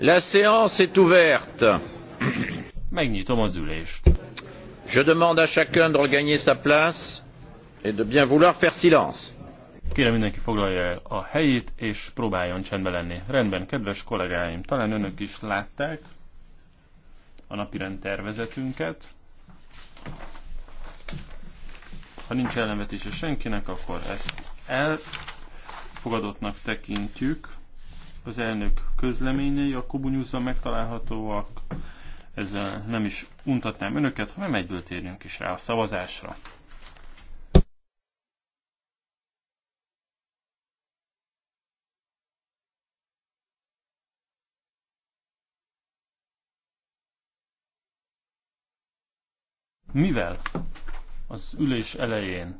La séance est ouverte. Megnyitom az ülést. Je demande à chacun de regagner sa place et de bien vouloir faire silence. Kérem mindenki foglalja el a helyét és próbáljon csendben lenni. Rendben, kedves kollégáim, talán önök is látták a napirend tervezetünket. Ha nincs ellenvetése senkinek, akkor ezt elfogadottnak tekintjük az elnök közleményei a Kubunyúzzal megtalálhatóak. Ezzel nem is untatnám önöket, hanem egyből térjünk is rá a szavazásra. Mivel az ülés elején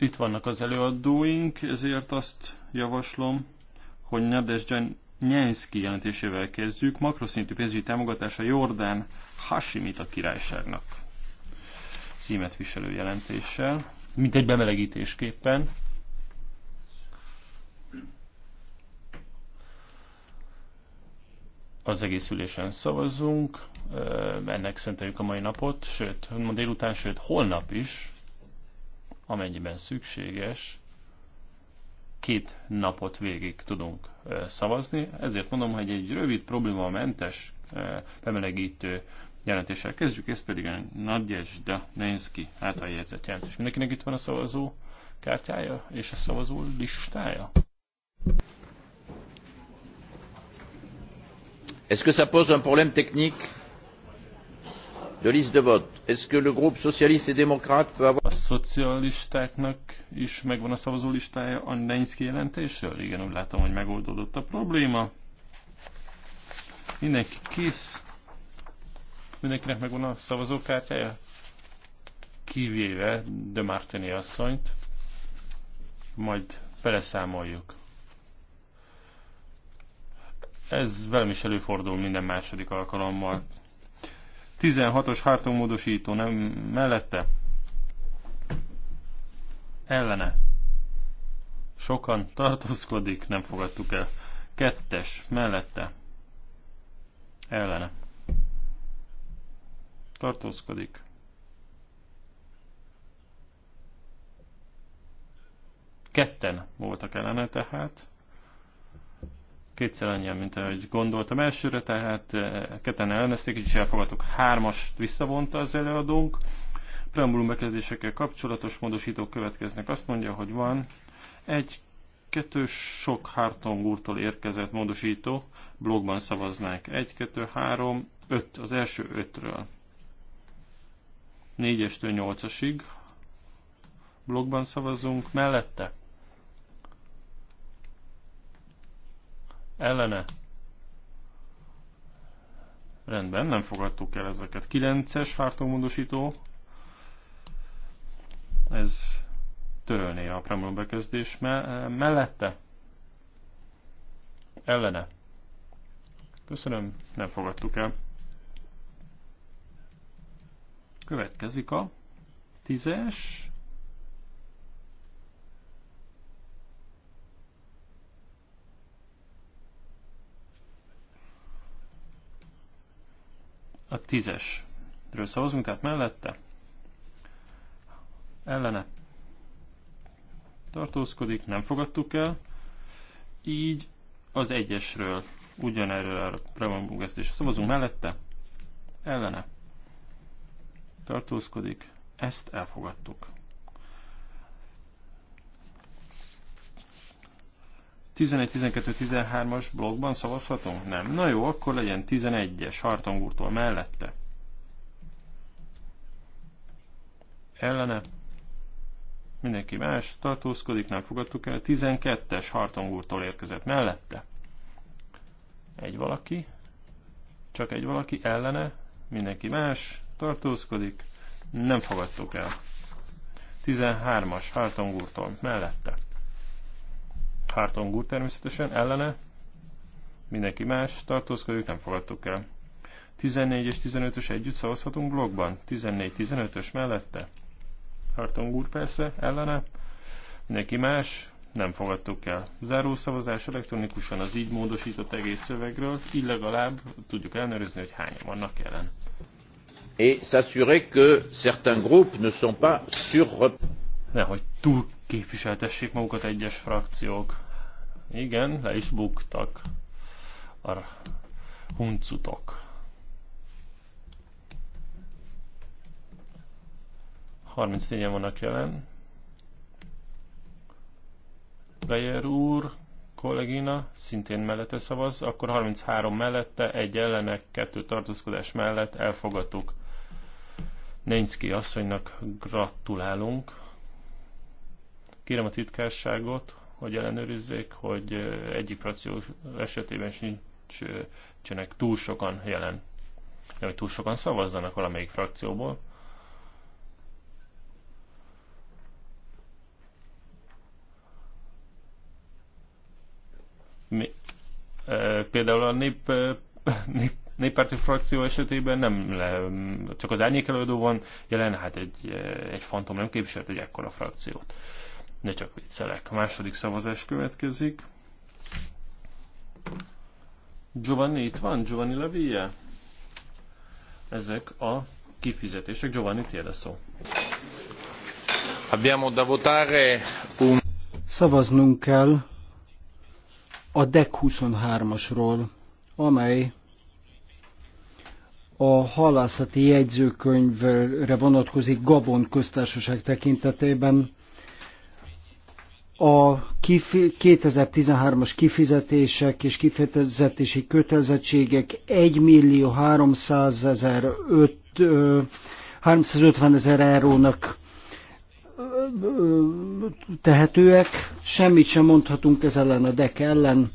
itt vannak az előadóink, ezért azt javaslom, hogy Nadezsdzsan Nyenszki jelentésével kezdjük. Makroszintű pénzügyi támogatása Jordán a királyságnak címet viselő jelentéssel, mint egy bemelegítésképpen. Az egész ülésen szavazunk, ennek szenteljük a mai napot, sőt, ma délután, sőt, holnap is, amennyiben szükséges, két napot végig tudunk szavazni. Ezért mondom, hogy egy rövid problémamentes bemelegítő jelentéssel kezdjük, ez pedig a Nadjezda Nenszki által jegyzett jelentés. Mindenkinek itt van a szavazó kártyája és a szavazó listája? Est-ce que ça pose un problème technique? de liste de vote. Est-ce que le groupe socialiste et démocrate peut avoir... A szocialistáknak is megvan a szavazólistája a Nenszki jelentésről? Igen, úgy látom, hogy megoldódott a probléma. Mindenki kész. Mindenkinek megvan a szavazókártyája? Kivéve de Martini asszonyt. Majd beleszámoljuk. Ez velem is előfordul minden második alkalommal. 16-os Harton módosító nem mellette ellene sokan tartózkodik, nem fogadtuk el. Kettes mellette ellene tartózkodik. Ketten voltak ellene tehát kétszer annyian, mint ahogy gondoltam elsőre, tehát eh, ketten ellenezték, és elfogadtuk. Hármast visszavonta az előadónk. Preambulum bekezdésekkel kapcsolatos módosítók következnek. Azt mondja, hogy van egy kettő sok Hartong úrtól érkezett módosító, blogban szavaznánk. Egy, kettő, három, öt, az első ötről. Négyestől nyolcasig blogban szavazunk, mellette ellene. Rendben, nem fogadtuk el ezeket. 9-es fártómódosító. Ez törölné a Premium bekezdés me mellette. Ellene. Köszönöm, nem fogadtuk el. Következik a 10-es. A tízesről szavazunk, tehát mellette. Ellene. Tartózkodik, nem fogadtuk el. Így az egyesről, ugyanerről a preambulgesztésre szavazunk mellette. Ellene. Tartózkodik, ezt elfogadtuk. 11-12-13-as blogban szavazhatunk? Nem. Na jó, akkor legyen 11-es hartangúrtól mellette. Ellene. Mindenki más tartózkodik, nem fogadtuk el. 12-es hartangúrtól érkezett mellette. Egy valaki. Csak egy valaki ellene. Mindenki más tartózkodik. Nem fogadtuk el. 13-as hartangúrtól mellette Hartong úr természetesen ellene, mindenki más, tartózkodik, nem fogadtuk el. 14 és 15-ös együtt szavazhatunk blogban, 14-15-ös mellette, Harton úr persze, ellene, mindenki más, nem fogadtuk el. Záró szavazás elektronikusan az így módosított egész szövegről, így legalább tudjuk ellenőrizni, hogy hányan vannak jelen. Et s'assurer que certains groupes ne sont pas sur... Nehogy túl képviseltessék magukat egyes frakciók. Igen, le is buktak a huncutok. Harminc en vannak jelen. Beyer úr, kollégina, szintén mellette szavaz, akkor 33 mellette, egy ellenek, kettő tartózkodás mellett elfogadtuk. Nenszki asszonynak gratulálunk. Kérem a titkárságot, hogy ellenőrizzék, hogy egyik frakció esetében sincsenek túl sokan jelen, hogy túl sokan szavazzanak valamelyik frakcióból. Mi, e, például a nép, nép, néppárti frakció esetében nem le, csak az árnyékelődő van jelen, hát egy, egy fantom nem képviselt egy ekkora frakciót. E, ne csak viccelek. A második szavazás következik. Giovanni itt van? Giovanni Lavia? Ezek a kifizetések. Giovanni, tiéd a szó. Abbiamo da votare un... Szavaznunk kell a DEC 23-asról, amely a halászati jegyzőkönyvre vonatkozik Gabon köztársaság tekintetében a 2013-as kifizetések és kifizetési kötelezettségek 1 millió 300 ezer 350 ezer eurónak tehetőek, semmit sem mondhatunk ez ellen a DEC ellen,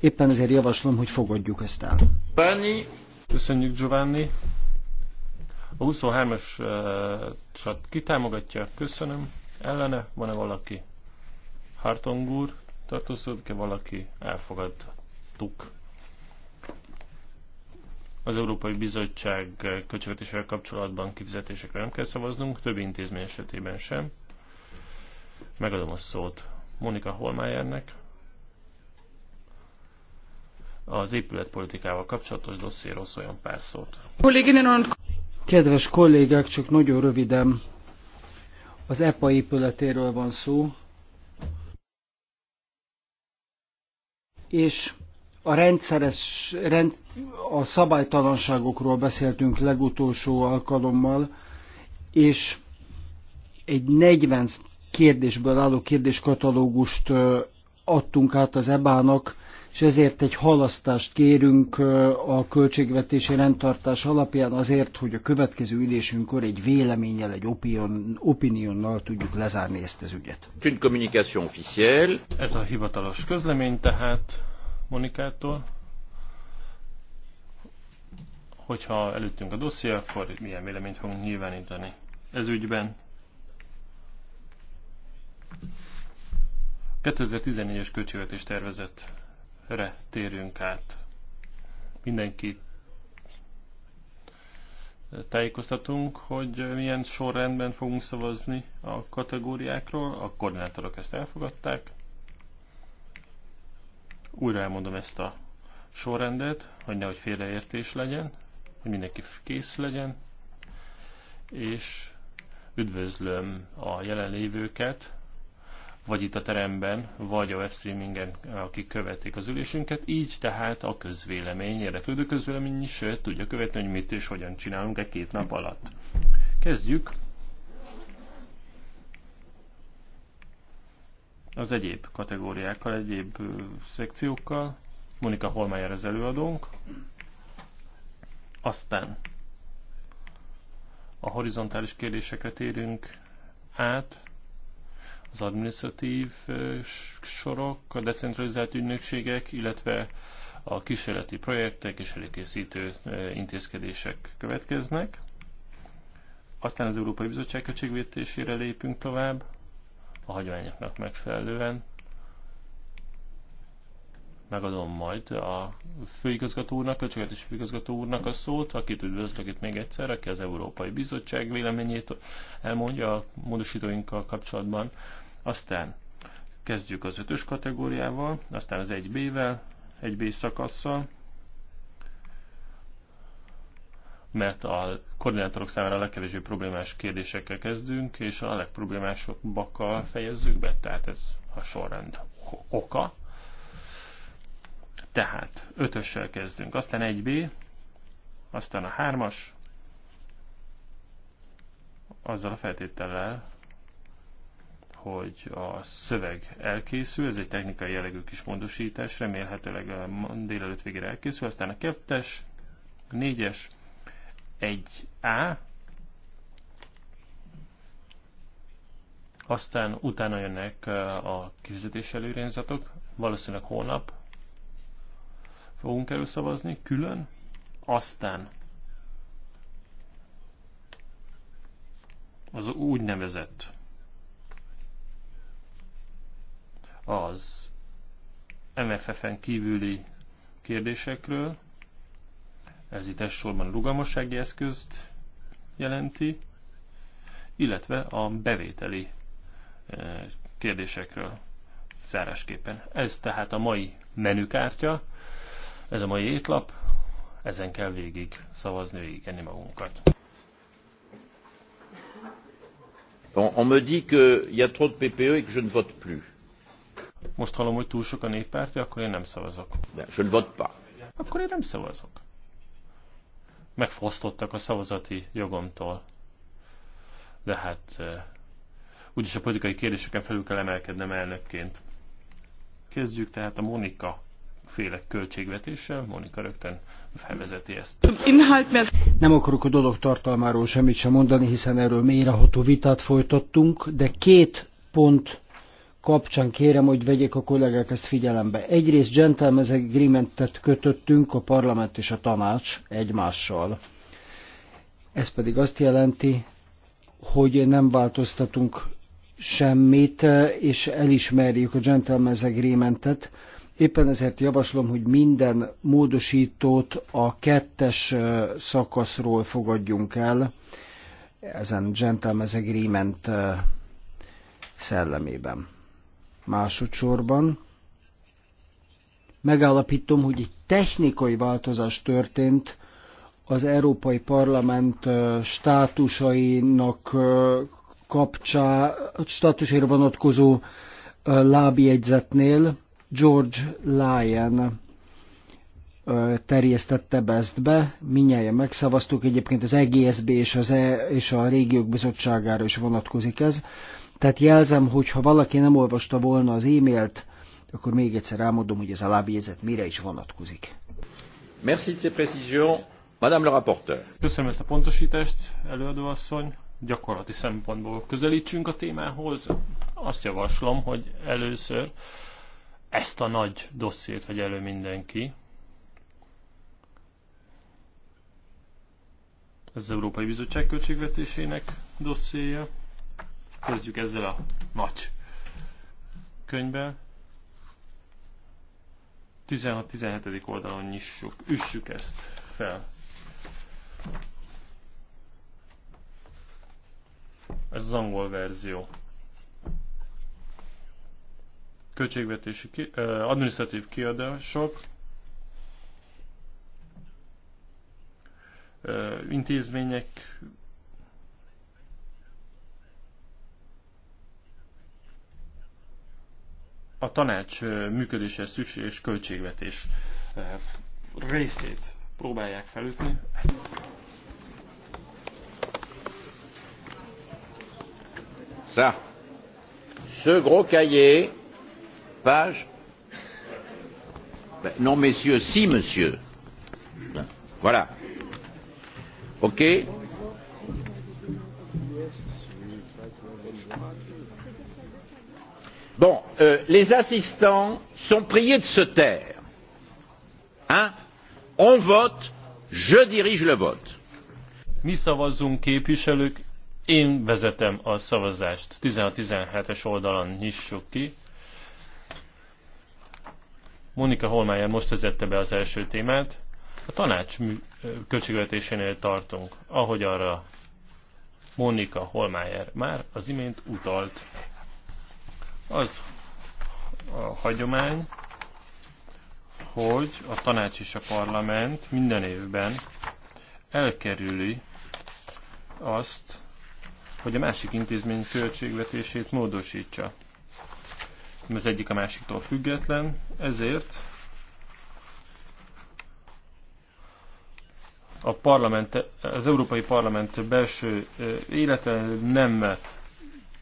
éppen ezért javaslom, hogy fogadjuk ezt el. Giovanni. Köszönjük Giovanni. A 23-as uh, kitámogatja, köszönöm. Ellene van-e valaki? Hartong úr, tartózkodik-e valaki? Elfogadtuk. Az Európai Bizottság költségvetésével kapcsolatban kifizetésekre nem kell szavaznunk, több intézmény esetében sem. Megadom a szót Monika Holmájernek. Az épületpolitikával kapcsolatos dosszéról szóljon pár szót. Kedves kollégák, csak nagyon röviden. Az EPA épületéről van szó, és a rendszeres, rend, a szabálytalanságokról beszéltünk legutolsó alkalommal, és egy 40 kérdésből álló kérdéskatalógust adtunk át az EBA-nak, és ezért egy halasztást kérünk a költségvetési rendtartás alapján azért, hogy a következő ülésünkkor egy véleménnyel, egy opinion, opinionnal tudjuk lezárni ezt az ügyet. Ez a hivatalos közlemény tehát Monikától. Hogyha előttünk a dosszié, akkor milyen véleményt fogunk nyilvánítani ez ügyben. 2014-es költségvetés tervezett re térjünk át. Mindenki tájékoztatunk, hogy milyen sorrendben fogunk szavazni a kategóriákról. A koordinátorok ezt elfogadták. Újra elmondom ezt a sorrendet, hogy nehogy félreértés legyen, hogy mindenki kész legyen, és üdvözlöm a jelenlévőket, vagy itt a teremben, vagy a webstreamingen, eh, akik követik az ülésünket, így tehát a közvélemény, érdeklődő közvélemény is eh, tudja követni, hogy mit és hogyan csinálunk egy két nap alatt. Kezdjük az egyéb kategóriákkal, egyéb eh, szekciókkal. Monika Holmeyer az előadónk. Aztán a horizontális kérdésekre térünk át, az administratív sorok, a decentralizált ügynökségek, illetve a kísérleti projektek és előkészítő intézkedések következnek. Aztán az Európai Bizottság költségvetésére lépünk tovább, a hagyományoknak megfelelően. Megadom majd a főigazgató úrnak, költségvetési főigazgató úrnak a szót, akit üdvözlök itt még egyszer, aki az Európai Bizottság véleményét elmondja a módosítóinkkal kapcsolatban, aztán kezdjük az ötös kategóriával, aztán az 1B-vel, 1B szakasszal, mert a koordinátorok számára a legkevésbé problémás kérdésekkel kezdünk, és a legproblémásabbakkal fejezzük be, tehát ez a sorrend oka. Tehát ötössel kezdünk, aztán 1B, aztán a hármas, azzal a feltétellel, hogy a szöveg elkészül, ez egy technikai jellegű kis módosítás, remélhetőleg a délelőtt végére elkészül, aztán a kettes, a négyes, 1A, aztán utána jönnek a kifizetés előirányzatok, valószínűleg holnap fogunk előszavazni külön, aztán az úgynevezett az MFF-en kívüli kérdésekről. Ez itt elsősorban a rugalmassági eszközt jelenti, illetve a bevételi eh, kérdésekről zárásképpen. Ez tehát a mai menükártya, ez a mai étlap, ezen kell végig szavazni, végig enni magunkat. On, on me dit qu'il y a trop de PPE et que je ne vote plus. Most hallom, hogy túl sok a néppárti, akkor én nem szavazok. De, je ne Akkor én nem szavazok. Megfosztottak a szavazati jogomtól. De hát eh, úgyis a politikai kérdéseken felül kell emelkednem elnökként. Kezdjük tehát a Monika féle költségvetéssel. Monika rögtön felvezeti ezt. Nem akarok a dolog tartalmáról semmit sem mondani, hiszen erről mélyreható vitát folytattunk, de két pont kapcsán kérem, hogy vegyék a kollégák ezt figyelembe. Egyrészt gentleman's agreementet kötöttünk a parlament és a tanács egymással. Ez pedig azt jelenti, hogy nem változtatunk semmit, és elismerjük a gentleman's agreementet. Éppen ezért javaslom, hogy minden módosítót a kettes szakaszról fogadjunk el, ezen gentleman's agreement szellemében. Másodszorban megállapítom, hogy egy technikai változás történt az Európai Parlament státusainak kapcsá, státusaira vonatkozó lábjegyzetnél George Lyon terjesztette be ezt be, minnyáján megszavaztuk, egyébként az EGSB és, az e, és a régiók bizottságára is vonatkozik ez. Tehát jelzem, hogy ha valaki nem olvasta volna az e-mailt, akkor még egyszer rámodom, hogy ez a lábjegyzet mire is vonatkozik. Merci de ces précisions, Madame le rapporteur. Köszönöm ezt a pontosítást, előadóasszony. Gyakorlati szempontból közelítsünk a témához. Azt javaslom, hogy először ezt a nagy dossziét vegy elő mindenki. Ez az Európai Bizottság költségvetésének dossziéja. Kezdjük ezzel a nagy könyvvel. 16-17. oldalon nyissuk, üssük ezt fel. Ez az angol verzió. Költségvetési ki, eh, administratív kiadások. Eh, intézmények a tanács működéshez szükséges költségvetés részét próbálják felütni. Ça. Ce gros cahier, page. Non, messieurs, si, monsieur. Voilà. OK. Euh, les assistants sont priés de se taire. Hein On vote, je dirige le vote. Mi szavazzunk képviselők, én vezetem a szavazást. 17 es oldalon nyissuk ki. Monika Holmájer most vezette be az első témát. A tanács költségvetésénél tartunk, ahogy arra Monika Holmájer már az imént utalt. Az a hagyomány, hogy a tanács és a parlament minden évben elkerüli azt, hogy a másik intézmény költségvetését módosítsa. Az egyik a másiktól független, ezért a parlament, az Európai Parlament belső élete nem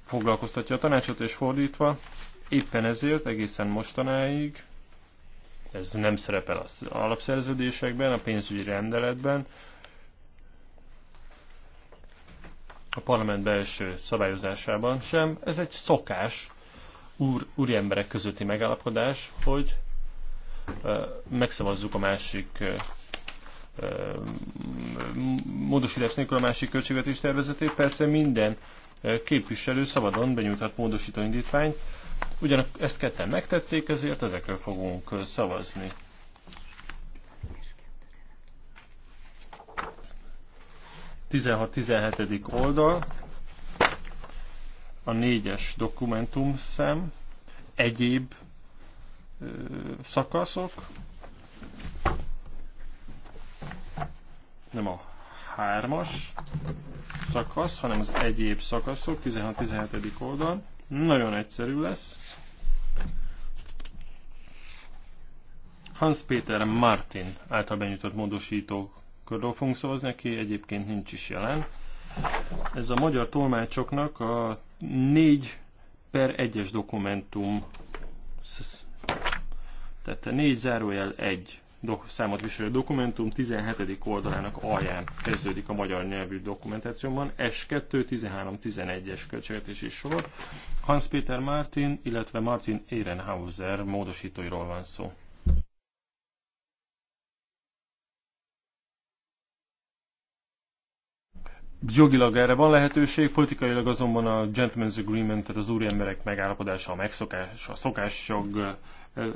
foglalkoztatja a tanácsot, és fordítva, éppen ezért egészen mostanáig, ez nem szerepel az alapszerződésekben, a pénzügyi rendeletben, a parlament belső szabályozásában sem. Ez egy szokás, úr, úri emberek közötti megállapodás, hogy megszavazzuk a másik módosítás nélkül a másik költségvetés tervezetét. Persze minden képviselő szabadon benyújtott módosító indítványt. Ugyanak ezt ketten megtették, ezért ezekről fogunk szavazni. Tizenhat, tizenhetedik oldal, a négyes dokumentum szem, egyéb ö, szakaszok, nem a 3-as szakasz, hanem az egyéb szakaszok, 16-17. oldal. Nagyon egyszerű lesz. Hans Péter Martin által benyújtott módosítókról fogunk szavazni, aki egyébként nincs is jelen. Ez a magyar tolmácsoknak a 4 per 1-es dokumentum, tehát 4 zárójel 1 számot viselő dokumentum 17. oldalának alján kezdődik a magyar nyelvű dokumentációban. S2, 13, 11-es költségvetési sor. Hans Peter Martin, illetve Martin Ehrenhauser módosítóiról van szó. Jogilag erre van lehetőség, politikailag azonban a Gentleman's Agreement, tehát az úriemberek megállapodása, a megszokás, a szokásjog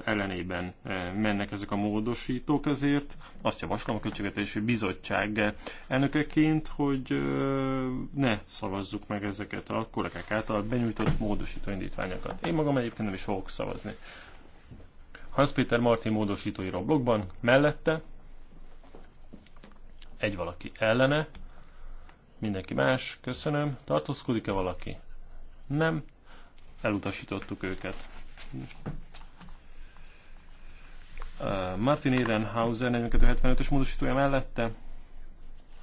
ellenében eh, mennek ezek a módosítók, ezért azt javaslom a Költségvetési Bizottság elnökeként, hogy eh, ne szavazzuk meg ezeket a kollégák által benyújtott módosító indítványokat. Én magam egyébként nem is fogok szavazni. Hans Péter Martin módosítóiról blogban, mellette egy valaki ellene, mindenki más, köszönöm, tartózkodik-e valaki? Nem, elutasítottuk őket. Martin Ehrenhauser 4275-ös módosítója mellette.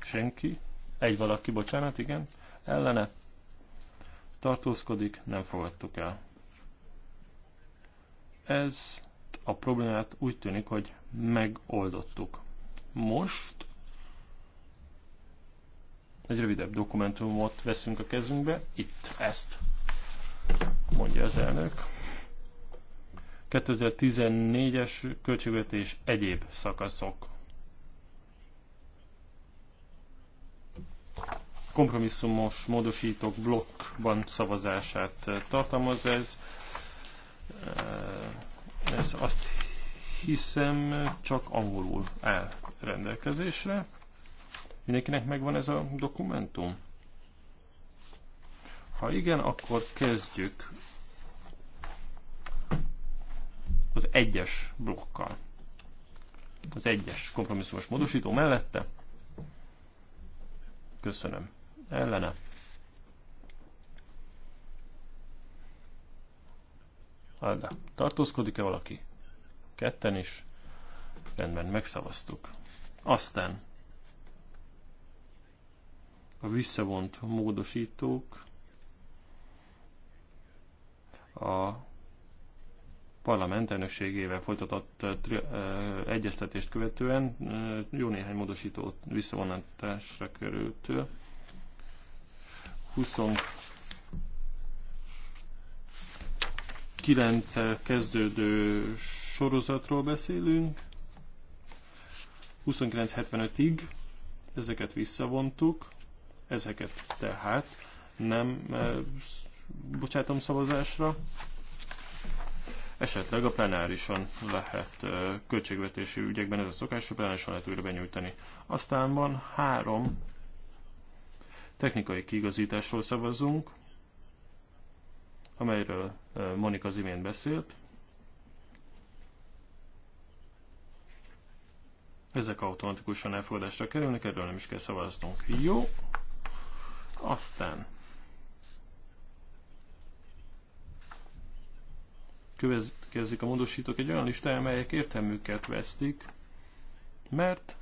Senki. Egy valaki, bocsánat, igen. Ellene. Tartózkodik, nem fogadtuk el. Ez a problémát úgy tűnik, hogy megoldottuk. Most egy rövidebb dokumentumot veszünk a kezünkbe, itt ezt mondja az elnök. 2014-es költségvetés egyéb szakaszok. Kompromisszumos módosítók blokkban szavazását tartalmaz ez. Ez azt hiszem csak angolul áll rendelkezésre. Mindenkinek megvan ez a dokumentum? Ha igen, akkor kezdjük az egyes blokkal. Az egyes kompromisszumos módosító mellette. Köszönöm. Ellene. Alda. Tartózkodik-e valaki? Ketten is. Rendben, megszavaztuk. Aztán a visszavont módosítók a parlament elnökségével folytatott eh, tri, eh, egyeztetést követően eh, jó néhány módosító visszavonatásra került. 29 kezdődő sorozatról beszélünk, 29.75-ig ezeket visszavontuk, ezeket tehát nem bocsátom szavazásra. Esetleg a plenárison lehet költségvetési ügyekben, ez a szokás, a plenárison lehet újra benyújtani. Aztán van három technikai kiigazításról szavazunk, amelyről Monika az imént beszélt. Ezek automatikusan elfogadásra kerülnek, erről nem is kell szavaznunk. Jó. Aztán következik a módosítók egy olyan listája, amelyek értelmüket vesztik, mert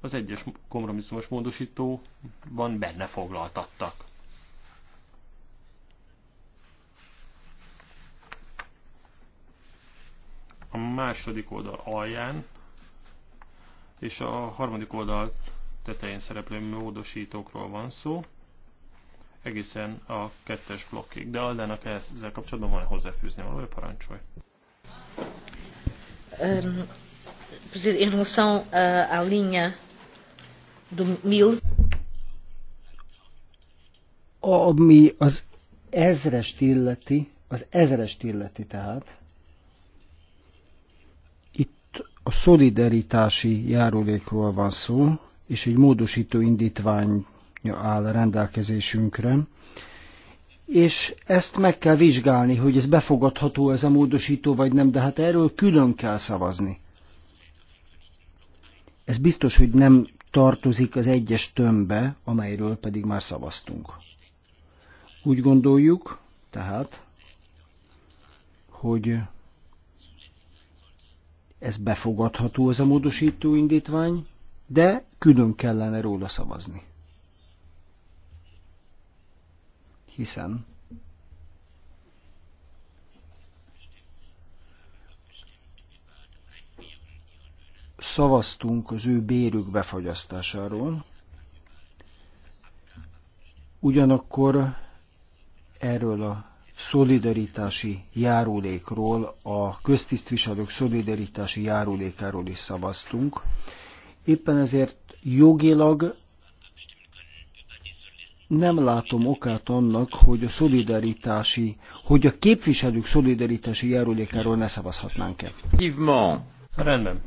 az egyes kompromisszumos módosítóban benne foglaltattak. A második oldal alján és a harmadik oldal tetején szereplő módosítókról van szó egészen a kettes blokkig. De Aldának ezzel kapcsolatban van -e hozzáfűzni valója parancsolj. Um, em relação eh, à do mil. Ami az ezrest illeti, az ezrest illeti tehát, itt a szolidaritási járulékról van szó, és egy módosító indítvány áll a rendelkezésünkre, és ezt meg kell vizsgálni, hogy ez befogadható ez a módosító vagy nem, de hát erről külön kell szavazni. Ez biztos, hogy nem tartozik az egyes tömbbe, amelyről pedig már szavaztunk. Úgy gondoljuk, tehát, hogy ez befogadható ez a módosító indítvány, de külön kellene róla szavazni. hiszen szavaztunk az ő bérük befagyasztásáról, ugyanakkor erről a szolidaritási járulékról, a köztisztviselők szolidaritási járulékáról is szavaztunk. Éppen ezért jogilag nem látom okát annak, hogy a szolidaritási, hogy a képviselők szolidaritási járulékáról ne szavazhatnánk el. Rendben.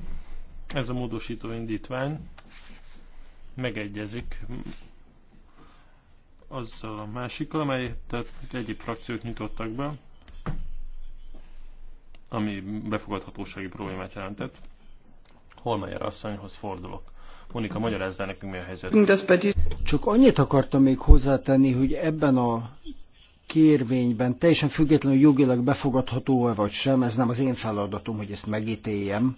Ez a módosító indítvány megegyezik az a másik, amelyet egyéb frakciók nyitottak be, ami befogadhatósági problémát jelentett. Holmeyer asszonyhoz fordulok. Monika, magyarázd nekünk, mi a helyzet. Csak annyit akartam még hozzátenni, hogy ebben a kérvényben teljesen függetlenül jogilag befogadható-e vagy sem, ez nem az én feladatom, hogy ezt megítéljem.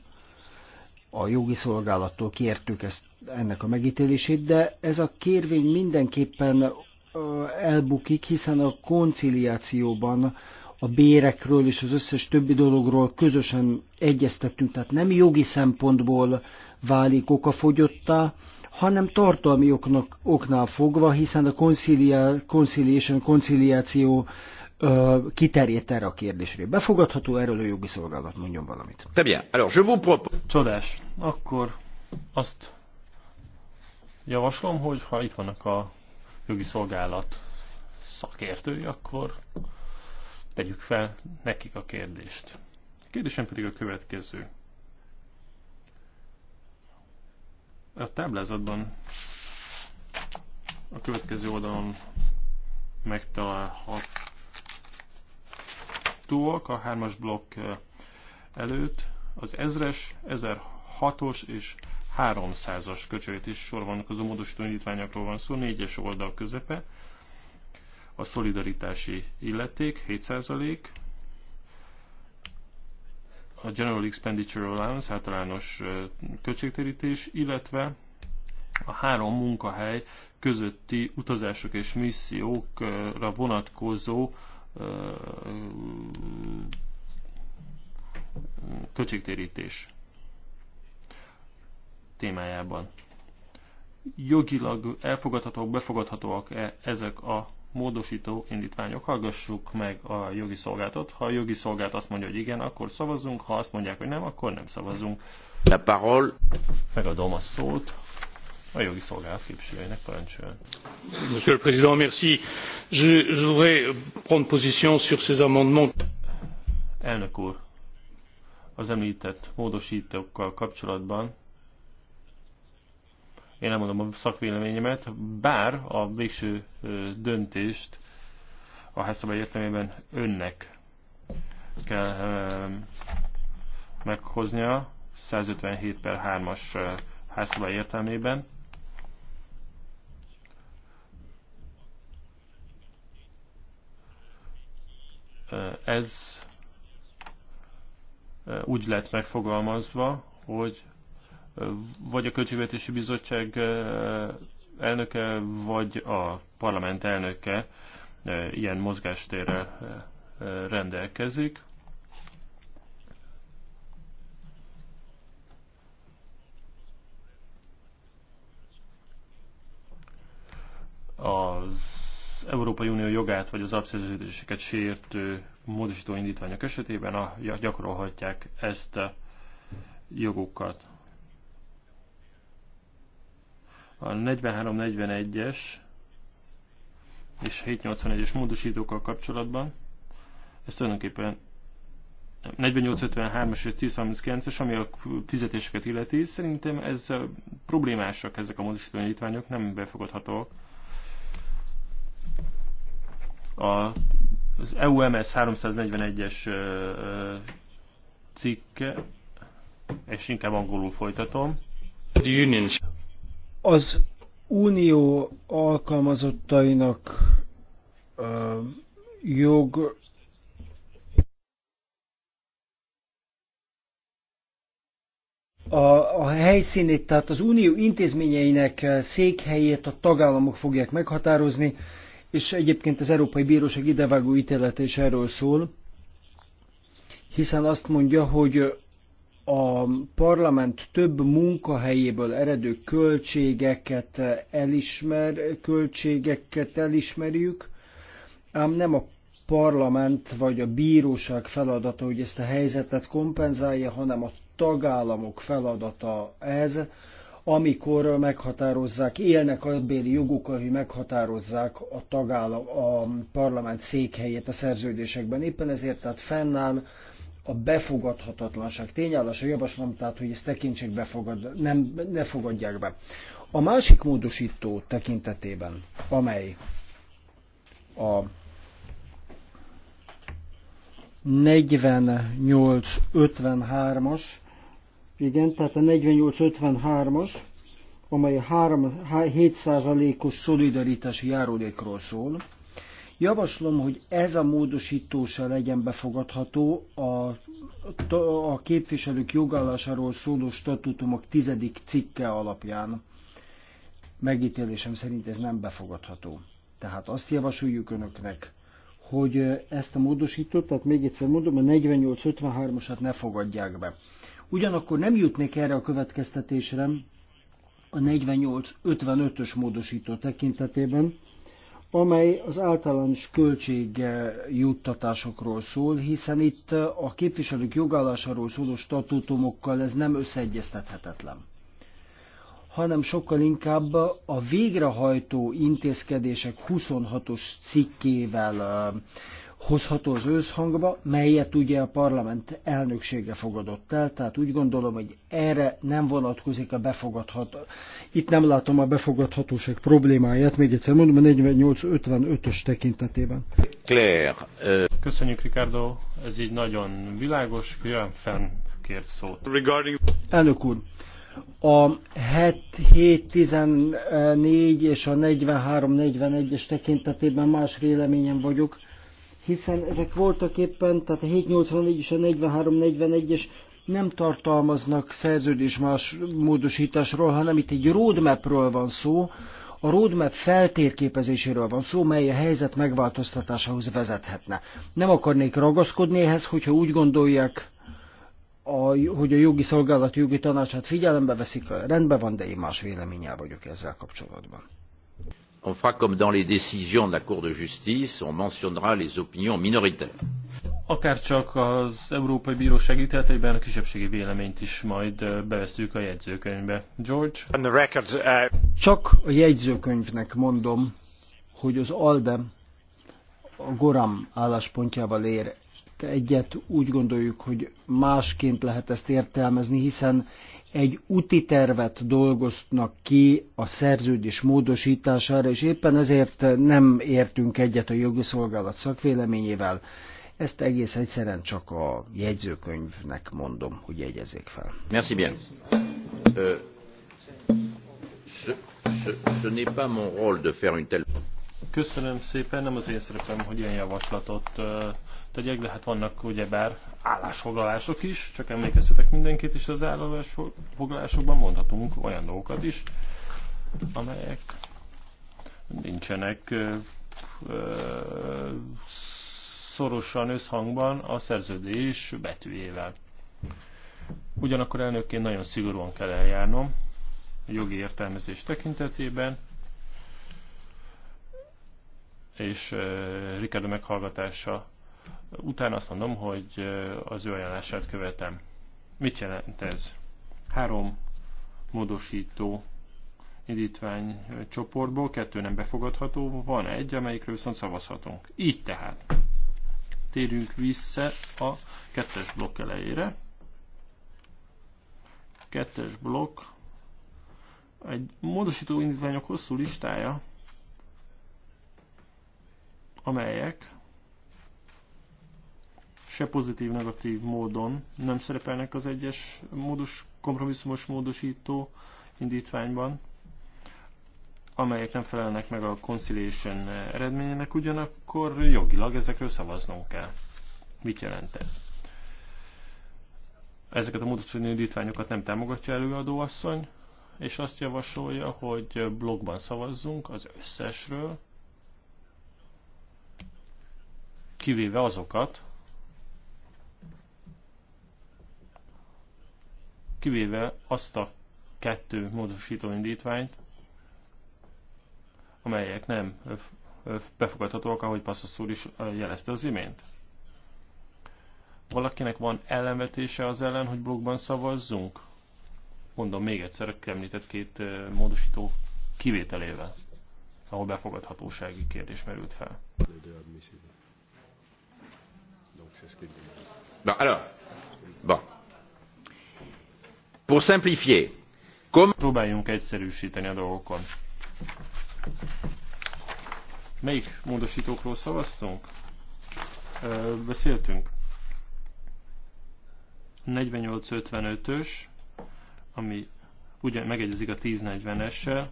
A jogi szolgálattól kértük ezt, ennek a megítélését, de ez a kérvény mindenképpen elbukik, hiszen a konciliációban a bérekről és az összes többi dologról közösen egyeztettünk, tehát nem jogi szempontból válik okafogyottá, hanem tartalmi oknak, oknál fogva, hiszen a conciliation, conciliáció kiterjedt erre a kérdésre. Befogadható erről a jogi szolgálat, mondjon valamit. Alors, je vous Csodás. Akkor azt javaslom, hogy ha itt vannak a jogi szolgálat szakértői, akkor tegyük fel nekik a kérdést. A kérdésem pedig a következő. A táblázatban a következő oldalon megtalálhatóak a hármas blokk eh, előtt az 1000-es, 1006-os és 300-as is sorban az a módosító indítványokról van szó, négyes oldal közepe, a szolidaritási illeték 7%, a General Expenditure Allowance általános költségtérítés, illetve a három munkahely közötti utazások és missziókra vonatkozó költségtérítés témájában. Jogilag elfogadhatóak, befogadhatóak -e ezek a módosító indítványok. Hallgassuk meg a jogi szolgáltat. Ha a jogi szolgált azt mondja, hogy igen, akkor szavazzunk, ha azt mondják, hogy nem, akkor nem szavazzunk. La parole. Megadom a szót a jogi szolgálat képviselőjének parancsoljon. Monsieur le Président, merci. Je, je voudrais prendre position sur ces amendements. Elnök úr, az említett módosítókkal kapcsolatban én mondom a szakvéleményemet, bár a végső döntést a házszabály értelmében önnek kell meghoznia 157 per 3-as házszabály értelmében. Ez úgy lett megfogalmazva, hogy vagy a Költségvetési Bizottság elnöke, vagy a parlament elnöke ilyen mozgástérrel rendelkezik. Az Európai Unió jogát vagy az alapszerződéseket sértő módosító indítványok esetében a, gyakorolhatják ezt a jogukat. A 43-41-es és 781-es módosítókkal kapcsolatban ez tulajdonképpen 48-53-as és 1039-es, ami a fizetéseket illeti, szerintem ez problémásak ezek a módosító nyitványok, nem befogadhatóak. A, az EUMS 341-es cikke, és inkább angolul folytatom. The union az unió alkalmazottainak jog a, a helyszínét, tehát az unió intézményeinek székhelyét a tagállamok fogják meghatározni, és egyébként az Európai Bíróság idevágó ítélete is erről szól, hiszen azt mondja, hogy a parlament több munkahelyéből eredő költségeket, elismer, költségeket elismerjük, ám nem a parlament vagy a bíróság feladata, hogy ezt a helyzetet kompenzálja, hanem a tagállamok feladata ez, amikor meghatározzák, élnek béli jogukkal, hogy meghatározzák a tagállam, a parlament székhelyét a szerződésekben. Éppen ezért tehát fennáll a befogadhatatlanság tényállása. Javaslom tehát, hogy ezt tekintsék befogad, nem, ne fogadják be. A másik módosító tekintetében, amely a 48-53-as, igen, tehát a 48-53-as, amely 7%-os szolidaritási járulékról szól, Javaslom, hogy ez a módosítósa legyen befogadható a, a képviselők jogállásáról szóló statutumok tizedik cikke alapján. Megítélésem szerint ez nem befogadható. Tehát azt javasoljuk önöknek, hogy ezt a módosítót, tehát még egyszer mondom, a 48-53-asat ne fogadják be. Ugyanakkor nem jutnék erre a következtetésre a 48-55-ös módosító tekintetében, amely az általános költségjuttatásokról szól, hiszen itt a képviselők jogállásáról szóló statútumokkal ez nem összeegyeztethetetlen hanem sokkal inkább a végrehajtó intézkedések 26-os cikkével hozható az őszhangba, melyet ugye a parlament elnöksége fogadott el, tehát úgy gondolom, hogy erre nem vonatkozik a befogadható. Itt nem látom a befogadhatóság problémáját, még egyszer mondom, a 48-55-ös tekintetében. Claire. Euh, Köszönjük, Ricardo, ez így nagyon világos, Jön fenn kért szót. Regarding... Elnök úr, a 7-14 és a 43-41-es tekintetében más véleményen vagyok hiszen ezek voltak éppen, tehát a 784 es a 4341-es nem tartalmaznak szerződés más módosításról, hanem itt egy roadmapról van szó, a roadmap feltérképezéséről van szó, mely a helyzet megváltoztatásához vezethetne. Nem akarnék ragaszkodni ehhez, hogyha úgy gondolják, a, hogy a jogi szolgálat jogi tanácsát figyelembe veszik, rendben van, de én más véleménnyel vagyok ezzel kapcsolatban on fera comme dans les décisions de la Cour de justice, on mentionnera les opinions minoritaires. Akár csak az Európai Bíróság ítéleteiben a kisebbségi véleményt is majd beveszünk a jegyzőkönyvbe. George? On the record, uh... Csak a jegyzőkönyvnek mondom, hogy az ALDE a Goram álláspontjával ér egyet, úgy gondoljuk, hogy másként lehet ezt értelmezni, hiszen egy úti tervet dolgoznak ki a szerződés módosítására, és éppen ezért nem értünk egyet a jogi szolgálat szakvéleményével. Ezt egész egyszerűen csak a jegyzőkönyvnek mondom, hogy jegyezzék fel. Merci bien. Euh, ce, ce, ce n'est pas mon rôle de faire une telle... Köszönöm szépen, nem az én szerepem, hogy ilyen javaslatot tegyek, de hát vannak ugyebár állásfoglalások is, csak emlékeztetek mindenkit is az állásfoglalásokban mondhatunk olyan dolgokat is, amelyek nincsenek ö, ö, szorosan összhangban a szerződés betűjével. Ugyanakkor elnökként nagyon szigorúan kell eljárnom a jogi értelmezés tekintetében, és Ricardo meghallgatása után azt mondom, hogy az ő ajánlását követem. Mit jelent ez? Három módosító indítvány csoportból, kettő nem befogadható, van egy, amelyikről viszont szavazhatunk. Így tehát. térünk vissza a kettes blokk elejére. Kettes blokk. Egy módosító indítványok hosszú listája, amelyek se pozitív, negatív módon nem szerepelnek az egyes módus, kompromisszumos módosító indítványban, amelyek nem felelnek meg a conciliation eredményének, ugyanakkor jogilag ezekről szavaznunk kell. Mit jelent ez? Ezeket a módosító indítványokat nem támogatja előadóasszony, és azt javasolja, hogy blogban szavazzunk az összesről, kivéve azokat, kivéve azt a kettő módosító indítványt, amelyek nem befogadhatóak, ahogy Passos úr is jelezte az imént. Valakinek van ellenvetése az ellen, hogy blogban szavazzunk? Mondom még egyszer, a említett két módosító kivételével, ahol befogadhatósági kérdés merült fel. Bon, alors, bon. Pour simplifier, comme... Próbáljunk egyszerűsíteni a dolgokon. Melyik módosítókról szavaztunk? Ö, beszéltünk. 48-55-ös, ami ugyan megegyezik a 1040-essel,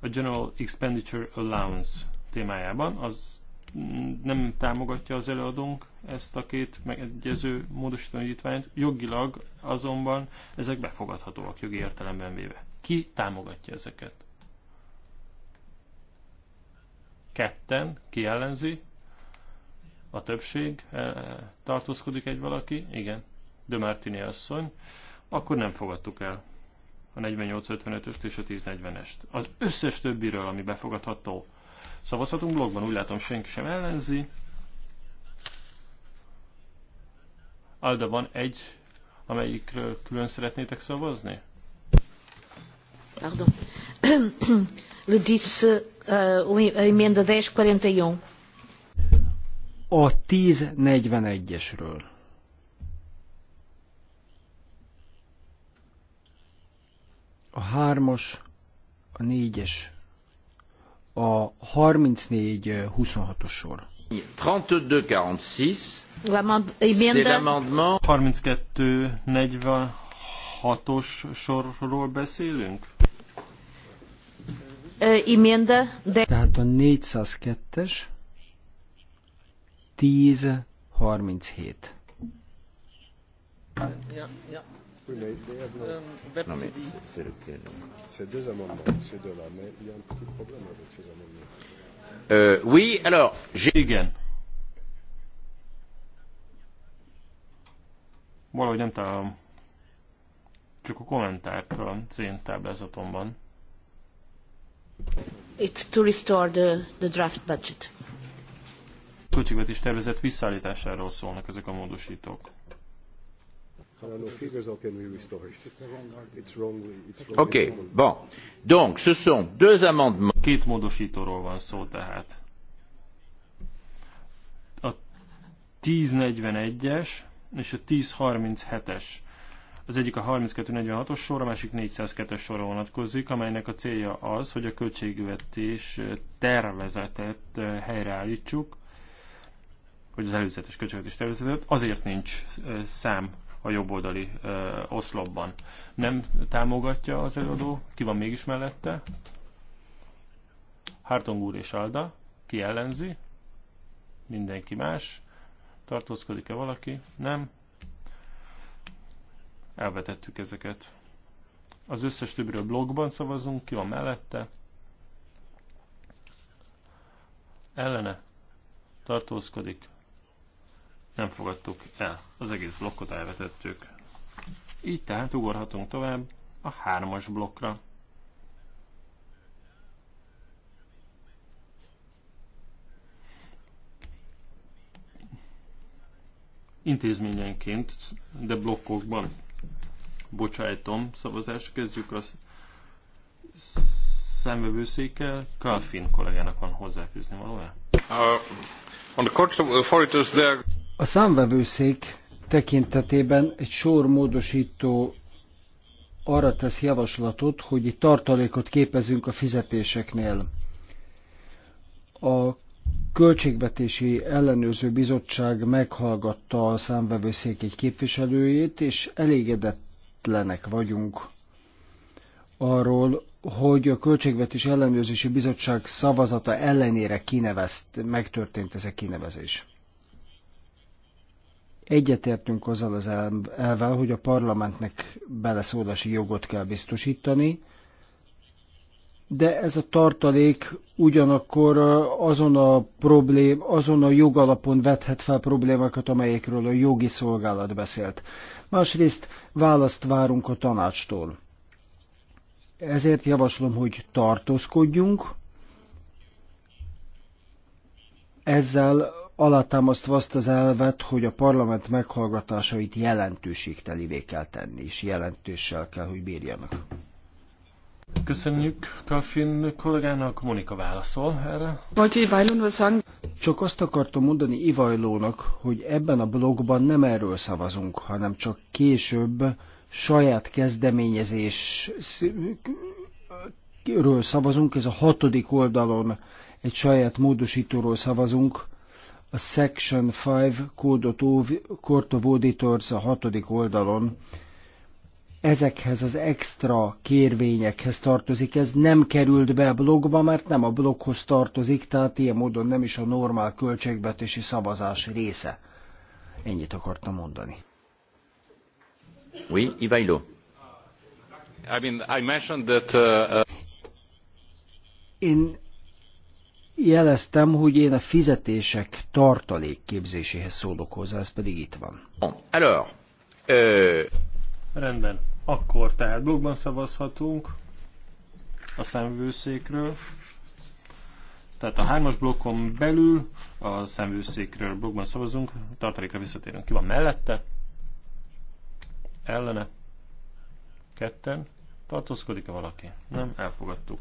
a General Expenditure Allowance témájában, az nem támogatja az előadónk ezt a két megegyező módosítványt, jogilag azonban ezek befogadhatóak jogi értelemben véve. Ki támogatja ezeket? Ketten, ki ellenzi? A többség eh, tartózkodik egy valaki? Igen. De Martini asszony. Akkor nem fogadtuk el a 48-55-öst és a 10-40-est. Az összes többiről, ami befogadható, Szavazhatunk blogban, úgy látom senki sem ellenzi. Alda van egy, amelyikről külön szeretnétek szavazni? Pardon. Le 10, uh, euh, a emenda 1041. A 1041-esről. A hármas, a négyes a 34-26-os sor. 32-46, 46 os sorról beszélünk? Euh, Imenda, de... Tehát a 402-es 10-37. Ja, ja. Oui, mais il they have no... Non, mais c'est lequel C'est deux amendements, ces deux-là, mais il y a un petit problème avec ces amendements. Euh, oui, alors, j'ai... Igen. Valahogy nem találom. Csak a kommentárt a cén táblázatomban. It's to restore the, the draft budget. A Költségvetés tervezet visszaállításáról szólnak ezek a módosítók. Oké, Bon. Donc, ce sont deux amendements. Két módosítóról van szó tehát. A 1041-es és a 1037-es. Az egyik a 3246-os sor, a másik 402-es sorra vonatkozik, amelynek a célja az, hogy a költségvetés tervezetet helyreállítsuk, hogy az előzetes költségvetés tervezetet, azért nincs szám a jobboldali ö, oszlopban. Nem támogatja az előadó, ki van mégis mellette? Hartong úr és Alda, ki ellenzi? Mindenki más. Tartózkodik-e valaki? Nem. Elvetettük ezeket. Az összes többről blogban szavazunk, ki van mellette? Ellene tartózkodik, nem fogadtuk el. Az egész blokkot elvetettük. Így tehát ugorhatunk tovább a hármas blokkra. Intézményenként, de blokkokban bocsájtom szavazást. Kezdjük az szemvevőszékkel. Kalfin kollégának van hozzáfűzni valója? Uh, on the court of authorities there... A számvevőszék tekintetében egy sor módosító arra tesz javaslatot, hogy itt tartalékot képezünk a fizetéseknél. A Költségvetési Ellenőrző Bizottság meghallgatta a számvevőszék egy képviselőjét, és elégedetlenek vagyunk arról, hogy a Költségvetési Ellenőrzési Bizottság szavazata ellenére kinevezt, megtörtént ez a kinevezés. Egyetértünk azzal az elvel, hogy a parlamentnek beleszólási jogot kell biztosítani, de ez a tartalék ugyanakkor azon a, problém, azon a jogalapon vethet fel problémákat, amelyekről a jogi szolgálat beszélt. Másrészt választ várunk a tanácstól. Ezért javaslom, hogy tartózkodjunk, ezzel alátámasztva azt az elvet, hogy a parlament meghallgatásait jelentőségtelivé kell tenni, és jelentőssel kell, hogy bírjanak. Köszönjük Kalfin kollégának, Monika válaszol erre. Csak azt akartam mondani Ivajlónak, hogy ebben a blogban nem erről szavazunk, hanem csak később saját kezdeményezésről szavazunk, ez a hatodik oldalon egy saját módosítóról szavazunk, a Section 5 kódot Court of Auditors a hatodik oldalon. Ezekhez az extra kérvényekhez tartozik. Ez nem került be a blogba, mert nem a bloghoz tartozik, tehát ilyen módon nem is a normál költségvetési szavazás része. Ennyit akartam mondani. Oui, Ivailo. I mean, I mentioned that, uh, uh Én jeleztem, hogy én a fizetések tartalék képzéséhez szólok hozzá, ez pedig itt van. Alors, ö... Euh, Rendben. Akkor tehát blogban szavazhatunk a szemvőszékről. Tehát a hármas blokkon belül a szemvőszékről blogban szavazunk, tartalékra visszatérünk. Ki van mellette? Ellene? Ketten? Tartózkodik-e valaki? Nem, elfogadtuk.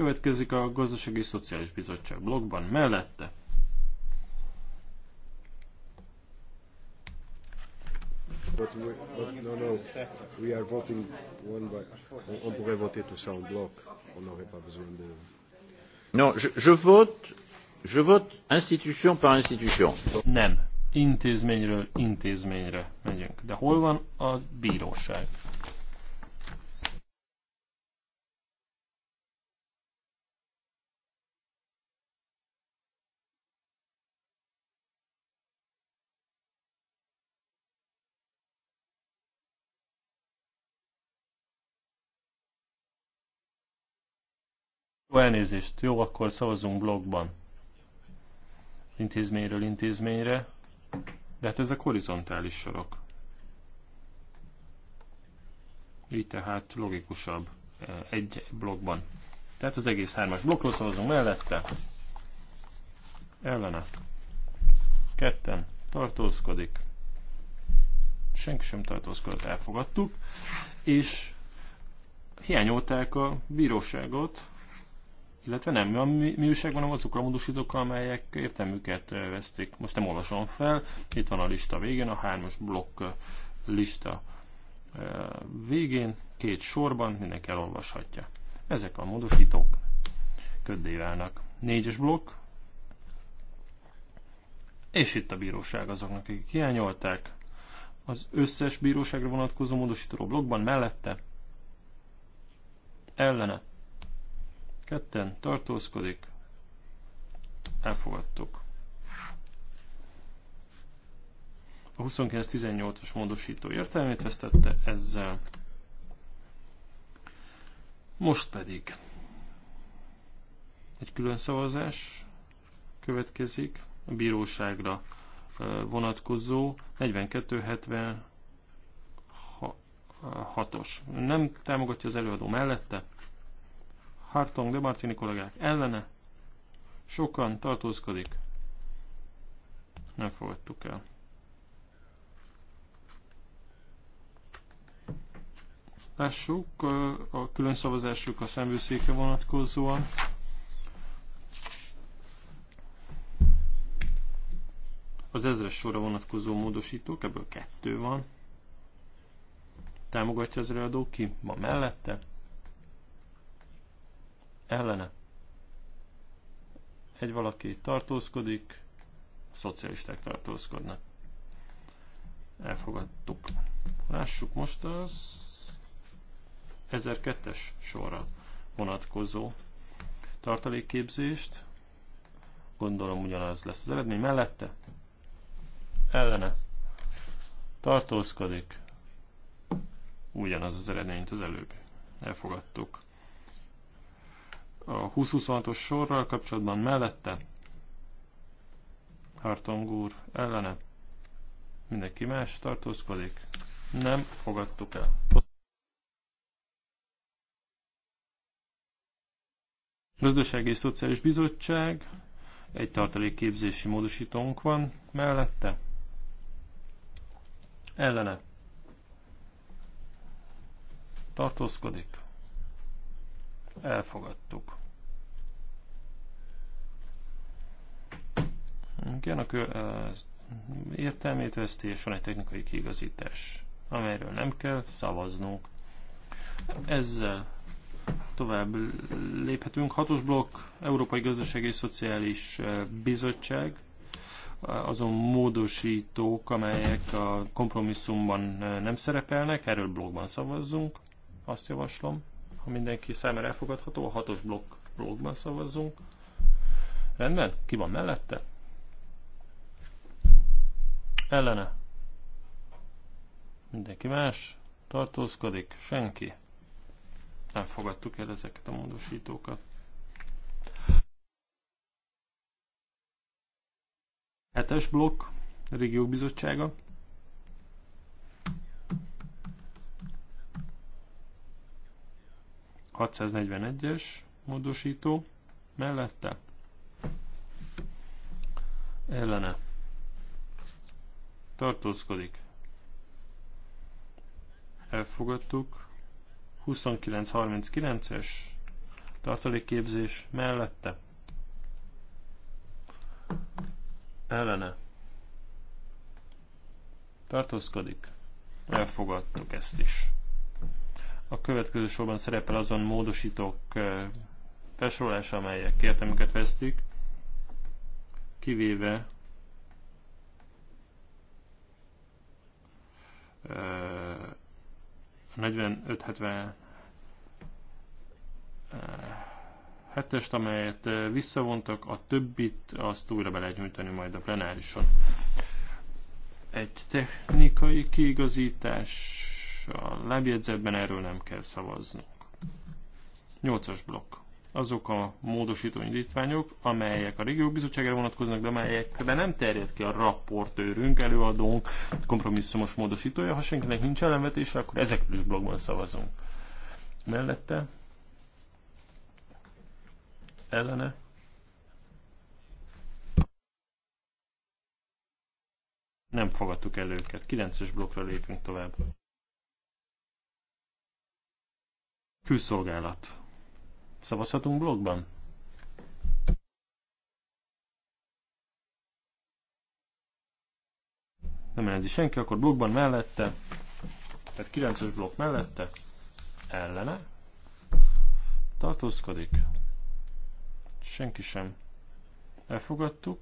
Következik a Gazdasági Szociális Bizottság blogban mellette. But we, but no, no, we are voting one by. On, on pourrait voter tout ça en bloc. On n'aurait pas besoin de. Non, je, je vote, je vote institution par institution. Nem, intézményről intézményre megyünk. De hol van a bíróság? Jó elnézést, jó, akkor szavazunk blogban. Intézményről intézményre. De hát ezek horizontális sorok. Így tehát logikusabb eh, egy blogban. Tehát az egész hármas blokkról szavazunk mellette. Ellene. Ketten. Tartózkodik. Senki sem tartózkodott, elfogadtuk. És hiányolták a bíróságot, illetve nem a mi, mi újság van azokra a módosítókkal, amelyek értelmüket veszték. Most nem olvasom fel, itt van a lista végén, a hármas blokk lista végén, két sorban, mindenki elolvashatja. Ezek a módosítók köddé válnak. Négyes blokk, és itt a bíróság azoknak, akik hiányolták, az összes bíróságra vonatkozó módosító blokkban mellette ellene ketten tartózkodik, elfogadtuk. A 29-18-as módosító értelmét vesztette ezzel. Most pedig egy külön szavazás következik a bíróságra vonatkozó 4276-os. Nem támogatja az előadó mellette, Hartong de Martini kollégák ellene. Sokan tartózkodik. Nem fogadtuk el. Lássuk a külön szavazásuk a szemvőszéke vonatkozóan. Az ezres sorra vonatkozó módosítók, ebből kettő van. Támogatja az előadó ki, van mellette, ellene. Egy valaki tartózkodik, a szocialisták tartózkodnak. Elfogadtuk. Lássuk most az 1002-es sorra vonatkozó tartalékképzést. Gondolom ugyanaz lesz az eredmény mellette. Ellene tartózkodik. Ugyanaz az eredményt az előbb. Elfogadtuk a 2026-os sorral kapcsolatban mellette. Hartong úr ellene. Mindenki más tartózkodik. Nem fogadtuk el. Gazdasági és Szociális Bizottság, egy tartalékképzési módosítónk van mellette. Ellene. Tartózkodik. Elfogadtuk. Igen, a értelmét veszti, és van egy technikai kiigazítás, amelyről nem kell szavaznunk. Ezzel tovább léphetünk. Hatos blokk, Európai Gazdasági és Szociális Bizottság, azon módosítók, amelyek a kompromisszumban nem szerepelnek, erről blogban szavazzunk, azt javaslom ha mindenki számára elfogadható, a hatos blokk, blokkban szavazzunk. Rendben? Ki van mellette? Ellene? Mindenki más? Tartózkodik? Senki? Nem fogadtuk el ezeket a módosítókat. Hetes blokk, Régiók Bizottsága. 641-es módosító mellette ellene tartózkodik. Elfogadtuk. 2939-es tartalékképzés mellette ellene tartózkodik. Elfogadtuk ezt is. A következő sorban szerepel azon módosítók eh, felsorolása, amelyek értelmüket vesztik, kivéve eh, a 45-70 eh, hetest, amelyet visszavontak, a többit azt újra be lehet nyújtani majd a plenárison. Egy technikai kiigazítás a lábjegyzetben erről nem kell szavaznunk. 8-as blokk. Azok a módosító indítványok, amelyek a régiók bizottságára vonatkoznak, de amelyekre nem terjed ki a rapportőrünk, előadónk, kompromisszumos módosítója. Ha senkinek nincs ellenvetése, akkor ezekről is blogban szavazunk. Mellette ellene nem fogadtuk el őket. 9-es blokkra lépünk tovább. Külszolgálat. Szavazhatunk blogban? Nem ellenzi senki, akkor blogban mellette, tehát 9-es blokk mellette, ellene, tartózkodik, senki sem elfogadtuk.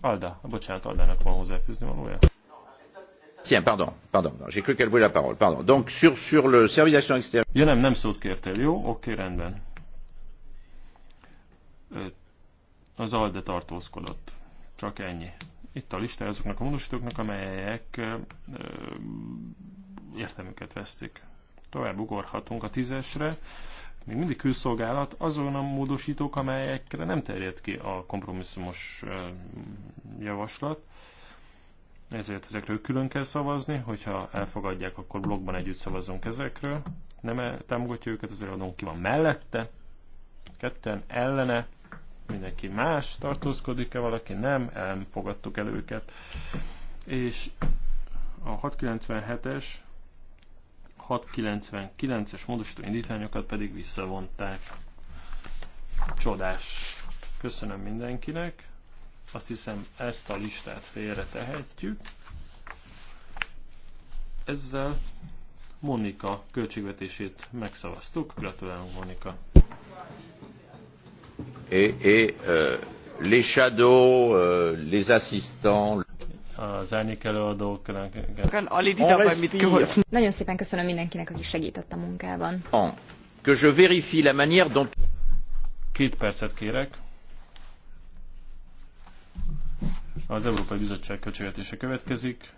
Alda, bocsánat, Aldának van hozzáfűzni valója. Tiens, pardon, pardon, j'ai cru qu'elle voulait la parole, pardon. Donc sur, sur le service d'action extérieure... Ja nem, nem szót kértél, jó? Oké, rendben. Az ALDE tartózkodott. Csak ennyi. Itt a lista azoknak a módosítóknak, amelyek ö, értelmüket vesztik. Tovább ugorhatunk a tízesre. Még mindig külszolgálat azon a módosítók, amelyekre nem terjed ki a kompromisszumos javaslat ezért ezekről külön kell szavazni, hogyha elfogadják, akkor blogban együtt szavazunk ezekről. Nem -e támogatja őket, az előadónk ki van mellette, ketten ellene, mindenki más tartózkodik-e valaki, nem, elfogadtuk fogadtuk el őket. És a 697-es, 699-es módosító indítványokat pedig visszavonták. Csodás! Köszönöm mindenkinek! Azt hiszem ezt a listát félre tehetjük. Ezzel Monika költségvetését megszavaztuk. Gratulálunk Monika! Et, et euh, les shadows, euh, les assistants, az Nagyon szépen köszönöm mindenkinek, aki segített a munkában. Que je vérifie la manière dont... Két percet kérek. Az Európai Bizottság költségvetése következik.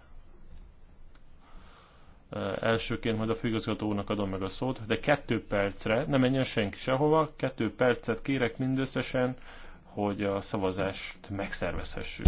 Elsőként majd a főigazgatónak adom meg a szót, de kettő percre, ne menjen senki sehova, kettő percet kérek mindösszesen, hogy a szavazást megszervezhessük.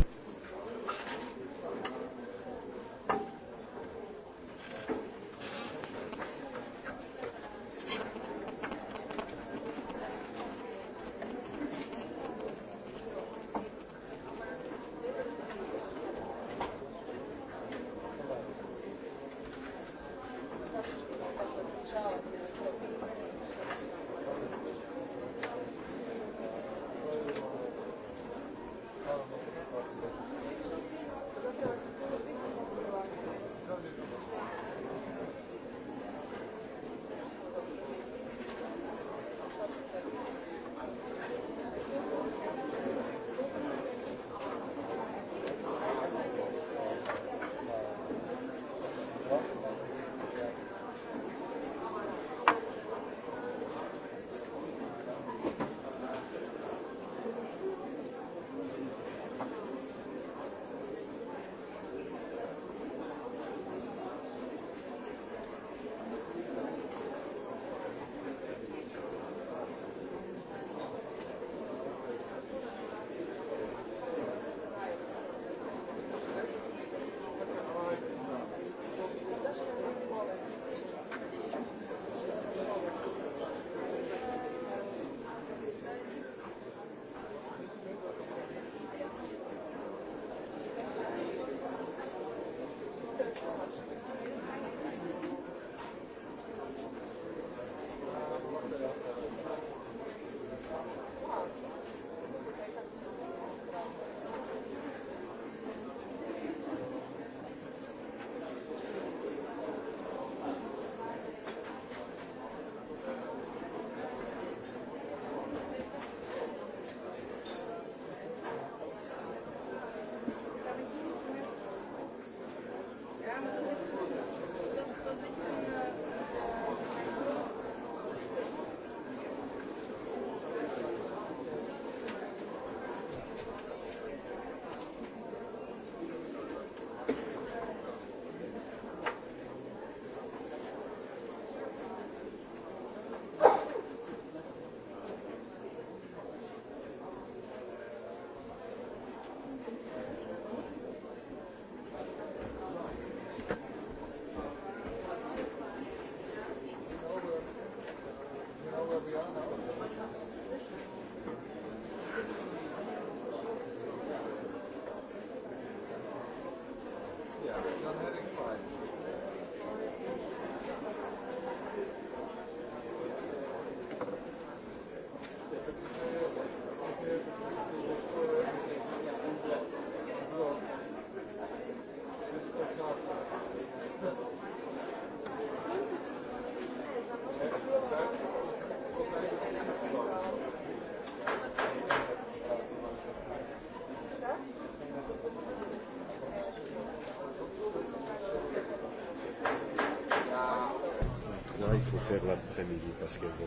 faire l'après-midi parce qu'elle va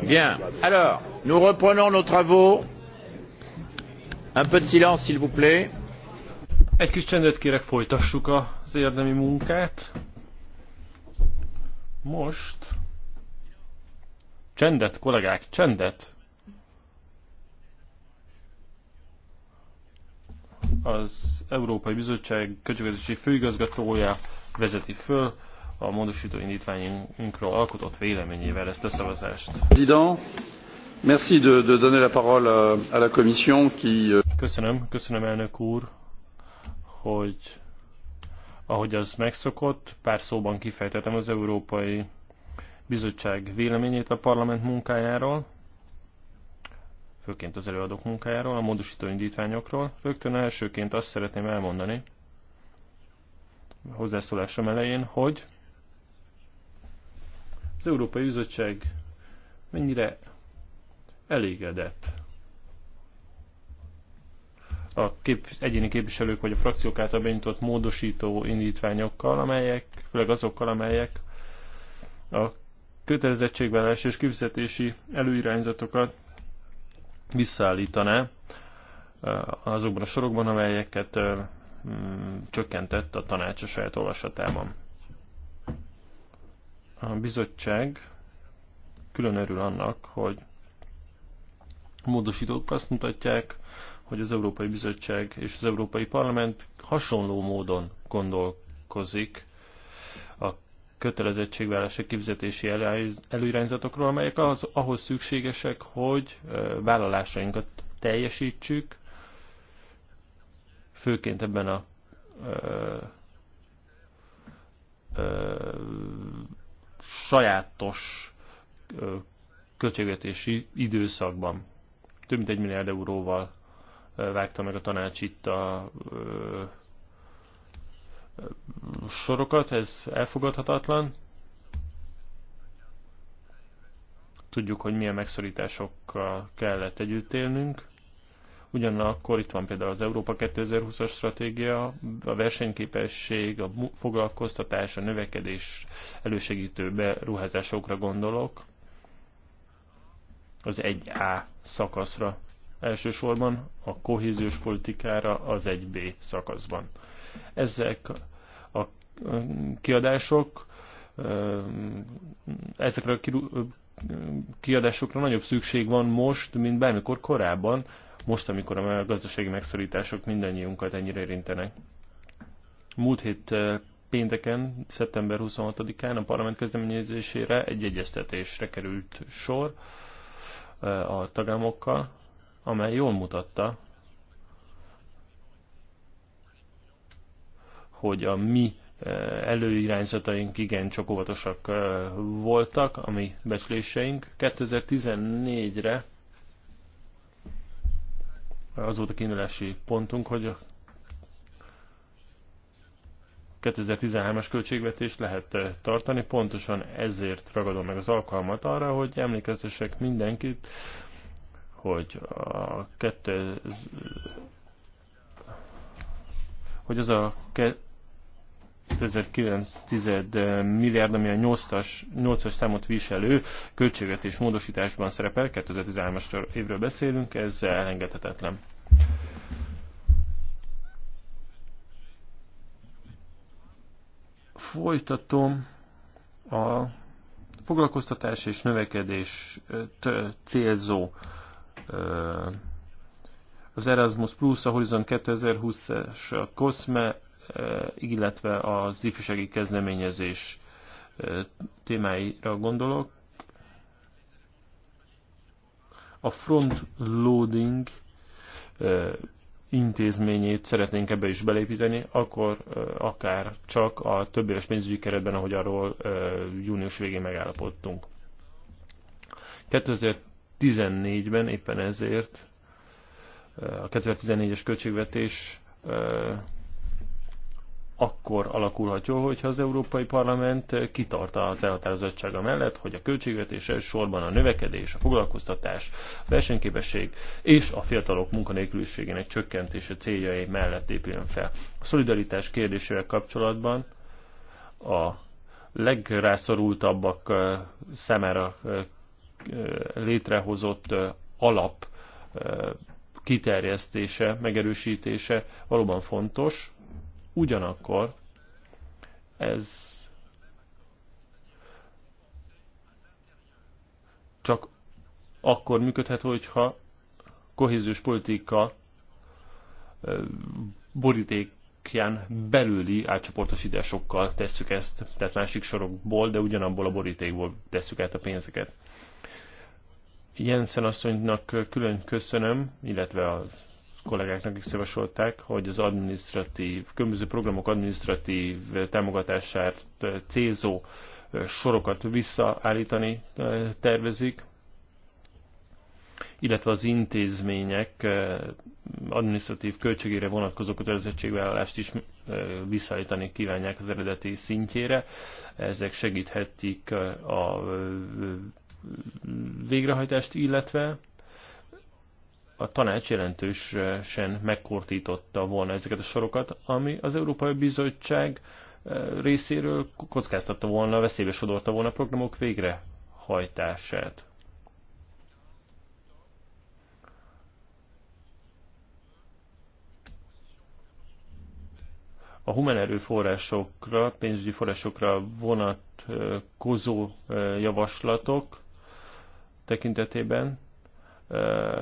venir. Bien. Alors, nous reprenons nos travaux. Un peu de silence, s'il vous plaît. Egy kis csendet kérek, folytassuk az érdemi munkát. Most... Csendet, kollégák, csendet! Európai Bizottság Költségvetési Főigazgatója vezeti föl a módosító indítványunkról alkotott véleményével ezt a szavazást. Merci de, de donner la parole euh, à la commission qui... Euh, köszönöm, köszönöm elnök úr, hogy ahogy az megszokott, pár szóban kifejtettem az Európai Bizottság véleményét a parlament munkájáról főként az előadók munkájáról, a módosító indítványokról. Rögtön elsőként azt szeretném elmondani, hozzászólásom elején, hogy az Európai Bizottság mennyire elégedett a kép, egyéni képviselők vagy a frakciók által benyújtott módosító indítványokkal, amelyek, főleg azokkal, amelyek a kötelezettségvállalás és kifizetési előirányzatokat visszaállítaná eh, azokban a sorokban, amelyeket eh, mm, csökkentett a tanács a saját olvasatában. A bizottság külön örül annak, hogy a módosítók azt mutatják, hogy az Európai Bizottság és az Európai Parlament hasonló módon gondolkozik a kötelezettségvállási kifizetési előirányzatokról, amelyek az, ahhoz szükségesek, hogy vállalásainkat teljesítsük, főként ebben a ö, ö, sajátos ö, költségvetési időszakban. Több mint egy milliárd euróval vágta meg a tanács itt a ö, sorokat, ez elfogadhatatlan. Tudjuk, hogy milyen megszorításokkal kellett együtt élnünk. Ugyanakkor itt van például az Európa 2020-as stratégia, a versenyképesség, a foglalkoztatás, a növekedés elősegítő beruházásokra gondolok. Az 1A szakaszra elsősorban, a kohéziós politikára az 1B szakaszban. Ezek a kiadások, ezekre a kiadásokra nagyobb szükség van most, mint bármikor korábban, most, amikor a gazdasági megszorítások mindannyiunkat ennyire érintenek. Múlt hét pénteken, szeptember 26-án a parlament kezdeményezésére egy egyeztetésre került sor a tagállamokkal, amely jól mutatta, hogy a mi eh, előirányzataink igencsak óvatosak eh, voltak, a mi becsléseink. 2014-re az volt a kínálási pontunk, hogy a 2013-as költségvetést lehet eh, tartani, pontosan ezért ragadom meg az alkalmat arra, hogy emlékeztessek mindenkit, hogy a kettő hogy az a 2009 milliárd, ami a 8-as, 8-as számot viselő költségvetés módosításban szerepel, 2013-as évről beszélünk, ez elengedhetetlen. Folytatom a foglalkoztatás és növekedés célzó az Erasmus Plus, a Horizon 2020-es, a COSME, illetve az ifjúsági kezdeményezés témáira gondolok. A front loading intézményét szeretnénk ebbe is belépíteni, akkor akár csak a több éves pénzügyi keretben, ahogy arról június végén megállapodtunk. 2014-ben éppen ezért a 2014-es költségvetés akkor alakulhat jól, hogyha az Európai Parlament kitart az elhatározottsága mellett, hogy a költségvetés elsősorban a növekedés, a foglalkoztatás, a versenyképesség és a fiatalok munkanélküliségének csökkentése céljai mellett épüljön fel. A szolidaritás kérdésével kapcsolatban a legrászorultabbak szemére létrehozott alap kiterjesztése, megerősítése valóban fontos, Ugyanakkor ez csak akkor működhet, hogyha kohéziós politika borítékján belüli átcsoportosításokkal tesszük ezt, tehát másik sorokból, de ugyanabból a borítékból tesszük át a pénzeket. Jensen asszonynak külön köszönöm, illetve az kollégáknak is javasolták, hogy az administratív, különböző programok administratív támogatását célzó sorokat visszaállítani tervezik, illetve az intézmények administratív költségére vonatkozó kötelezettségvállalást is visszaállítani kívánják az eredeti szintjére. Ezek segíthetik a végrehajtást, illetve a tanács jelentősen megkortította volna ezeket a sorokat, ami az Európai Bizottság eh, részéről kockáztatta volna, veszélybe sodorta volna a programok végrehajtását. a human erőforrásokra, pénzügyi forrásokra vonatkozó eh, javaslatok tekintetében eh,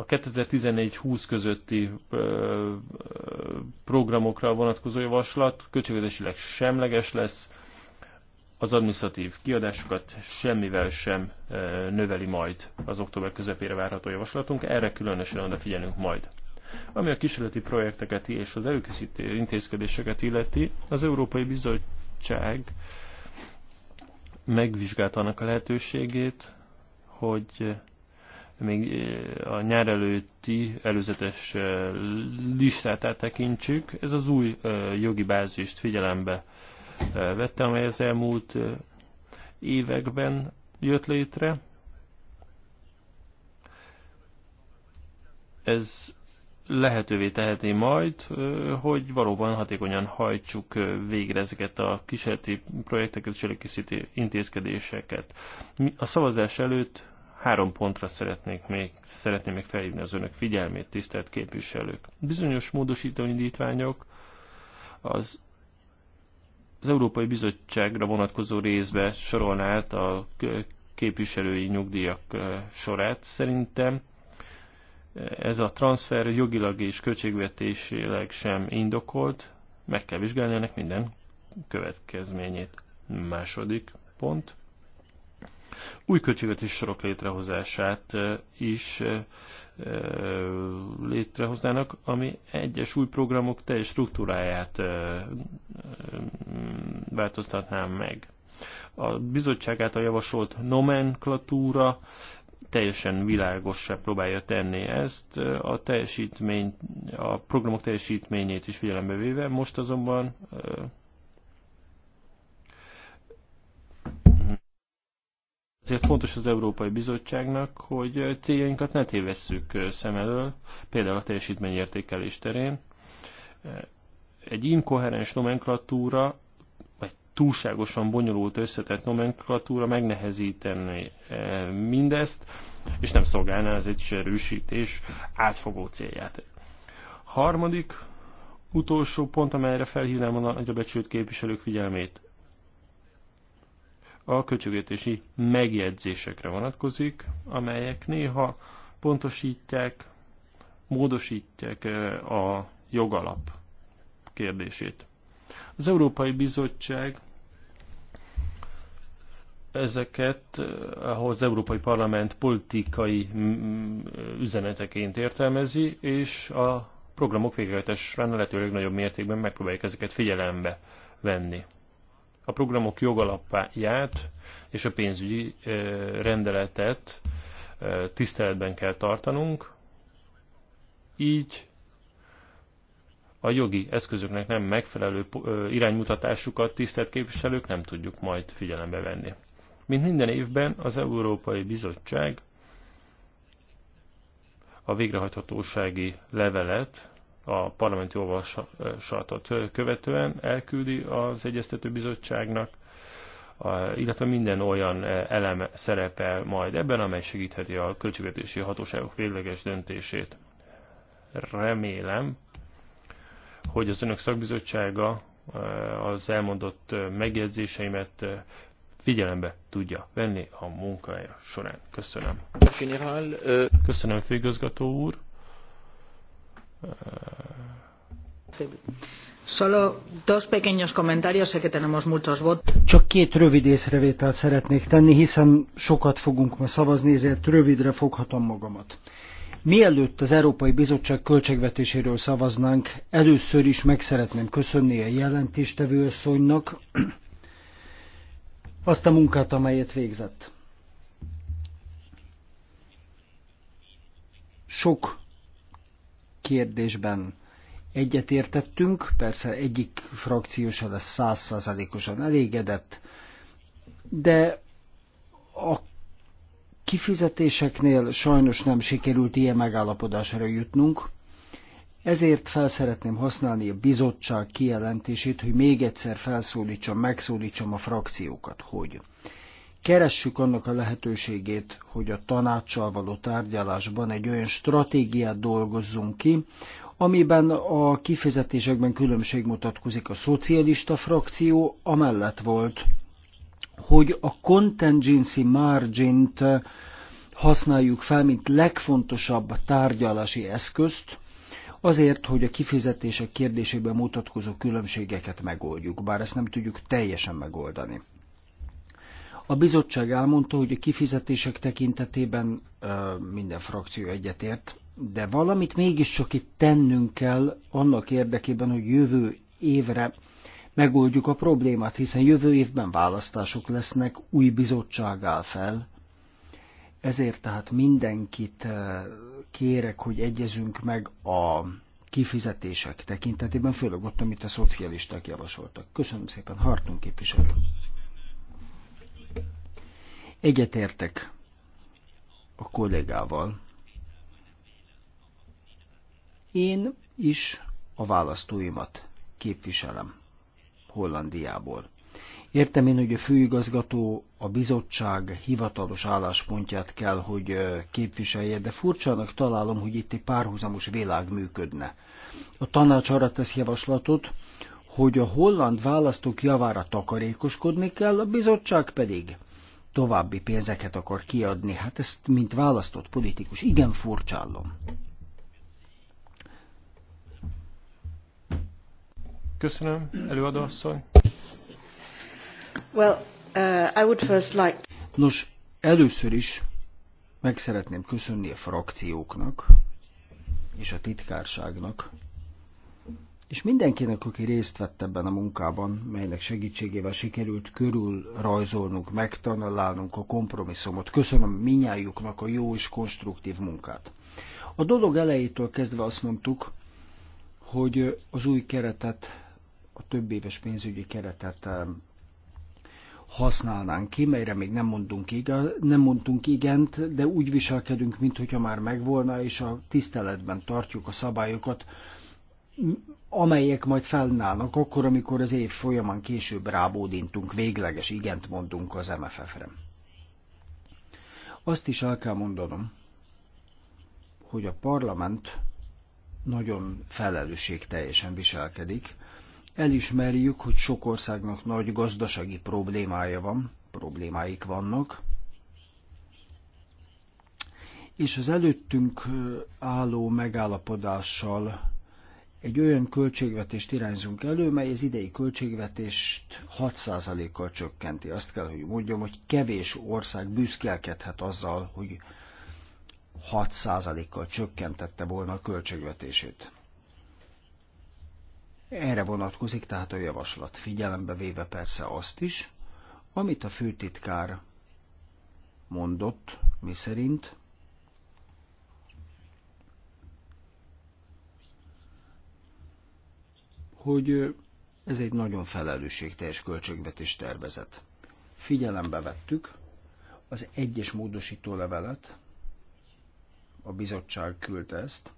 a 2014-20 közötti programokra vonatkozó javaslat költségvetésileg semleges lesz, az administratív kiadásokat semmivel sem növeli majd az október közepére várható javaslatunk, erre különösen odafigyelünk majd. Ami a kísérleti projekteket és az előkészítő intézkedéseket illeti, az Európai Bizottság megvizsgálta annak a lehetőségét, hogy még a nyár előtti előzetes listát áttekintsük. Ez az új jogi bázist figyelembe vette, amely az elmúlt években jött létre. Ez lehetővé teheti majd, hogy valóban hatékonyan hajtsuk végre ezeket a kísérleti projekteket és előkészítő intézkedéseket. A szavazás előtt Három pontra szeretnék még, szeretném még felhívni az önök figyelmét, tisztelt képviselők. Bizonyos módosítóindítványok az az Európai Bizottságra vonatkozó részbe sorolná át a képviselői nyugdíjak sorát. Szerintem ez a transfer jogilag és költségvetésileg sem indokolt, meg kell vizsgálni ennek minden következményét. Második pont új költségvetési sorok létrehozását is létrehoznának, ami egyes új programok teljes struktúráját változtatná meg. A bizottság által javasolt nomenklatúra teljesen világosra próbálja tenni ezt, a, teljesítmény, a programok teljesítményét is figyelembe véve, most azonban Ezért fontos az Európai Bizottságnak, hogy céljainkat ne tévesszük szem elől, például a teljesítményértékelés terén. Egy inkoherens nomenklatúra, vagy túlságosan bonyolult összetett nomenklatúra megnehezíteni mindezt, és nem szolgálná az erősítés átfogó célját. Harmadik, utolsó pont, amelyre felhívnám a nagyobb becsült képviselők figyelmét a költségvetési megjegyzésekre vonatkozik, amelyek néha pontosítják, módosítják a jogalap kérdését. Az Európai Bizottság ezeket az Európai Parlament politikai üzeneteként értelmezi, és a programok végrehajtásán lehetőleg nagyobb mértékben megpróbálják ezeket figyelembe venni a programok jogalapját és a pénzügyi rendeletet tiszteletben kell tartanunk, így a jogi eszközöknek nem megfelelő iránymutatásukat tisztelt képviselők nem tudjuk majd figyelembe venni. Mint minden évben az Európai Bizottság a végrehajthatósági levelet a parlamenti olvasatot követően elküldi az bizottságnak, illetve minden olyan e, elem szerepel majd ebben, amely segítheti a költségvetési hatóságok végleges döntését. Remélem, hogy az önök szakbizottsága e, az elmondott e, megjegyzéseimet figyelembe tudja venni a munkája során. Köszönöm. Köszönöm, főigazgató úr. Csak két rövid észrevételt szeretnék tenni, hiszen sokat fogunk ma szavazni, ezért rövidre foghatom magamat. Mielőtt az Európai Bizottság költségvetéséről szavaznánk, először is meg szeretném köszönni a jelentéstevő asszonynak azt a munkát, amelyet végzett. Sok kérdésben egyetértettünk, persze egyik frakciósa lesz százszázalékosan elégedett, de a kifizetéseknél sajnos nem sikerült ilyen megállapodásra jutnunk, ezért felszeretném használni a bizottság kijelentését, hogy még egyszer felszólítsam, megszólítsam a frakciókat, hogy keressük annak a lehetőségét, hogy a tanácssal való tárgyalásban egy olyan stratégiát dolgozzunk ki, amiben a kifizetésekben különbség mutatkozik a szocialista frakció, amellett volt, hogy a contingency margin-t használjuk fel, mint legfontosabb tárgyalási eszközt, azért, hogy a kifizetések kérdésében mutatkozó különbségeket megoldjuk, bár ezt nem tudjuk teljesen megoldani. A bizottság elmondta, hogy a kifizetések tekintetében minden frakció egyetért, de valamit mégiscsak itt tennünk kell annak érdekében, hogy jövő évre megoldjuk a problémát, hiszen jövő évben választások lesznek, új bizottság áll fel. Ezért tehát mindenkit kérek, hogy egyezünk meg a kifizetések tekintetében, főleg ott, amit a szocialisták javasoltak. Köszönöm szépen, Hartunk képviselő. Egyetértek a kollégával. Én is a választóimat képviselem Hollandiából. Értem én, hogy a főigazgató a bizottság hivatalos álláspontját kell, hogy képviselje, de furcsának találom, hogy itt egy párhuzamos világ működne. A tanács arra tesz javaslatot, hogy a holland választók javára takarékoskodni kell, a bizottság pedig további pénzeket akar kiadni. Hát ezt, mint választott politikus, igen furcsállom. Köszönöm, előadó asszony. Well, uh, I would first like... Nos, először is meg szeretném köszönni a frakcióknak és a titkárságnak, és mindenkinek, aki részt vett ebben a munkában, melynek segítségével sikerült körül rajzolnunk, megtanulnunk a kompromisszumot. Köszönöm minnyájuknak a jó és konstruktív munkát. A dolog elejétől kezdve azt mondtuk, hogy az új keretet, a több éves pénzügyi keretet eh, használnánk ki, melyre még nem mondunk, igaz, nem mondtunk igent, de úgy viselkedünk, mintha már megvolna, és a tiszteletben tartjuk a szabályokat, amelyek majd fennállnak akkor, amikor az év folyamán később rábódintunk, végleges igent mondunk az MFF-re. Azt is el kell mondanom, hogy a parlament nagyon felelősségteljesen viselkedik. Elismerjük, hogy sok országnak nagy gazdasági problémája van, problémáik vannak, és az előttünk álló megállapodással egy olyan költségvetést irányzunk elő, mely az idei költségvetést 6%-kal csökkenti. Azt kell, hogy mondjam, hogy kevés ország büszkélkedhet azzal, hogy 6%-kal csökkentette volna a költségvetését. Erre vonatkozik tehát a javaslat, figyelembe véve persze azt is, amit a főtitkár mondott, miszerint hogy ez egy nagyon felelősségteljes költségvetés tervezet. Figyelembe vettük az egyes módosító levelet, a bizottság küldte ezt,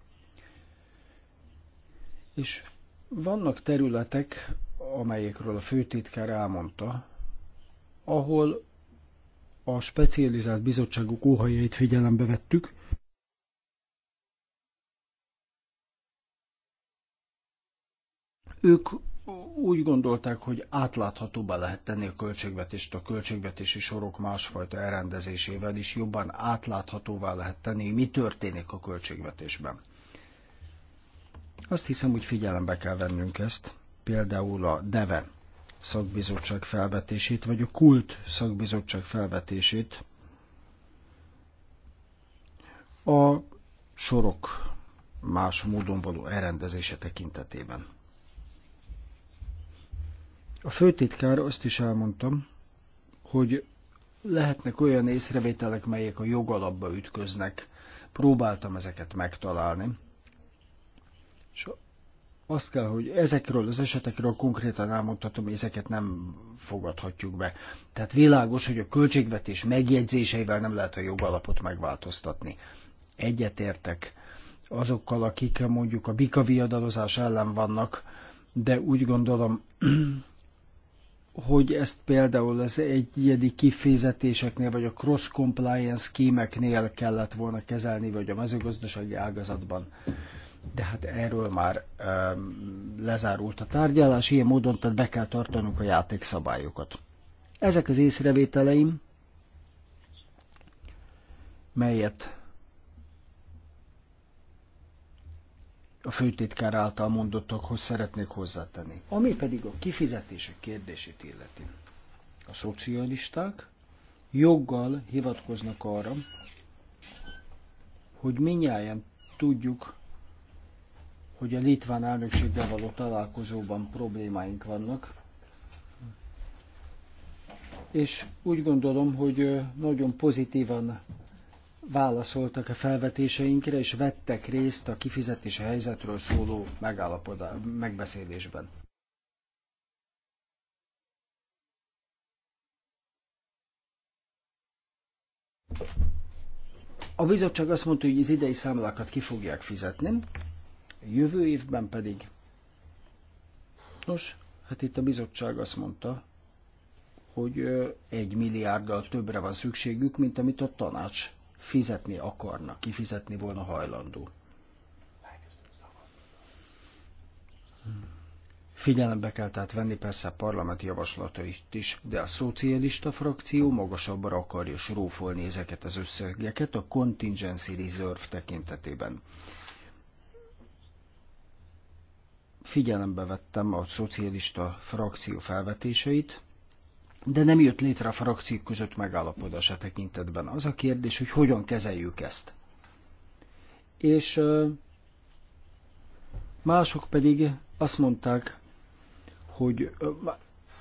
és vannak területek, amelyekről a főtitkár elmondta, ahol a specializált bizottságok óhajait figyelembe vettük, Ők úgy gondolták, hogy átláthatóbbá lehet tenni a költségvetést a költségvetési sorok másfajta elrendezésével is, jobban átláthatóvá lehet tenni, mi történik a költségvetésben. Azt hiszem, hogy figyelembe kell vennünk ezt, például a DEVE szakbizottság felvetését, vagy a KULT szakbizottság felvetését. A sorok más módon való elrendezése tekintetében. A főtitkár azt is elmondtam, hogy lehetnek olyan észrevételek, melyek a jogalapba ütköznek. Próbáltam ezeket megtalálni. És azt kell, hogy ezekről az esetekről konkrétan elmondhatom, hogy ezeket nem fogadhatjuk be. Tehát világos, hogy a költségvetés megjegyzéseivel nem lehet a jogalapot megváltoztatni. Egyetértek azokkal, akik mondjuk a bikaviadalozás ellen vannak, de úgy gondolom, hogy ezt például az egyedi kifizetéseknél, vagy a cross-compliance kémeknél kellett volna kezelni, vagy a mezőgazdasági ágazatban. De hát erről már um, lezárult a tárgyalás, ilyen módon tehát be kell tartanunk a játékszabályokat. Ezek az észrevételeim, melyet a főtitkár által mondottakhoz szeretnék hozzátenni. Ami pedig a kifizetések kérdését illeti. A szocialisták joggal hivatkoznak arra, hogy minnyáján tudjuk, hogy a litván elnökséggel való találkozóban problémáink vannak, és úgy gondolom, hogy nagyon pozitívan válaszoltak a felvetéseinkre, és vettek részt a kifizetési helyzetről szóló megbeszélésben. A bizottság azt mondta, hogy az idei számlákat ki fogják fizetni, jövő évben pedig. Nos, hát itt a bizottság azt mondta, hogy egy milliárddal többre van szükségük, mint amit a tanács fizetni akarnak, kifizetni volna hajlandó. Figyelembe kell tehát venni persze a parlament javaslatait is, de a szocialista frakció magasabbra akarja srófolni ezeket az összegeket a contingency reserve tekintetében. Figyelembe vettem a szocialista frakció felvetéseit, de nem jött létre a frakciók között megállapodás a tekintetben. Az a kérdés, hogy hogyan kezeljük ezt. És mások pedig azt mondták, hogy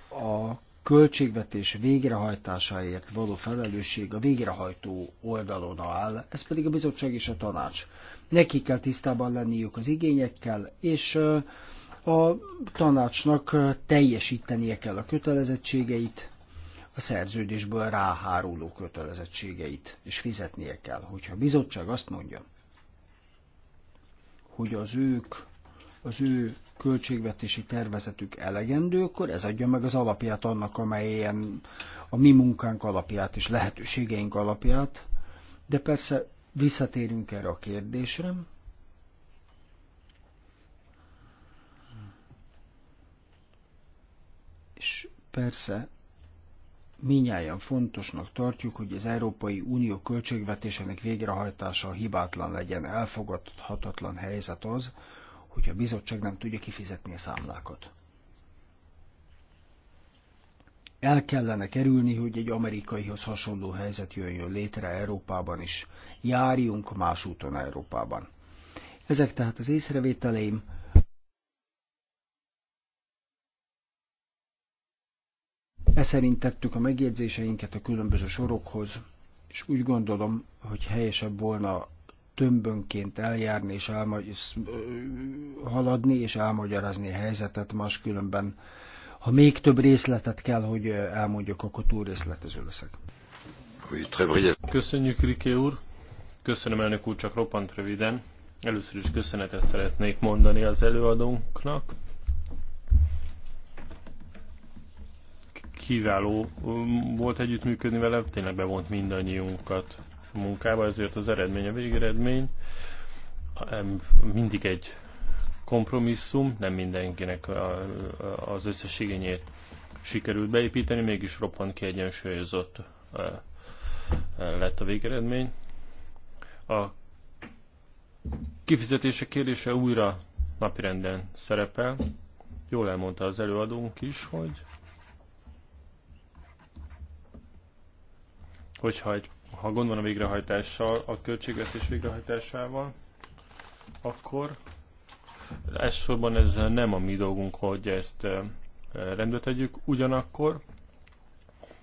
a költségvetés végrehajtásáért való felelősség a végrehajtó oldalon áll, ez pedig a bizottság és a tanács. Neki kell tisztában lenniük az igényekkel, és a tanácsnak teljesítenie kell a kötelezettségeit, a szerződésből ráháruló kötelezettségeit, és fizetnie kell. Hogyha a bizottság azt mondja, hogy az ők, az ő költségvetési tervezetük elegendő, akkor ez adja meg az alapját annak, amelyen a mi munkánk alapját és lehetőségeink alapját, de persze visszatérünk erre a kérdésre, és persze minnyáján fontosnak tartjuk, hogy az Európai Unió költségvetésének végrehajtása hibátlan legyen. Elfogadhatatlan helyzet az, hogy a bizottság nem tudja kifizetni a számlákat. El kellene kerülni, hogy egy amerikaihoz hasonló helyzet jöjjön létre Európában is. Járjunk más úton Európában. Ezek tehát az észrevételeim, Eszerint tettük a megjegyzéseinket a különböző sorokhoz, és úgy gondolom, hogy helyesebb volna tömbönként eljárni és elmagy- haladni és elmagyarázni a helyzetet, máskülönben, ha még több részletet kell, hogy elmondjuk, akkor túl részletező leszek. Köszönjük, Riké úr! Köszönöm, elnök úr, csak roppant röviden. Először is köszönetet szeretnék mondani az előadónknak. kiváló um, volt együttműködni vele, tényleg bevont mindannyiunkat munkába, ezért az eredmény a végeredmény mindig egy kompromisszum, nem mindenkinek az összes igényét sikerült beépíteni, mégis roppant kiegyensúlyozott e, e, lett a végeredmény. A kifizetése kérdése újra napirenden szerepel. Jól elmondta az előadónk is, hogy hogyha egy, ha gond van a végrehajtással, a költségvetés végrehajtásával, akkor elsősorban ez nem a mi dolgunk, hogy ezt eh, rendbe tegyük. Ugyanakkor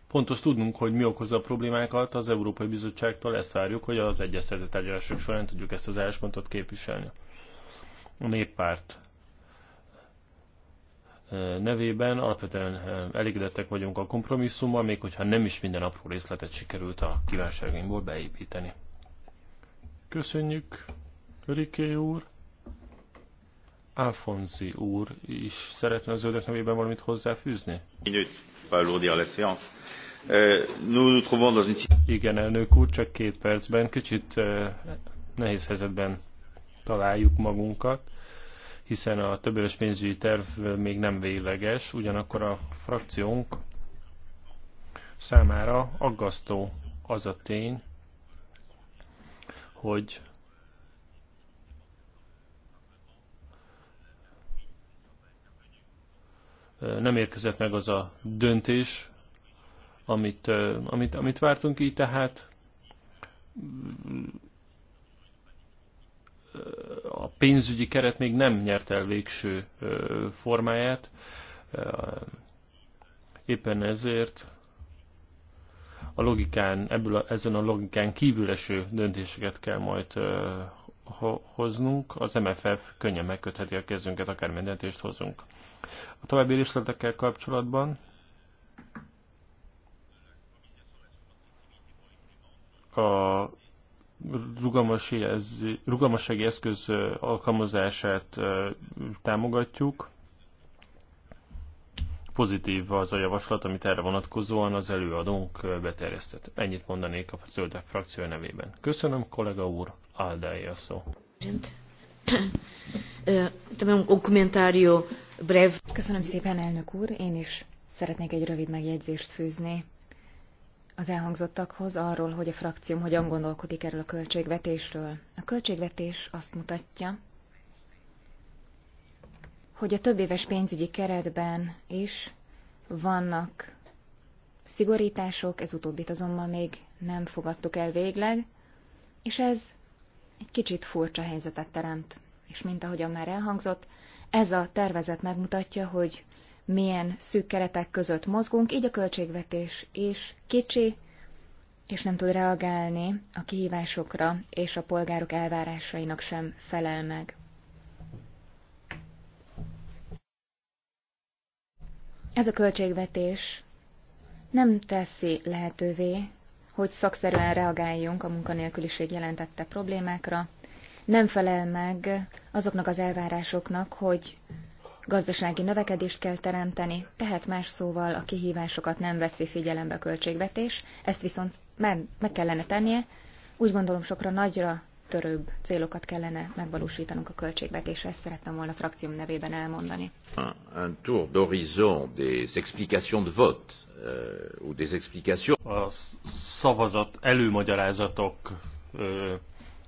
fontos tudnunk, hogy mi okozza a problémákat az Európai Bizottságtól, ezt várjuk, hogy az egyeztető tárgyalások során tudjuk ezt az álláspontot képviselni. A néppárt nevében. Alapvetően elégedettek vagyunk a kompromisszummal, még hogyha nem is minden apró részletet sikerült a kívánságainkból beépíteni. Köszönjük, Riké úr! Alfonzi úr is szeretne az zöldek nevében valamit hozzáfűzni? Euh, Igen, elnök úr, csak két percben. Kicsit nehéz helyzetben találjuk magunkat hiszen a többéves pénzügyi terv még nem végleges, ugyanakkor a frakciónk számára aggasztó az a tény, hogy nem érkezett meg az a döntés, amit, amit, amit vártunk így, tehát a pénzügyi keret még nem nyert el végső formáját. Éppen ezért a logikán, ebből a, ezen a logikán kívül eső döntéseket kell majd hoznunk, az MFF könnyen megkötheti a kezünket, akár döntést hozunk. A további részletekkel kapcsolatban a rugalmassági eszköz alkalmazását támogatjuk. Pozitív az a javaslat, amit erre vonatkozóan az előadónk beterjesztett. Ennyit mondanék a zöldek frakció nevében. Köszönöm, kollega úr, áldálj a szó. Köszönöm szépen, elnök úr. Én is szeretnék egy rövid megjegyzést fűzni az elhangzottakhoz arról, hogy a frakcióm hogyan gondolkodik erről a költségvetésről. A költségvetés azt mutatja, hogy a több éves pénzügyi keretben is vannak szigorítások, ez utóbbit azonban még nem fogadtuk el végleg, és ez egy kicsit furcsa helyzetet teremt. És mint ahogyan már elhangzott, ez a tervezet megmutatja, hogy milyen szűk keretek között mozgunk, így a költségvetés is kicsi, és nem tud reagálni a kihívásokra, és a polgárok elvárásainak sem felel meg. Ez a költségvetés nem teszi lehetővé, hogy szakszerűen reagáljunk a munkanélküliség jelentette problémákra, nem felel meg azoknak az elvárásoknak, hogy gazdasági növekedést kell teremteni, tehát más szóval a kihívásokat nem veszi figyelembe a költségvetés, ezt viszont meg, meg kellene tennie, úgy gondolom sokra nagyra törőbb célokat kellene megvalósítanunk a költségvetésre, ezt szerettem volna a frakcióm nevében elmondani. Un tour d'horizon des explications de vote, euh, ou des explications... A szavazat előmagyarázatok euh,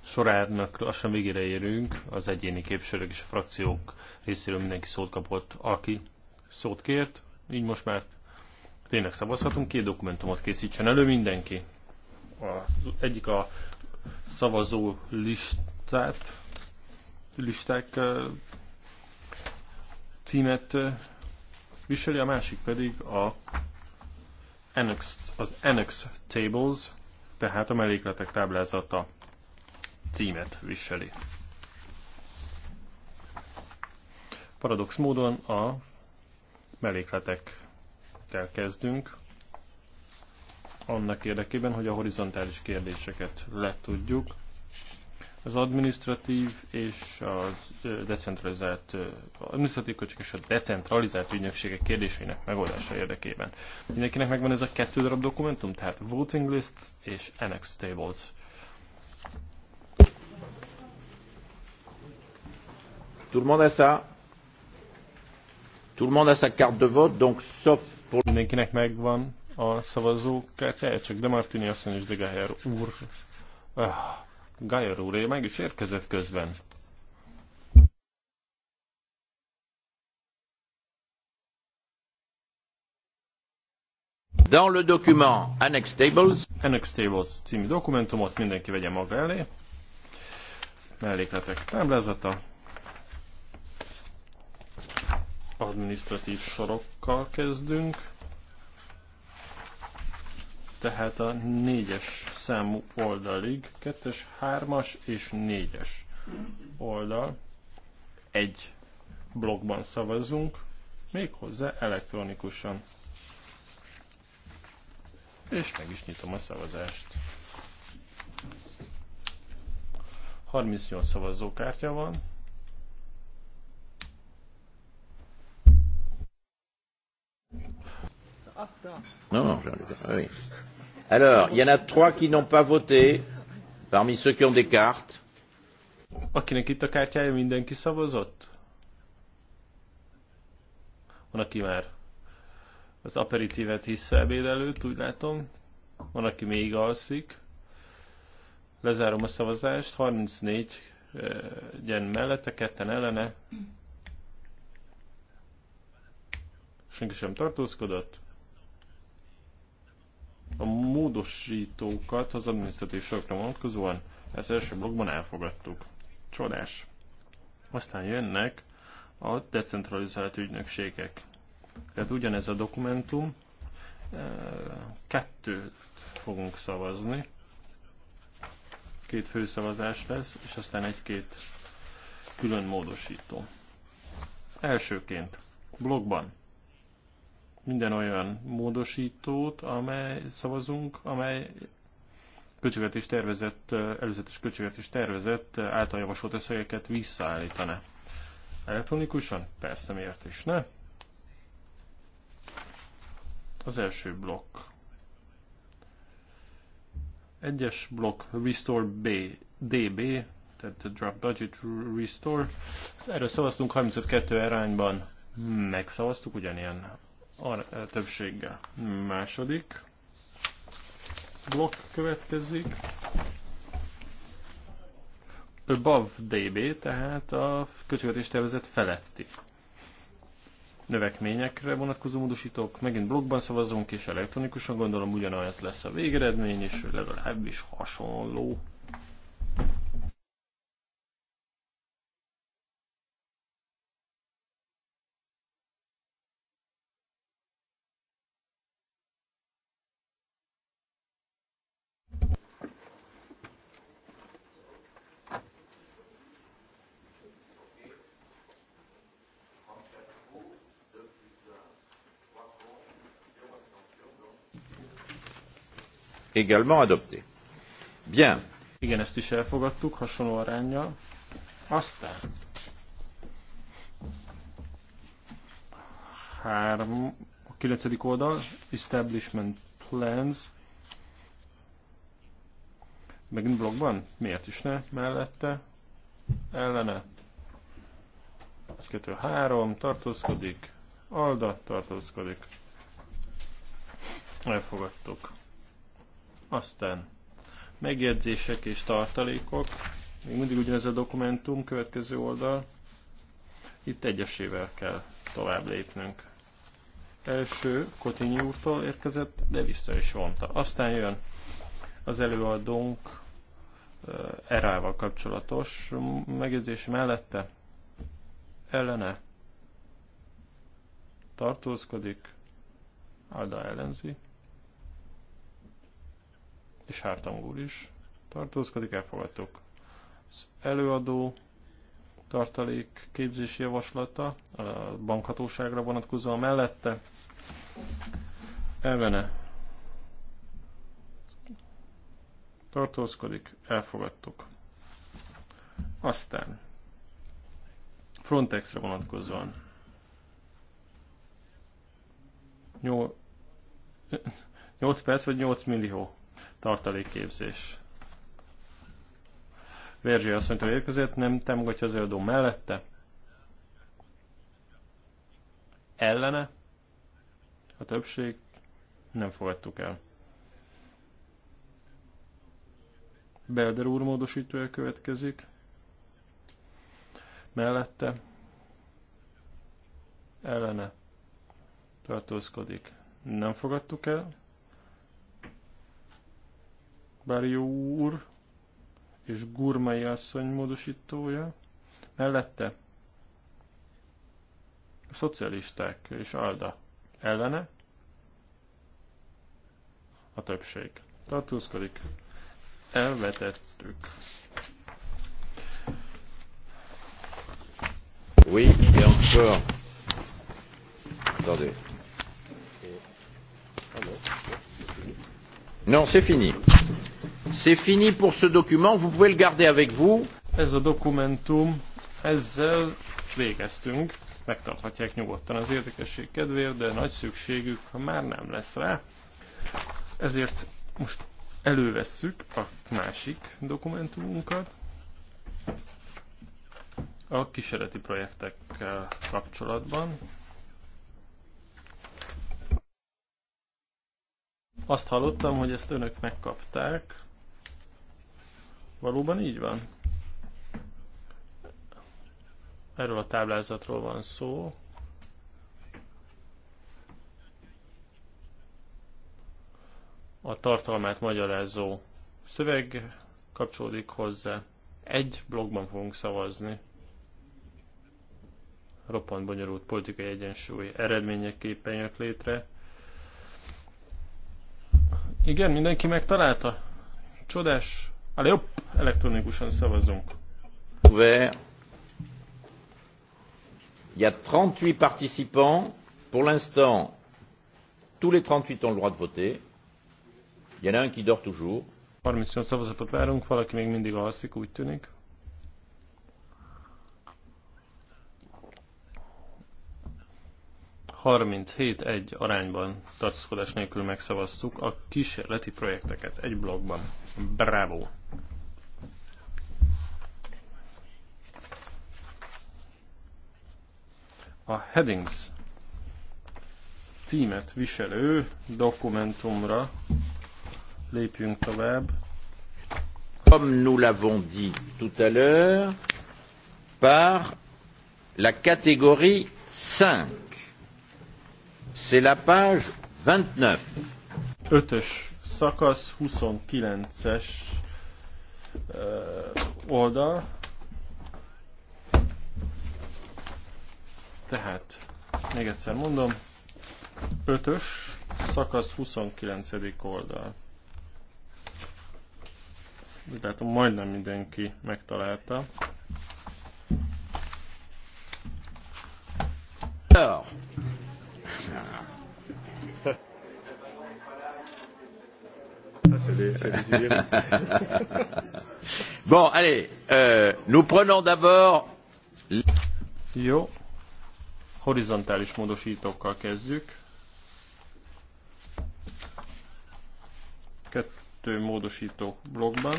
sorának lassan végére érünk, az egyéni képviselők és a frakciók részéről mindenki szót kapott, aki szót kért, így most már tényleg szavazhatunk, két dokumentumot készítsen elő mindenki. Az egyik a szavazó listát, listák címet viseli, a másik pedig a annex, az Annex Tables, tehát a mellékletek táblázata címet viseli. Paradox módon a mellékletekkel kezdünk, annak érdekében, hogy a horizontális kérdéseket le tudjuk. Az adminisztratív és a decentralizált, administratív költség és a decentralizált ügynökségek kérdéseinek megoldása érdekében. Mindenkinek megvan ez a kettő darab dokumentum, tehát voting lists és annex tables. Tout le monde a ça Tout le monde a sa carte de vote, donc sauf pour... Mindenkinek megvan a szavazókártyája, csak de Martini asszony és de Gájer úr. Ah, Gájer Gajer úr, meg is érkezett közben. Dans le document Annex Tables, Annex Tables című dokumentumot mindenki vegye maga elé. Mellékletek táblázata. administratív sorokkal kezdünk. Tehát a négyes számú oldalig, kettes, hármas és négyes oldal egy blogban szavazunk, méghozzá elektronikusan. És meg is nyitom a szavazást. 38 szavazókártya van, Non, non, j'en ai ah oui. Alors, il y en a trois qui n'ont pas voté, parmi ceux qui ont des cartes. Akinek itt a kártyája, mindenki szavazott? Van, aki már az aperitívet hisz ebéd előtt, úgy látom. Van, aki még alszik. Lezárom a szavazást. 34 eh, gyen mellette, ketten ellene. Senki sem tartózkodott. A módosítókat az adminisztratív sorokra vonatkozóan ezt első blogban elfogadtuk. Csodás. Aztán jönnek a decentralizált ügynökségek. Tehát ugyanez a dokumentum, e, kettőt fogunk szavazni, két főszavazás lesz, és aztán egy-két külön módosító. Elsőként, blogban, minden olyan módosítót, amely szavazunk, amely költségvetés tervezett, előzetes költségvetés tervezett által javasolt összegeket visszaállítaná. Elektronikusan? Persze, miért is ne? Az első blokk. Egyes blokk Restore B, DB, tehát the Drop Budget Restore. Erről szavaztunk 35-2 arányban, megszavaztuk ugyanilyen többséggel. Második blokk következik. Above DB, tehát a költségvetés tervezet feletti növekményekre vonatkozó módosítók. Megint blokkban szavazunk, és elektronikusan gondolom ugyanaz lesz a végeredmény, és legalábbis hasonló. également adopté. Bien. Igen, ezt is elfogadtuk hasonló arányjal. Aztán három, a kilencedik oldal, Establishment Plans, megint blogban? Miért is ne? Mellette, ellene, 1, 2, 3, tartózkodik, Alda tartózkodik. Elfogadtuk. Aztán megjegyzések és tartalékok. Még mindig ugyanez a dokumentum, következő oldal. Itt egyesével kell tovább lépnünk. Első Kotinyi úrtól érkezett, de vissza is vonta. Aztán jön az előadónk eh, erával kapcsolatos megjegyzés mellette ellene tartózkodik, Alda ellenzi, és hártangúr is tartózkodik, elfogadtuk. Az előadó tartalék képzési javaslata a bankhatóságra vonatkozóan mellette elvene tartózkodik, elfogadtuk. Aztán Frontexre vonatkozóan. Nyol... 8 perc vagy 8 millió? tartalékképzés. mondta, hogy érkezett, nem támogatja az előadó mellette. Ellene a többség nem fogadtuk el. Belder úr módosítója következik. Mellette ellene tartózkodik. Nem fogadtuk el. Bárió úr és Gurmai asszony módosítója, mellette a szocialisták és Alda ellene a többség. Tartózkodik. Elvetettük. Oui, et encore. Attendez. Non, c'est fini. C'est fini pour ce document, vous pouvez le garder avec vous. Ez a dokumentum, ezzel végeztünk. Megtarthatják nyugodtan az érdekesség kedvéért, de nagy szükségük már nem lesz rá. Ezért most elővesszük a másik dokumentumunkat, a kísérleti projektekkel kapcsolatban. Azt hallottam, hogy ezt önök megkapták. Valóban így van. Erről a táblázatról van szó. A tartalmát magyarázó szöveg kapcsolódik hozzá. Egy blogban fogunk szavazni. Roppant bonyolult politikai egyensúly eredményeképpen jött létre. Igen, mindenki megtalálta. Csodás Ale jobb, elektronikusan szavazunk. Ouvert. Il y a 38 participants. Pour l'instant, tous les 38 ont le droit de voter. Il y en a un qui dort toujours. 38 szavazatot várunk, valaki még mindig alszik, úgy tűnik. egy arányban tartózkodás nélkül megszavaztuk a kísérleti projekteket egy blogban. Bravo! A headings címet viselő dokumentumra lépjünk tovább. Comme nous l'avons dit tout à l'heure, par la catégorie 5. C'est la page 29. Ötös szakasz, 29-es oldal. Tehát, még egyszer mondom, 5-ös szakasz 29. oldal. Tehát majdnem mindenki megtalálta. Oh. bon, allez, euh, nous prenons d'abord... Jó. Horizontális módosítókkal kezdjük. Kettő módosító blogban.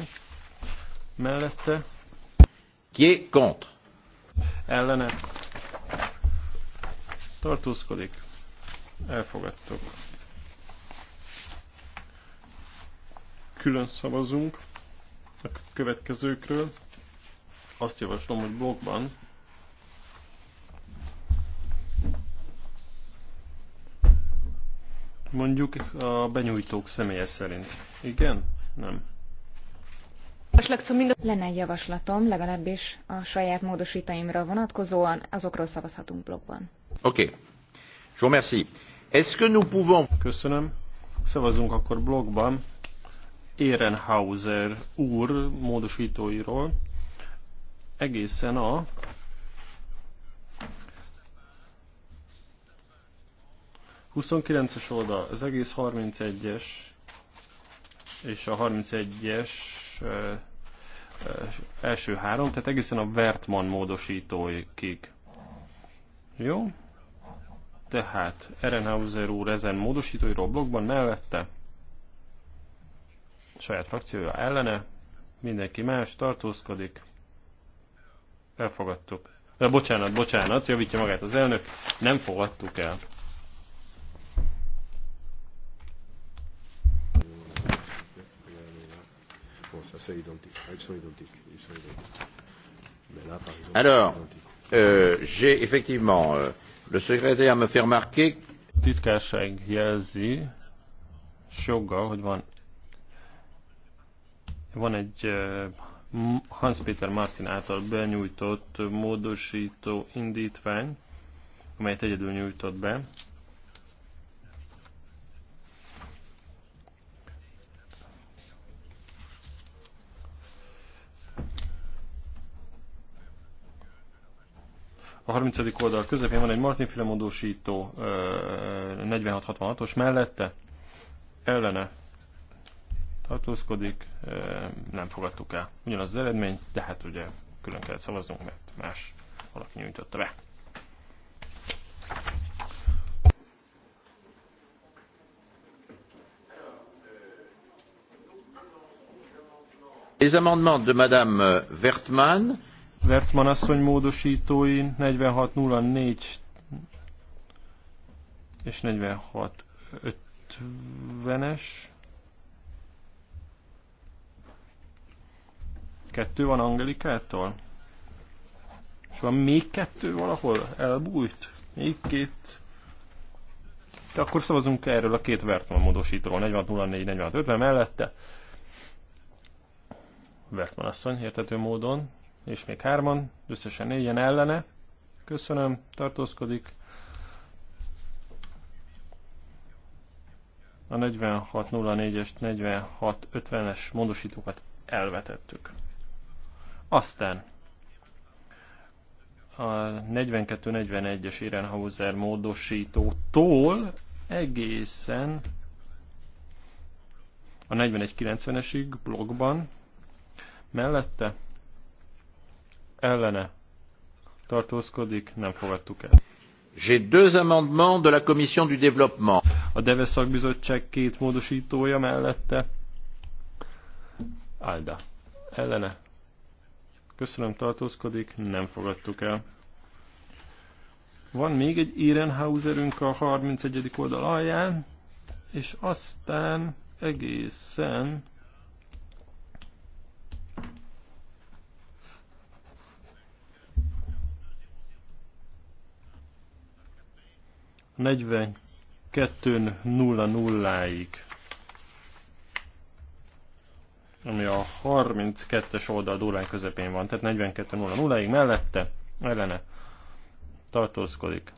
Mellette. Ki est contre? Ellene. Tartózkodik. Elfogadtuk. külön szavazunk a következőkről. Azt javaslom, hogy blogban Mondjuk a benyújtók személye szerint. Igen? Nem. Szóval Lenne egy javaslatom, legalábbis a saját módosítaimra vonatkozóan, azokról szavazhatunk blogban. Oké. Okay. Jó, merci. Est-ce que nous pouvons... Köszönöm. Szavazunk akkor blogban Ehrenhauser úr módosítóiról egészen a Huszonkilences oldal, az egész 31-es és a 31-es első három, tehát egészen a Vertman módosítóikig. Jó? Tehát Ehrenhauser úr ezen módosítóiról blogban mellette saját frakciója ellene, mindenki más tartózkodik, elfogadtuk. De bocsánat, bocsánat, javítja magát az elnök, nem fogadtuk el. Alors, euh, j'ai effectivement, euh, le secrétaire me fait remarquer titkárság jelzi, joggal, hogy van van egy eh, Hans Peter Martin által benyújtott módosító indítvány, amelyet egyedül nyújtott be. a 30. oldal közepén van egy Martin módosító 4666-os eh, mellette, ellene tartózkodik, nem fogadtuk el. Ugyanaz az eredmény, de hát ugye külön kellett szavaznunk, mert más valaki nyújtotta be. Les amendements de Madame Wertmann. Wertmann asszony módosítói 4604 és 4650-es. Kettő van Angelikától? És van még kettő valahol? Elbújt? Még két? De akkor szavazunk erről a két Vertman módosítóról. 4604, 4650 mellette. Vertman asszony értető módon. És még hárman, összesen négyen ellene. Köszönöm, tartózkodik. A 4604-es, 4650-es módosítókat elvetettük. Aztán a 42-41-es Irenhauser módosítótól egészen a 41-90-esig blogban mellette ellene tartózkodik, nem fogadtuk el. J'ai deux amendements de la Commission du Développement. A DEVE szakbizottság két módosítója mellette. Alda. Ellene Köszönöm, tartózkodik, nem fogadtuk el. Van még egy Ehrenhauserünk a 31. oldal alján, és aztán egészen negyven kettőn nulla nulláig ami a 32-es oldal durván közepén van, tehát 42.00-ig mellette, ellene tartózkodik.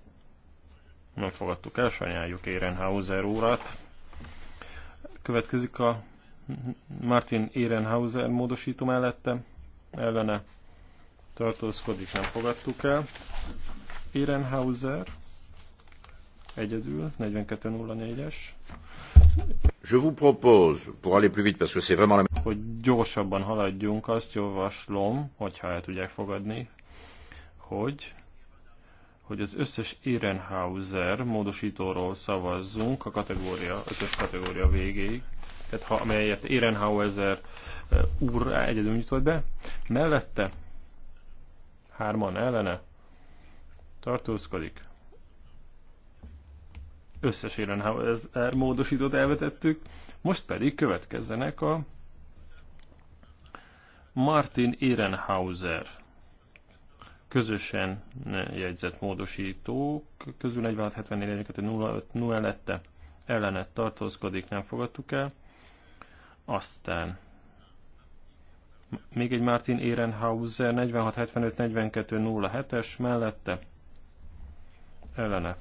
Nem fogadtuk el, sajnáljuk Ehrenhauser úrát. Következik a Martin Ehrenhauser módosító mellette, ellene tartózkodik, nem fogadtuk el. Ehrenhauser egyedül, 4204-es. Je vous propose, pour aller plus vite, parce que c'est vraiment la... Hogy gyorsabban haladjunk, azt javaslom, hogyha el tudják fogadni, hogy hogy az összes Ehrenhauser módosítóról szavazzunk a kategória, összes kategória végéig, tehát ha, amelyet Ehrenhauser eh, úr egyedül nyitott be, mellette hárman ellene tartózkodik, összes ez módosítót elvetettük, most pedig következzenek a Martin Ehrenhauser közösen jegyzett módosítók közül 4674 0 ellette ellenet tartózkodik, nem fogadtuk el. Aztán még egy Martin Ehrenhauser 4675 42 07-es mellette ellene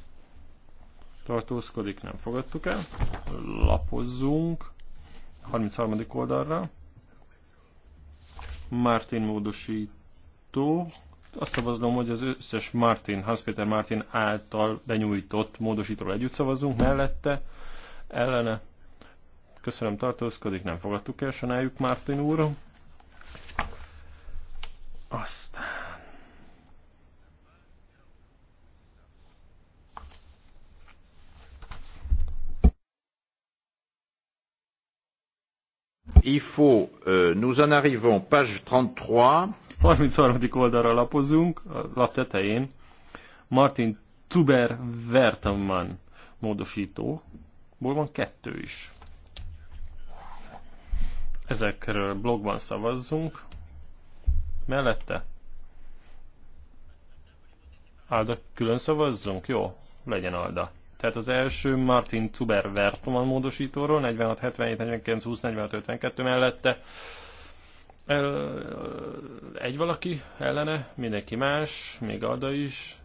tartózkodik, nem fogadtuk el. Lapozzunk. 33. oldalra. Martin módosító. Azt szavazom, hogy az összes Martin, Hans Peter Martin által benyújtott módosítóról együtt szavazunk, mellette, ellene. Köszönöm, tartózkodik, nem fogadtuk el, sanáljuk Martin úr. Aztán Euh, nous en arrivons, page 33. oldalra lapozunk, a lap tetején. Martin Tuber Vertamman módosító, ból van kettő is. Ezekről blogban szavazzunk. Mellette? Alda külön szavazzunk? Jó, legyen Alda. Tehát az első Martin Zuber Vertman módosítóról, 46, 77, 49, 20, 45, 52 mellette. El, egy valaki ellene, mindenki más, még Alda is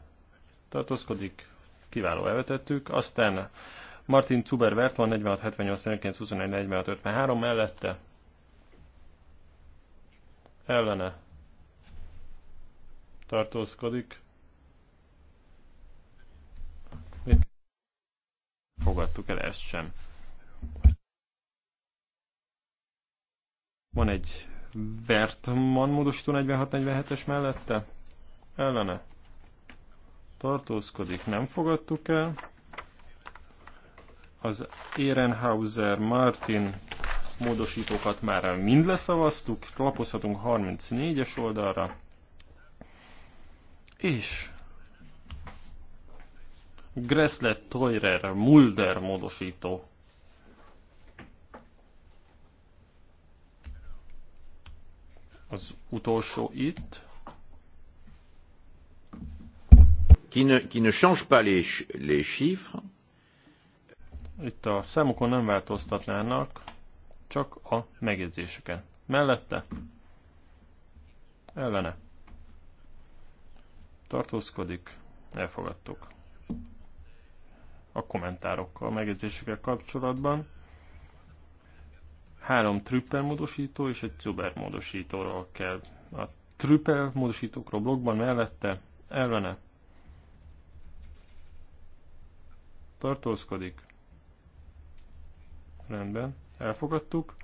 tartózkodik. Kiváló elvetettük. Aztán Martin Zuber Vertman 46, 78, 49, 21, 46, 53 mellette. Ellene tartózkodik. fogadtuk el ezt sem. Van egy Vertman módosító 46-47-es mellette? Ellene. Tartózkodik, nem fogadtuk el. Az Ehrenhauser Martin módosítókat már mind leszavaztuk, lapozhatunk 34-es oldalra. És Gresslet Toyrer Mulder módosító. Az utolsó itt. Qui ne, qui ne change pas les, les chiffres. Itt a számokon nem változtatnának, csak a megjegyzéseken. Mellette? Ellene. Tartózkodik. Elfogadtuk a kommentárokkal, megjegyzésekkel kapcsolatban. Három trüppel módosító és egy cuber módosítóról kell. A trüppel módosítókról blogban mellette ellene tartózkodik. Rendben, elfogadtuk.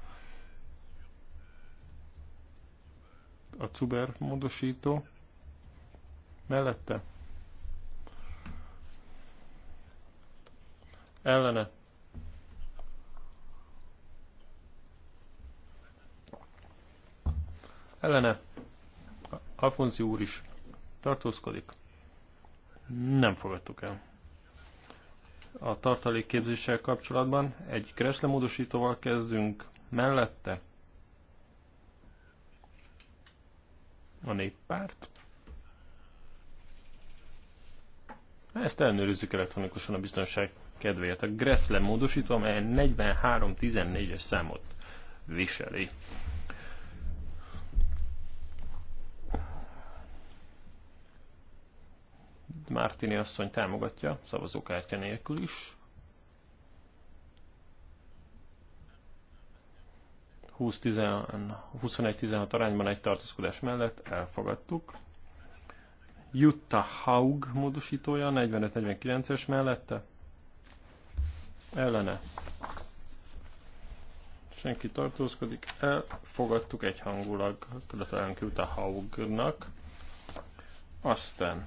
A cuber módosító mellette ellene ellene Alfonzi úr is tartózkodik. Nem fogadtuk el. A tartalékképzéssel kapcsolatban egy kreszlemódosítóval kezdünk mellette. A néppárt. Ezt elnőrizzük elektronikusan a biztonság kedvéért. A Gressle módosító, amely 43-14-es számot viseli. Mártini asszony támogatja, szavazókártya nélkül is. 21-16 arányban egy tartózkodás mellett elfogadtuk. Jutta Haug módosítója 45-49-es mellette ellene. Senki tartózkodik, elfogadtuk egyhangulag, tudatlan küldte a Haugnak. Aztán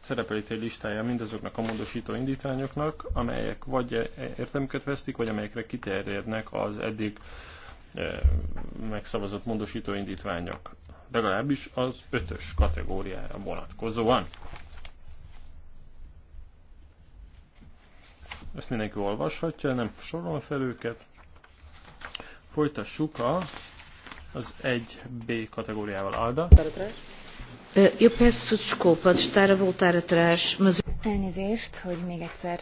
szerepel itt egy listája mindazoknak a módosító indítványoknak, amelyek vagy értelmüket vesztik, vagy amelyekre kiterjednek az eddig eh, megszavazott módosító indítványok. Legalábbis az ötös kategóriára vonatkozóan. Ezt mindenki olvashatja, nem sorolom fel őket. Folytassuk a, az 1B kategóriával. Alda. Jó, persze, desculpa stára volt áratrás. Elnézést, hogy még egyszer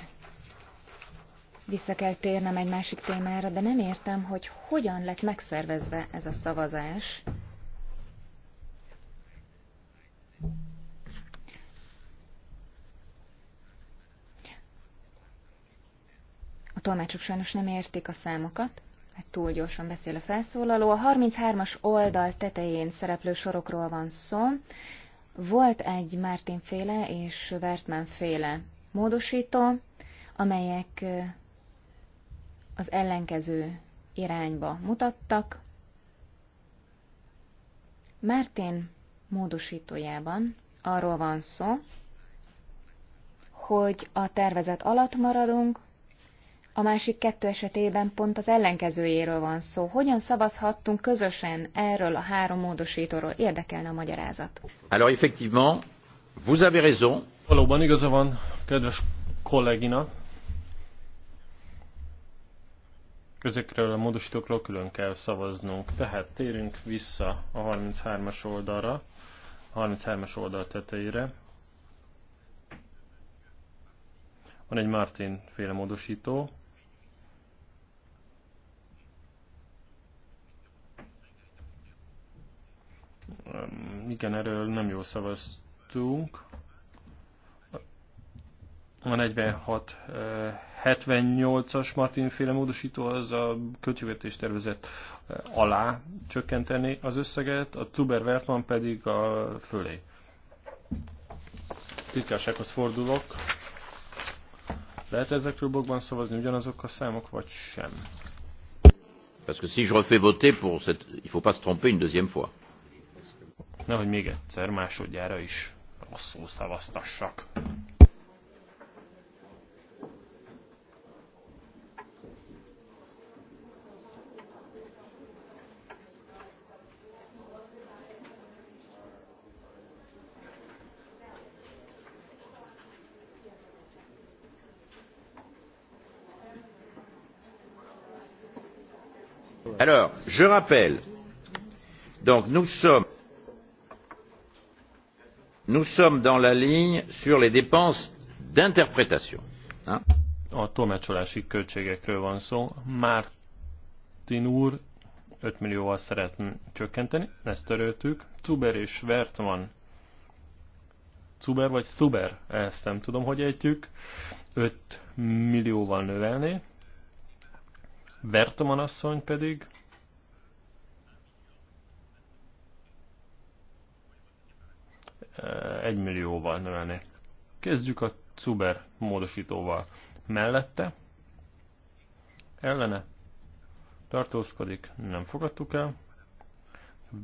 vissza kell térnem egy másik témára, de nem értem, hogy hogyan lett megszervezve ez a szavazás. tolmácsok sajnos nem értik a számokat, mert túl gyorsan beszél a felszólaló. A 33-as oldal tetején szereplő sorokról van szó. Volt egy Mártin féle és Wertmann féle módosító, amelyek az ellenkező irányba mutattak. Mártin módosítójában arról van szó, hogy a tervezet alatt maradunk, a másik kettő esetében pont az ellenkezőjéről van szó. Hogyan szavazhattunk közösen erről a három módosítóról? Érdekelne a magyarázat. Alors effectivement, vous avez raison. Valóban igaza van, kedves kollégina. Ezekről a módosítókról külön kell szavaznunk. Tehát térünk vissza a 33-as oldalra, a 33-as oldal tetejére. Van egy Martin féle módosító, Igen, erről nem jól szavaztunk. A 46-78-as Martin féle módosító az a költségvetés tervezet alá csökkenteni az összeget, a Zuber Wertmann pedig a fölé. Titkársághoz fordulok. Lehet ezekről blogban szavazni ugyanazok a számok, vagy sem? Parce que si je refais voter pour cette... Il faut pas se tromper une deuxième fois nehogy még egyszer, másodjára is rosszul szavaztassak. Alors, je rappelle, donc nous sommes nous sommes dans la ligne sur les dépenses d'interprétation. A tolmácsolási költségekről van szó. Mártin úr 5 millióval szeretne csökkenteni, ezt töröltük. Cuber és Vertman. Cuber vagy Thuber, ezt nem tudom, hogy ejtjük. 5 millióval növelni. Vertman asszony pedig 1 eh, millióval növelni. Kezdjük a Cuber módosítóval. Mellette, ellene, tartózkodik, nem fogadtuk el.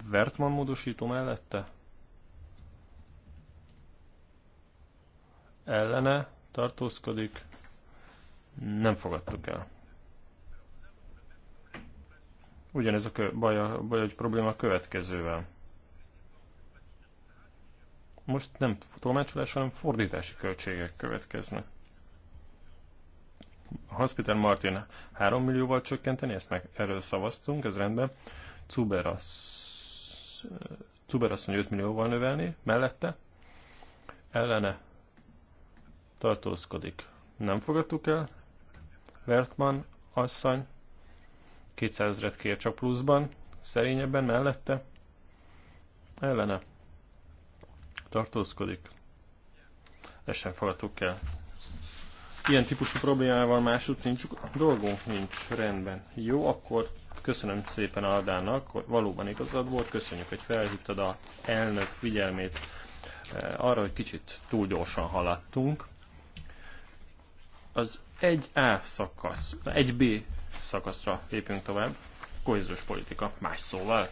Vertman módosító mellette, ellene, tartózkodik, nem fogadtuk el. Ugyanez a baj, a baj, hogy probléma a következővel. Most nem tolmácsolás, hanem fordítási költségek következnek. A hospital Martin 3 millióval csökkenteni, ezt meg erről szavaztunk, ez rendben. Cuber, assz... 5 millióval növelni, mellette. Ellene tartózkodik. Nem fogadtuk el. Vertman asszony 200 ezeret kér csak pluszban, szerényebben mellette. Ellene tartózkodik. Ezt sem fogadtuk el. Ilyen típusú problémával másút nincs, dolgunk nincs, rendben. Jó, akkor köszönöm szépen Aldának, valóban igazad volt, köszönjük, hogy felhívtad a elnök figyelmét eh, arra, hogy kicsit túl gyorsan haladtunk. Az 1A szakasz, 1B szakaszra lépünk tovább, kohéziós politika, más szóval.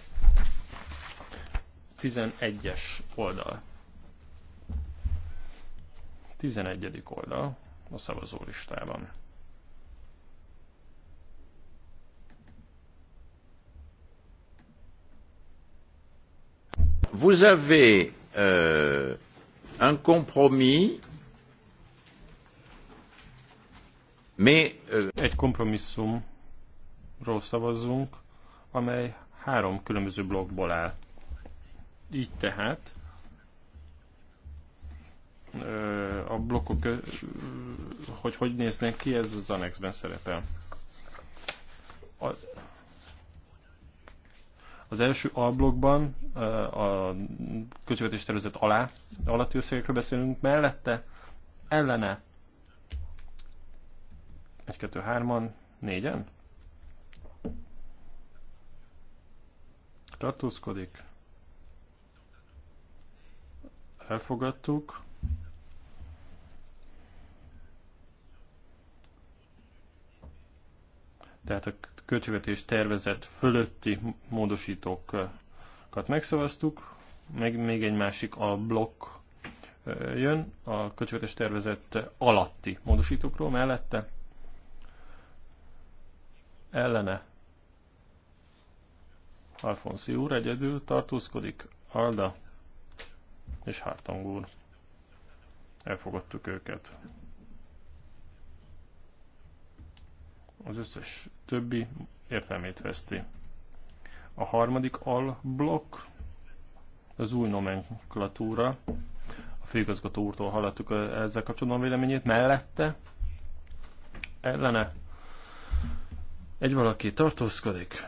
11-es oldal. 11. oldal a szavazólistában. Vous avez euh, un compromis, mais... Euh... Egy kompromisszumról szavazzunk, amely három különböző blokkból áll. Így tehát a blokkok, hogy hogy néznek ki, ez az annexben szerepel. A, az első A blokkban a költségvetés tervezet alá, alatti összegekről beszélünk, mellette, ellene 1, 2, 3-an, 4-en tartózkodik. Elfogadtuk. tehát a költségvetés tervezet fölötti módosítókat megszavaztuk, meg még egy másik a blokk jön, a költségvetés tervezet alatti módosítókról mellette, ellene Alfonszi úr egyedül tartózkodik, Alda és Hartong úr. Elfogadtuk őket. az összes többi értelmét veszti. A harmadik alblokk az új nomenklatúra. A főigazgató úrtól hallottuk ezzel kapcsolatban a véleményét. Mellette ellene egy valaki tartózkodik.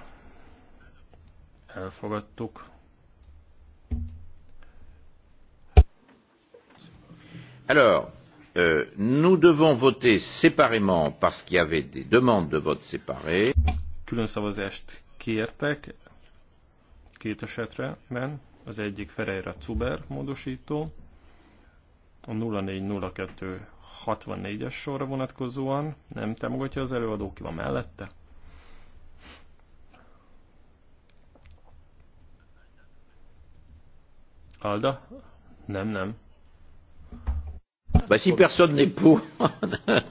Elfogadtuk. Alors, Euh, nous devons voter séparément parce qu'il y avait des demandes de vote séparé. Külön szavazást kértek két esetben. Az egyik Ferreira Cuber módosító, a 040264 es sorra vonatkozóan nem támogatja az előadó, ki van mellette? Alda? Nem, nem. Ben, si personne n'est pour,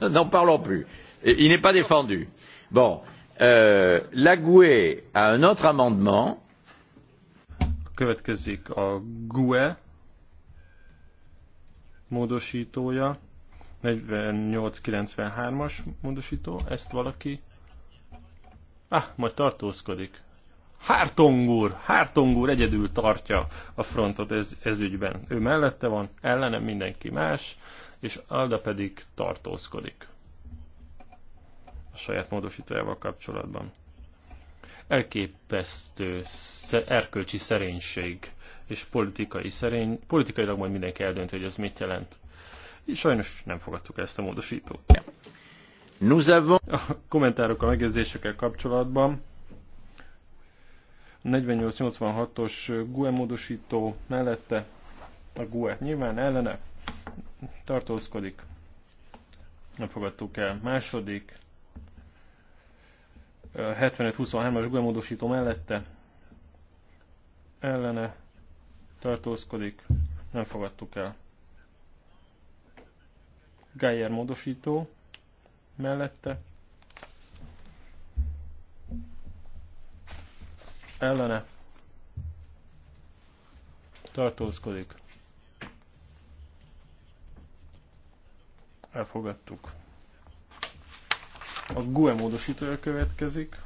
n'en parlons plus. Il n'est pas défendu. Bon, euh, l'AGUE a un autre amendement. Következik a GUE módosítója, 4893-as módosító, ezt valaki... Ah, majd tartózkodik. Hártong úr, Hártong úr egyedül tartja a frontot ez, ez ügyben. Ő mellette van, ellenem mindenki más és Alda pedig tartózkodik a saját módosítójával kapcsolatban. Elképesztő erkölcsi szerénység és politikai szerény, politikailag majd mindenki eldönti, hogy ez mit jelent. És sajnos nem fogadtuk ezt a módosítót. Nous A kommentárok a megjegyzésekkel kapcsolatban 86 os GUE módosító mellette a GUE nyilván ellene tartózkodik, nem fogadtuk el. Második, 75-23-as gemódosító mellette, ellene tartózkodik, nem fogadtuk el. Geyer módosító mellette, ellene tartózkodik. Elfogadtuk. A GUE módosítója következik.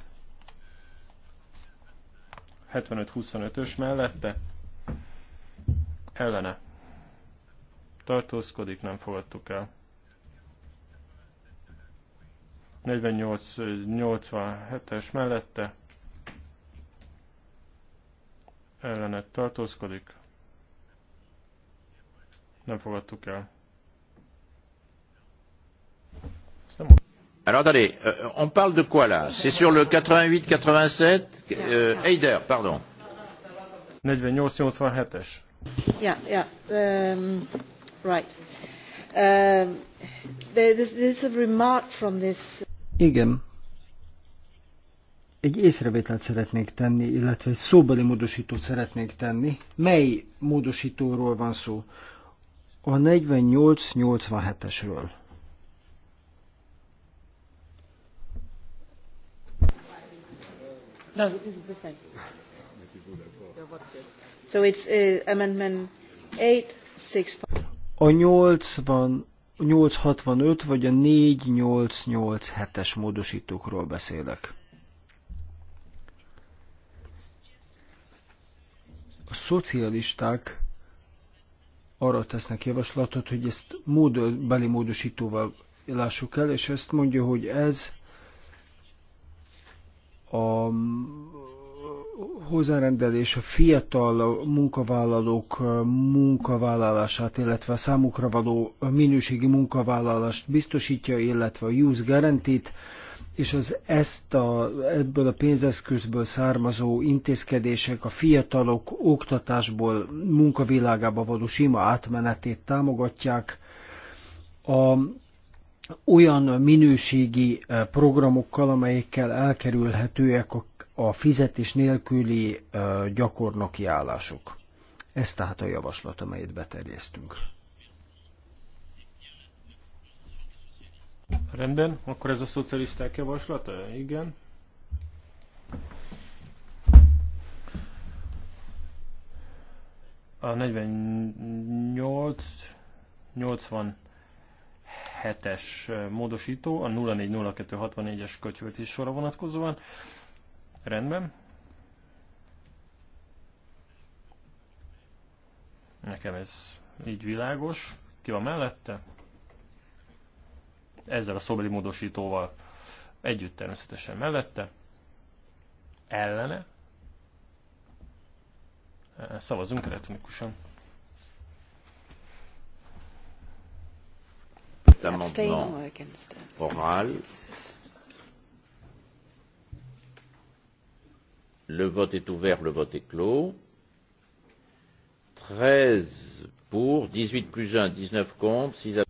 75-25-ös mellette. Ellene. Tartózkodik, nem fogadtuk el. 48-87-es mellette. Ellene tartózkodik. Nem fogadtuk el. attendez, euh, on parle de quoi là C'est sur le quatre vingt huit quatre vingt sept 87 euh, pardon. Yeah, yeah, um, right. Um, a remark from this... Igen. Egy észrevételt szeretnék tenni, illetve egy szóbeli módosítót szeretnék tenni. Mely módosítóról van szó? A 48-87-esről. So it's uh, amendment 8, 6. A 80 865 vagy a 4887-es módosítókról beszélek. A szocialisták arra tesznek javaslatot, hogy ezt mód, beli módosítóval lássuk el, és ezt mondja, hogy ez a hozzárendelés a fiatal munkavállalók munkavállalását, illetve a számukra való minőségi munkavállalást biztosítja, illetve a Use guarantee és az ezt a, ebből a pénzeszközből származó intézkedések a fiatalok oktatásból munkavilágába való sima átmenetét támogatják. A olyan minőségi eh, programokkal, amelyekkel elkerülhetőek a fizetés nélküli eh, gyakornoki állások. Ez tehát a javaslat, amelyet beterjesztünk. Rendben, akkor ez a szocialisták javaslata? Igen. A 48, 80, 7-es módosító, a 040264-es költségvetés sorra vonatkozóan. Rendben. Nekem ez így világos. Ki van mellette? Ezzel a szobeli módosítóval együtt természetesen mellette. Ellene. Szavazunk elektronikusan. cet amendement oral. Le vote est ouvert, le vote est clos. 13 pour, 18 plus 1, 19 contre, 6 à...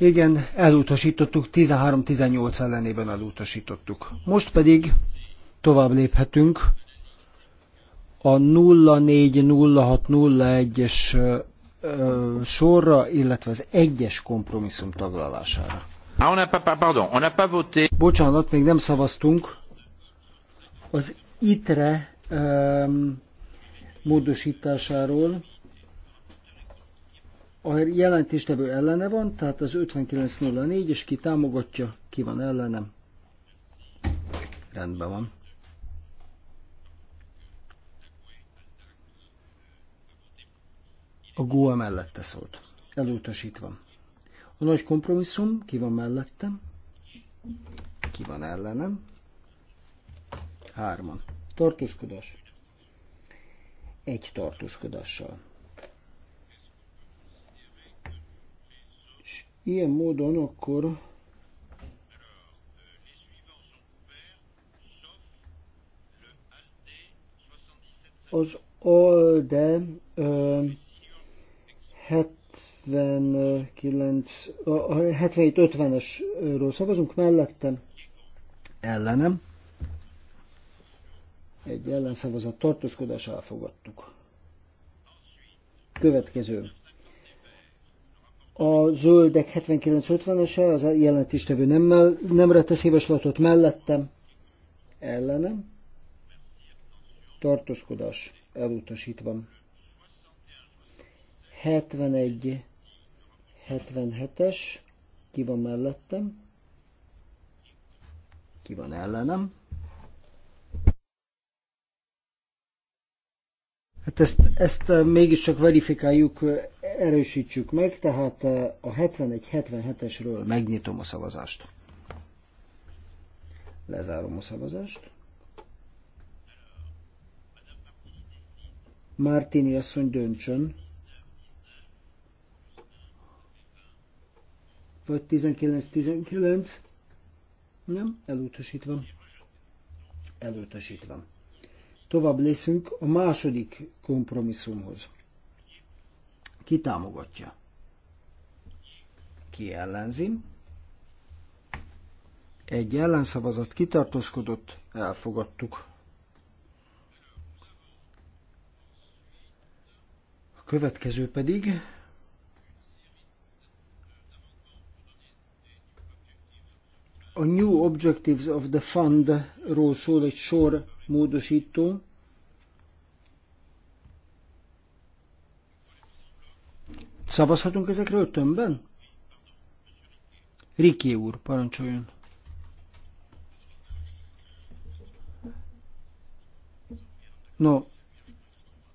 Igen, elutasítottuk, 13-18 ellenében elutasítottuk. Most pedig tovább léphetünk a 040601-es sorra, illetve az egyes kompromisszum taglalására. Ah, pardon, Bocsánat, még nem szavaztunk. Az ITRE um, módosításáról a jelentéstevő ellene van, tehát az 5904, és ki támogatja, ki van ellenem. Rendben van. a Goa mellette szólt. Elutasítva. A nagy kompromisszum ki van mellettem? Ki van ellenem? Hárman. Tartózkodás. Egy tartózkodással. És ilyen módon akkor az ALDE 79, a 77-50-esről szavazunk mellettem, ellenem. Egy ellenszavazat tartózkodás elfogadtuk. Következő. A zöldek 79-50-ese, az jelentéstevő nem, nemre tesz javaslatot mellettem, ellenem. Tartózkodás elutasítva. 71 77-es, ki van mellettem, ki van ellenem. Hát ezt, ezt eh, mégiscsak verifikáljuk, eh, erősítsük meg, tehát eh, a 71-77-esről megnyitom a szavazást. Lezárom a szavazást. Martini asszony döntsön. Vagy 19-19? Nem, elutasítva. Elutasítva. Tovább leszünk a második kompromisszumhoz. Ki támogatja? Ki ellenzi? Egy ellenszavazat kitartózkodott, elfogadtuk. A következő pedig a New Objectives of the Fund-ról szól egy sor módosító. Szavazhatunk ezekről tömbben? Riki úr, parancsoljon. No,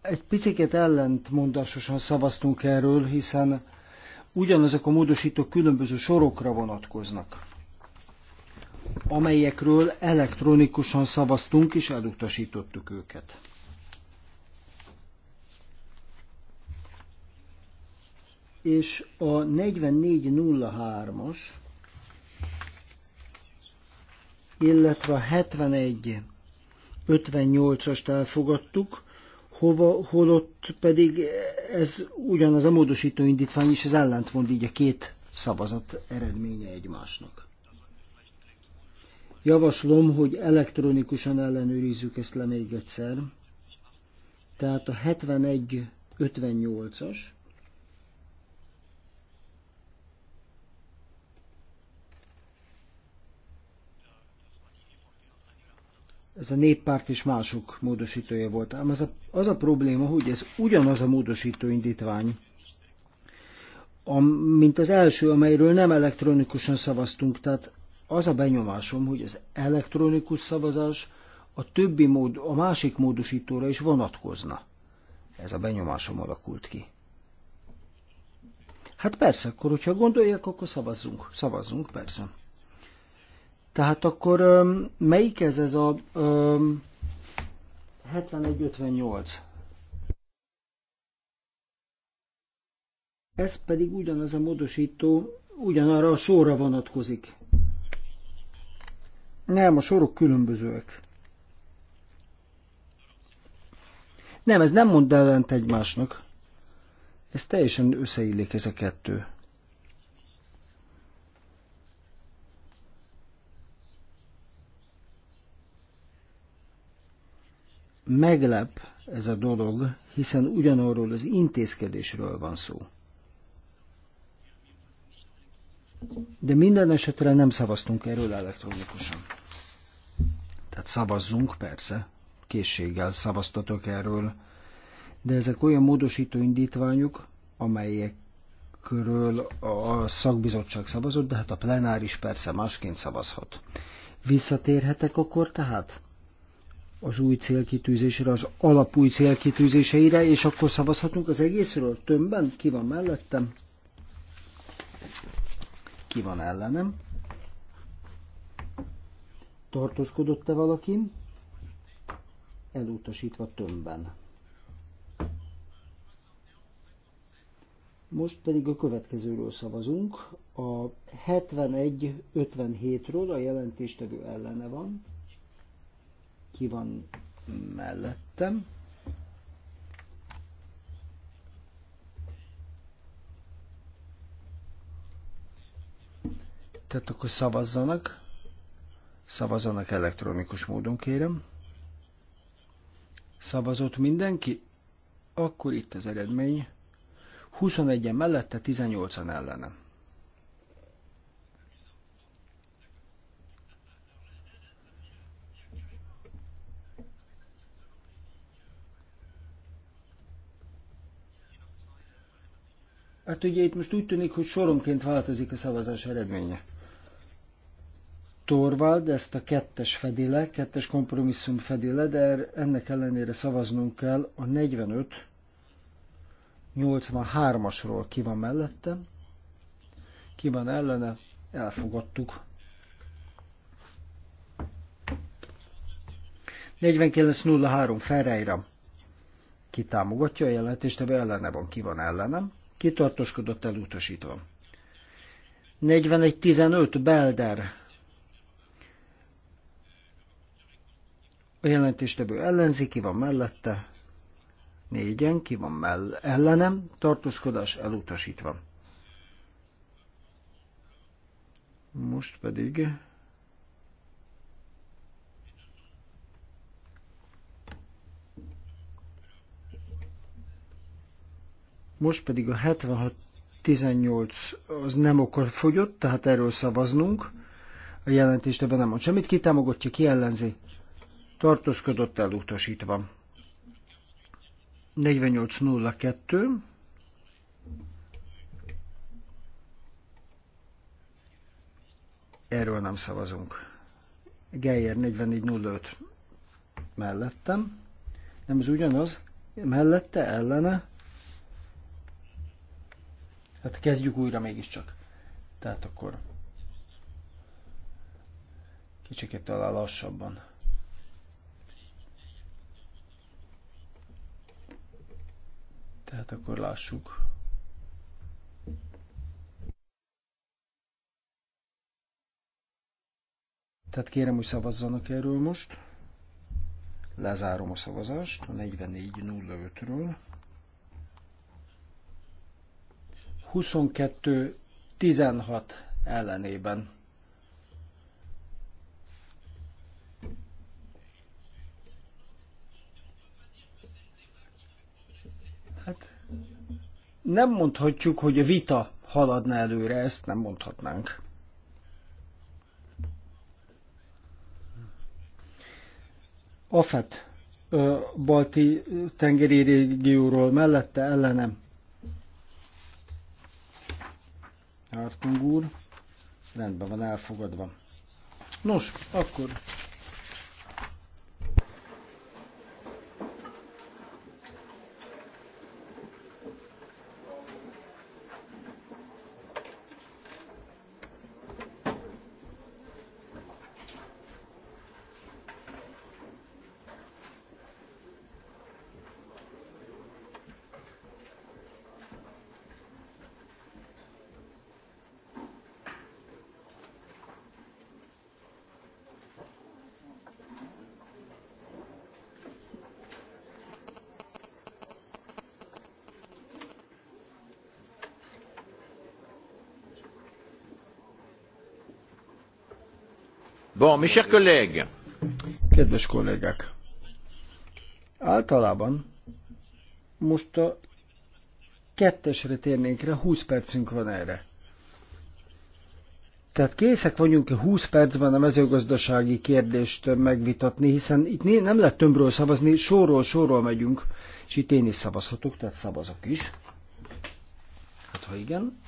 egy picit ellentmondásosan szavaztunk erről, hiszen ugyanazok a módosítók különböző sorokra vonatkoznak amelyekről elektronikusan szavaztunk és elutasítottuk őket. És a 4403-as, illetve a 7158-ast elfogadtuk, hova, holott pedig ez ugyanaz a módosító indítvány, és ez ellentmond így a két szavazat eredménye egymásnak. Javaslom, hogy elektronikusan ellenőrizzük ezt le még egyszer. Tehát a 71-58-as. ez a néppárt és mások módosítója volt. Ám az a, az a probléma, hogy ez ugyanaz a módosító indítvány, a, mint az első, amelyről nem elektronikusan szavaztunk, tehát az a benyomásom, hogy az elektronikus szavazás a többi mód, a másik módosítóra is vonatkozna. Ez a benyomásom alakult ki. Hát persze, akkor, hogyha gondolják, akkor szavazzunk. Szavazzunk, persze. Tehát akkor melyik ez ez a 71 Ez pedig ugyanaz a módosító, ugyanarra a sorra vonatkozik. Nem, a sorok különbözőek. Nem, ez nem mond ellent egymásnak. Ez teljesen összeillik ez a kettő. Meglep ez a dolog, hiszen ugyanarról az intézkedésről van szó. De minden esetre nem szavaztunk erről elektronikusan. Tehát szavazzunk, persze, készséggel szavaztatok erről, de ezek olyan módosító indítványok, amelyek körül a szakbizottság szavazott, de hát a plenáris persze másként szavazhat. Visszatérhetek akkor tehát az új célkitűzésre, az alapúj célkitűzéseire, és akkor szavazhatunk az egészről tömbben, ki van mellettem, ki van ellenem. Tartózkodott-e valaki? Elutasítva tömbben. Most pedig a következőről szavazunk. A 71-57-ről a jelentéstevő ellene van. Ki van mellettem? Tehát akkor szavazzanak. Szavazanak elektronikus módon, kérem. Szavazott mindenki? Akkor itt az eredmény. 21-en mellette, 18-an ellene. Hát ugye itt most úgy tűnik, hogy soronként változik a szavazás eredménye. Torvald, ezt a kettes fedéle, kettes kompromisszum fedéle, de er- ennek ellenére szavaznunk kell a 45 83-asról ki van mellettem, ki van ellene, elfogadtuk. 49.03 Ferreira kitámogatja a jelentést, de ellene van, ki van ellenem, kitartoskodott elutasítva. 41.15 Belder A jelentéstevő ellenzéki van mellette, négyen, ki van mell ellenem, tartózkodás elutasítva. Most pedig Most pedig a 76-18 az nem okol fogyott, tehát erről szavaznunk. A jelentésteben nem mond semmit, ki támogatja, ki ellenzi, tartózkodott elutasítva. 4802 Erről nem szavazunk. Geyer 4405 mellettem. Nem ez ugyanaz? Mellette, ellene? Hát kezdjük újra mégiscsak. Tehát akkor kicsikét talán lassabban. Tehát akkor lássuk. Tehát kérem, hogy szavazzanak erről most. Lezárom a szavazást a 44.05-ről. 22.16 ellenében nem mondhatjuk, hogy a vita haladna előre, ezt nem mondhatnánk. Afet balti tengeri régióról mellette ellenem. Ártunk úr, rendben van, elfogadva. Nos, akkor Bon, mes chers collègues. Kedves kollégák! Általában most a kettesre térnénk rá, 20 percünk van erre. Tehát készek vagyunk 20 percben a mezőgazdasági kérdést megvitatni, hiszen itt nem lehet tömbről szavazni, sorról sorról megyünk, és itt én is szavazhatok, tehát szavazok is. Hát ha igen,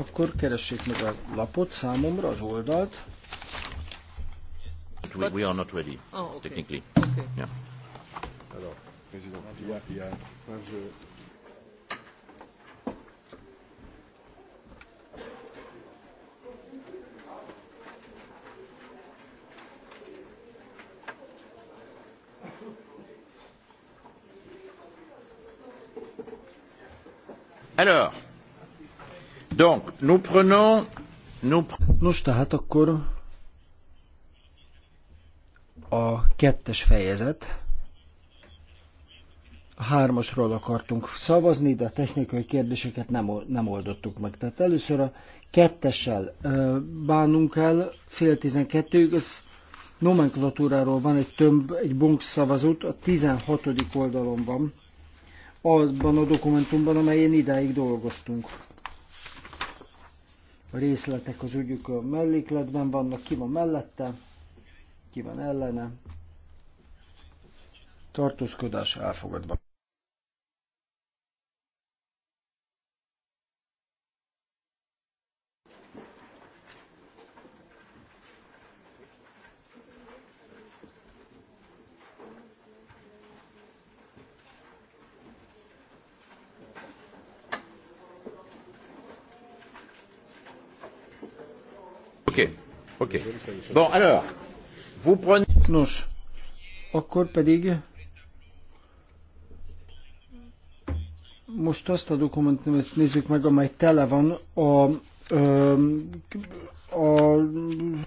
akkor keressék meg a lapot számomra, az oldalt. We, we are not ready, oh, okay. technically. Okay. Yeah. Alors, président, il y a, il y a, Donc, nous prenons, nous... Nos tehát akkor a kettes fejezet. A hármasról akartunk szavazni, de a technikai kérdéseket nem, nem oldottuk meg. Tehát először a kettessel bánunk el, fél tizenkettőig, az nomenklatúráról van egy tömb, egy bunk szavazót, a 16. oldalon van, azban a dokumentumban, amelyen idáig dolgoztunk részletek az ügyük a mellékletben vannak, ki van mellette, ki van ellene. Tartózkodás elfogadva. Bon, alors, vous prenez... Nos, akkor pedig most azt a dokumentumot nézzük meg, amely tele van a a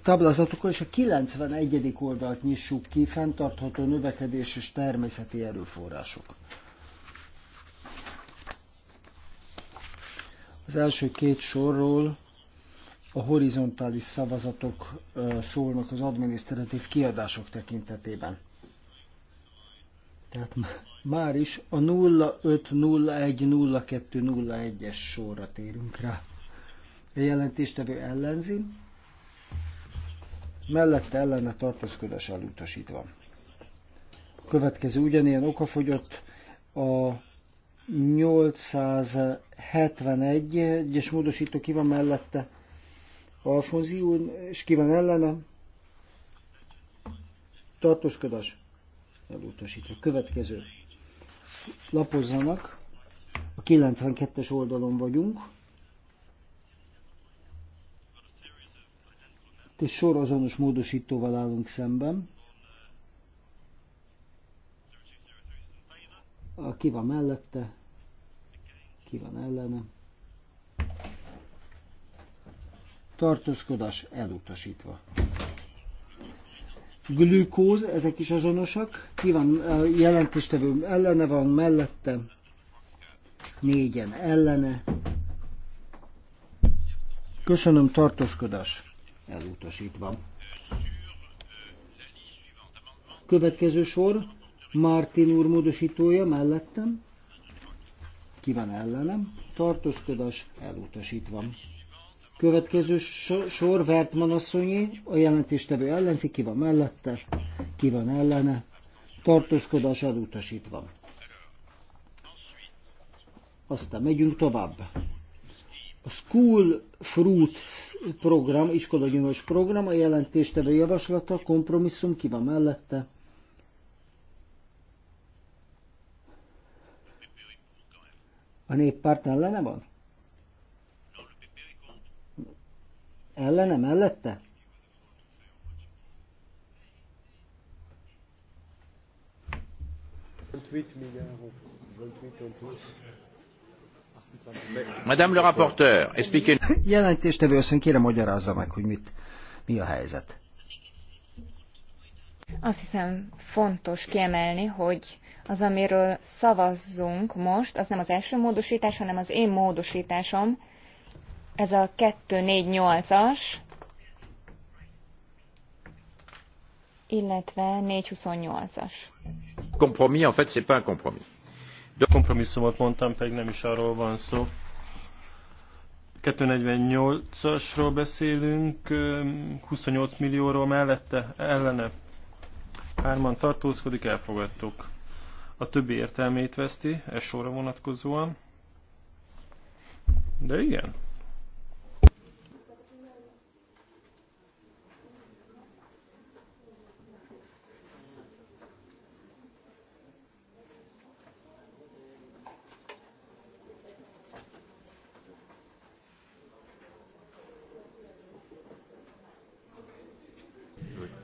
táblázatokkal, és a 91. oldalt nyissuk ki, fenntartható növekedés és természeti erőforrások. Az első két sorról a horizontális szavazatok szólnak az adminisztratív kiadások tekintetében. Tehát már is a 05010201-es sorra térünk rá. A jelentéstevő ellenzi, mellette ellene tartózkodás elutasítva. Következő ugyanilyen okafogyott a 871 es módosító ki van mellette, Alfonzi úr, és ki van ellenem? Tartoskodás. Elutasítva. Következő. Lapozzanak. A 92-es oldalon vagyunk. És sor azonos módosítóval állunk szemben. Ki van mellette? Ki van ellene? tartózkodás elutasítva. Glükóz, ezek is azonosak. Ki van jelentéstevő ellene van, mellette. Négyen ellene. Köszönöm, tartózkodás elutasítva. Következő sor, Martin úr módosítója mellettem. Ki van ellenem? Tartózkodás elutasítva. Következő sor Vertman asszonyi, a jelentéstevő ellenzi, ki van mellette, ki van ellene, tartózkodás elutasítva. Aztán megyünk tovább. A School Fruit program, iskolagyümös program, a jelentéstevő javaslata, kompromisszum, ki van mellette, a néppárt ellene van? Ellene, mellette? Madame le rapporteur, expliquez... Jelentéstevő asszony, kérem magyarázza meg, hogy mit, mi a helyzet. Azt hiszem fontos kiemelni, hogy az, amiről szavazzunk most, az nem az első módosítás, hanem az én módosításom, ez a 248-as, illetve 428-as. Kompromis, en fait, c'est pas un compromis. De... Kompromisszumot mondtam, pedig nem is arról van szó. 248-asról beszélünk, 28 millióról mellette, ellene. Hárman tartózkodik, elfogadtuk. A többi értelmét veszti, ez sorra vonatkozóan. De igen.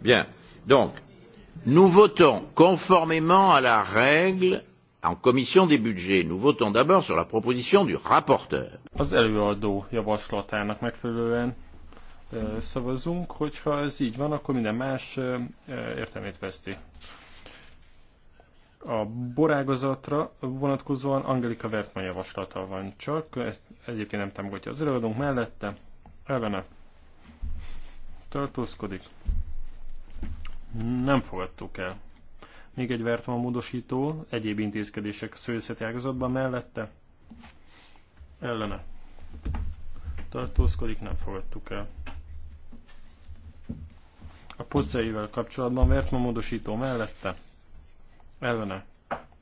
Bien. Donc, nous votons conformément à la règle en commission des budgets. Nous votons d'abord sur la proposition du rapporteur. Az előadó javaslatának megfelelően szavazunk, hogyha ez így van, akkor minden más értelmét veszti. A borágazatra vonatkozóan Angelika Vertman javaslata van csak, ezt egyébként nem támogatja az előadónk mellette, ellene tartózkodik, nem fogadtuk el. Még egy vert van módosító, egyéb intézkedések a szőszeti ágazatban mellette. Ellene. Tartózkodik, nem fogadtuk el. A poszeivel kapcsolatban Vertma módosító mellette. Ellene.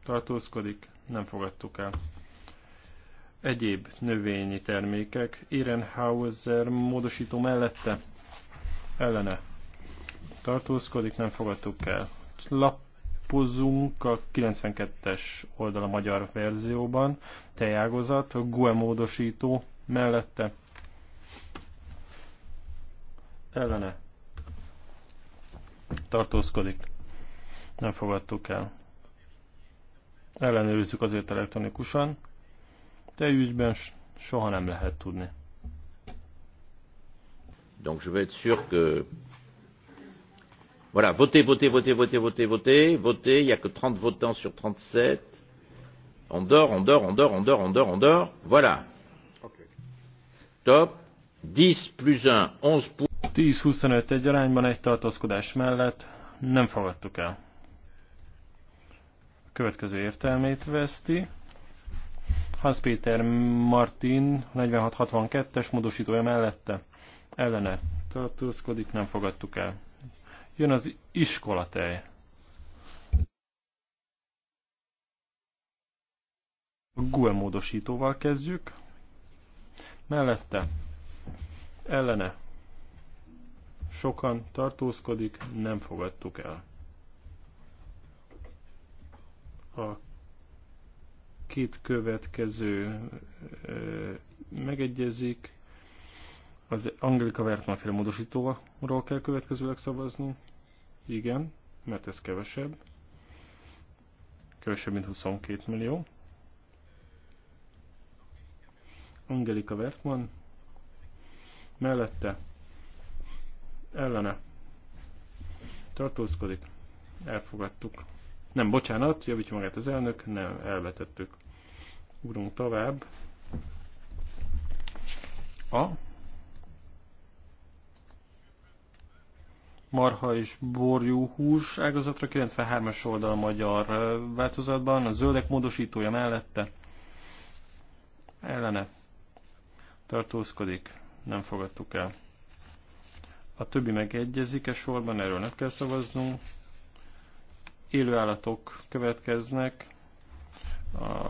Tartózkodik, nem fogadtuk el. Egyéb növényi termékek. Irenhauser módosító mellette. Ellene tartózkodik, nem fogadtuk el. Lapozunk a 92-es oldal a magyar verzióban, tejágozat, a GUE módosító mellette ellene tartózkodik. Nem fogadtuk el. Ellenőrizzük azért elektronikusan. Te ügyben soha nem lehet tudni. Donc je vais être sûr que Voilà, votez, votez, votez, votez, votez, votez, votez. Il n'y a que 30 votants sur 37. On dort, on dort, on dort, on dort, on dort, on dort. Voilà. Okay. Top. 10 plus 1, 11 pour... 10-25 egy arányban egy tartózkodás mellett nem fogadtuk el. A következő értelmét veszti. Hans Péter Martin 4662-es módosítója mellette ellene tartózkodik, nem fogadtuk el. Jön az iskolatej. A GUE módosítóval kezdjük. Mellette ellene sokan tartózkodik, nem fogadtuk el. A két következő ö, megegyezik, az Angelika féle módosítóról kell következőleg szavazni. Igen, mert ez kevesebb. Kevesebb, mint 22 millió. Angelika Wertmann. mellette ellene tartózkodik. Elfogadtuk. Nem, bocsánat, javítja magát az elnök, nem, elvetettük. Ugrunk tovább. A marha és borjú hús ágazatra, 93-as oldal a magyar változatban, a zöldek módosítója mellette ellene tartózkodik, nem fogadtuk el. A többi megegyezik-e sorban, erről nem kell szavaznunk. Élőállatok következnek. A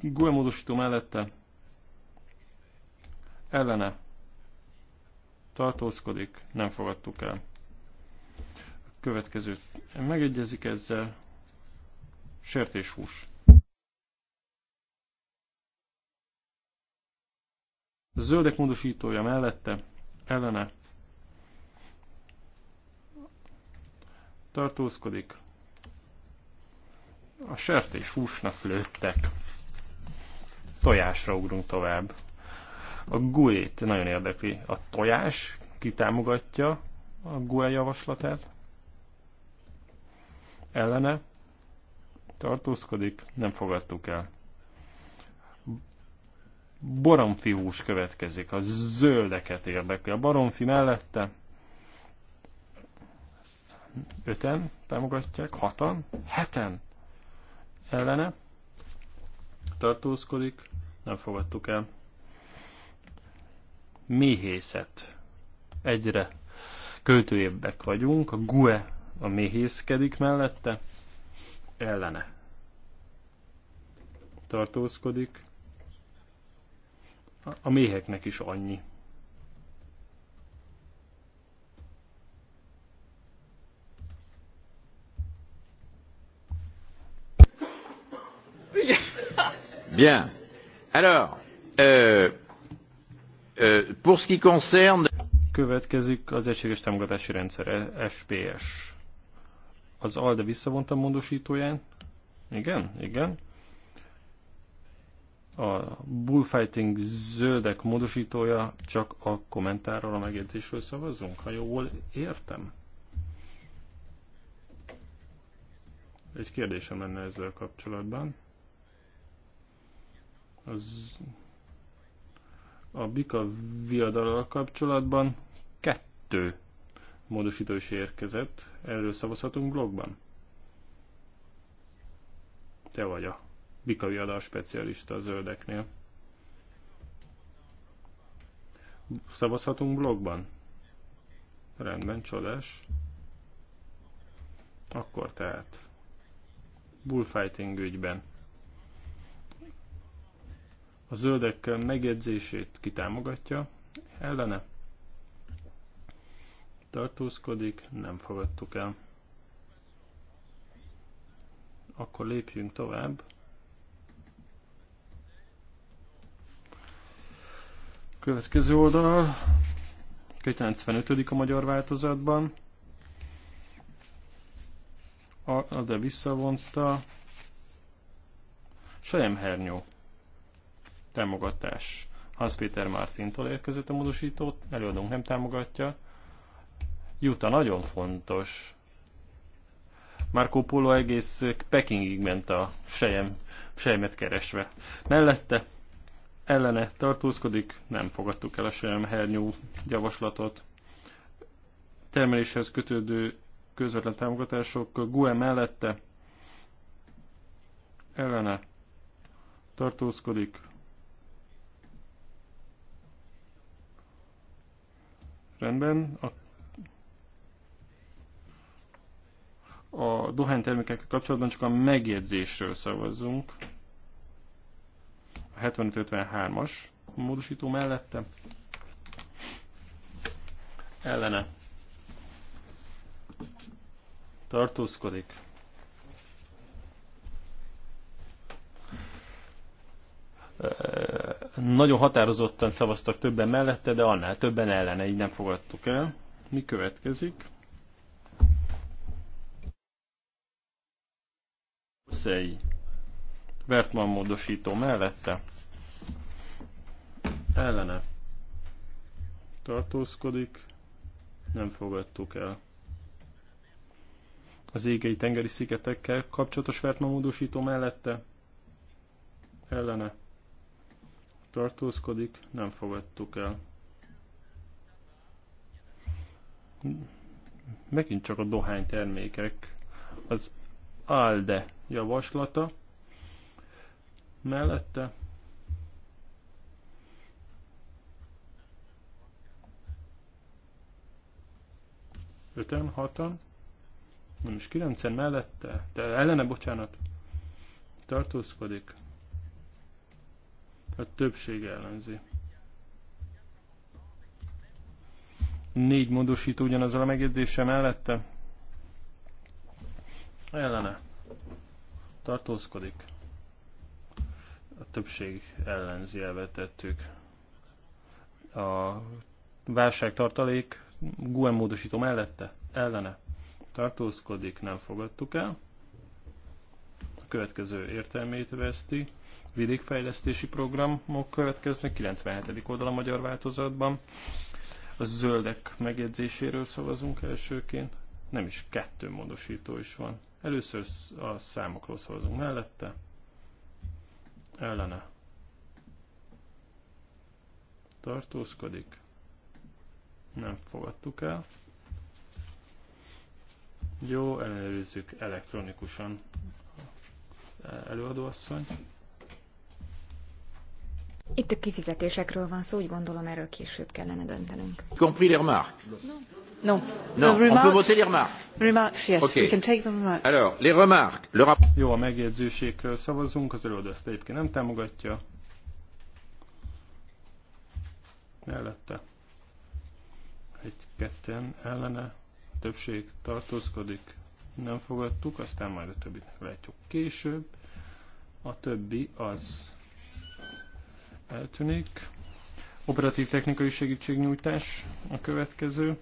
gulemódosító mellette ellene tartózkodik, nem fogadtuk el. A következő megegyezik ezzel, sertéshús. A zöldek módosítója mellette, ellene tartózkodik. A sertéshúsnak húsnak lőttek. Tojásra ugrunk tovább. A GUE-t nagyon érdekli. A tojás kitámogatja a GUE javaslatát? Ellene? Tartózkodik? Nem fogadtuk el. Baromfi hús következik, a zöldeket érdekli. A baromfi mellette öten támogatják, hatan, heten ellene tartózkodik, nem fogadtuk el méhészet. Egyre költőjébbek vagyunk, a GUE a méhészkedik mellette, ellene tartózkodik. A méheknek is annyi. Bien. Alors, euh, Euh, pour ce qui concerne... Következik az Egységes Támogatási Rendszer, SPS. Az ALDE visszavonta a módosítóján. Igen, igen. A Bullfighting zöldek módosítója csak a kommentárral, a megjegyzésről szavazunk, ha jól értem. Egy kérdésem lenne ezzel kapcsolatban. Az a Bika viadalal kapcsolatban kettő módosító is érkezett. Erről szavazhatunk blogban? Te vagy a Bika viadal specialista a zöldeknél. Szavazhatunk blogban? Rendben, csodás. Akkor tehát. Bullfighting ügyben a zöldek megjegyzését kitámogatja, ellene tartózkodik, nem fogadtuk el. Akkor lépjünk tovább. Következő oldal, 95. a magyar változatban. A, de visszavonta. Sajem hernyó támogatás Hans Peter Martintól érkezett a módosítót, előadónk nem támogatja. Juta nagyon fontos. Marco Polo egész Pekingig ment a sejem, sejmet keresve. Mellette ellene tartózkodik, nem fogadtuk el a sejem hernyú javaslatot. Termeléshez kötődő közvetlen támogatások GUE mellette ellene tartózkodik, Rendben. A, a dohánytermékekkel kapcsolatban csak a megjegyzésről szavazzunk. A 7553-as módosító mellette. Ellene. Tartózkodik Nagyon határozottan szavaztak többen mellette, de annál többen ellene, így nem fogadtuk el. Mi következik? Szei. Vertman módosító mellette. Ellene. Tartózkodik. Nem fogadtuk el. Az égei tengeri szigetekkel kapcsolatos Vertman módosító mellette. Ellene tartózkodik, nem fogadtuk el. Megint csak a dohánytermékek, az ALDE javaslata mellette. Öten, hatan, nem is kilencen mellette, de ellene, bocsánat, tartózkodik, a többség ellenzi. Négy módosító ugyanazzal a megjegyzése mellette. Ellene. Tartózkodik. A többség ellenzi, elvetettük. A tartalék Guen módosító mellette. Ellene. Tartózkodik, nem fogadtuk el. A következő értelmét veszti vidékfejlesztési programok következnek, 97. oldal a magyar változatban. A zöldek megjegyzéséről szavazunk elsőként. Nem is kettő módosító is van. Először a számokról szavazunk mellette. Ellene. Tartózkodik. Nem fogadtuk el. Jó, ellenőrizzük elektronikusan előadóasszony. Itt a kifizetésekről van szó, úgy gondolom erről később kellene döntenünk. Compris les remarques? No. No. no. no. On peut voter les remarques? Remarques, yes. Okay. We can take the remarques. Alors, les remarques. Le rap... Jó, a megjegyzésékről szavazunk, az előadó ezt egyébként nem támogatja. Mellette. Egy, ketten, ellene, többség tartózkodik, nem fogadtuk, aztán majd a többit meglátjuk később. A többi az eltűnik. Operatív technikai segítségnyújtás a következő.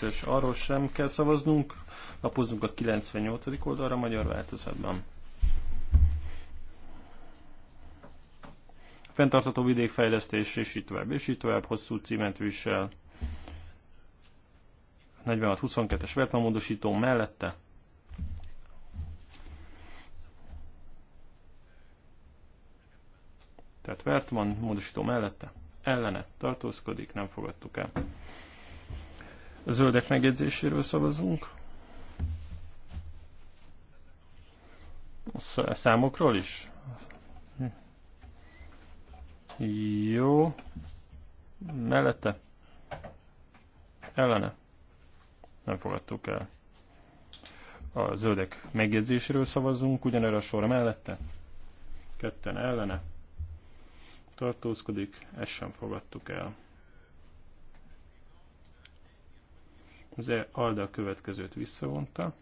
es arról sem kell szavaznunk, lapozzunk a 98. oldalra a magyar változatban. Fentartató vidékfejlesztés, és így tovább, és így tovább hosszú címet visel. 46-22-es vertelmódosító mellette tehát Vertman módosító mellette ellene tartózkodik, nem fogadtuk el. A zöldek megjegyzéséről szavazunk. A számokról is? Hm. Jó. Mellette. Ellene nem fogadtuk el. A zöldek megjegyzéséről szavazzunk, ugyanerre a sor mellette, ketten ellene, tartózkodik, ezt sem fogadtuk el. Az e Alda a következőt visszavonta.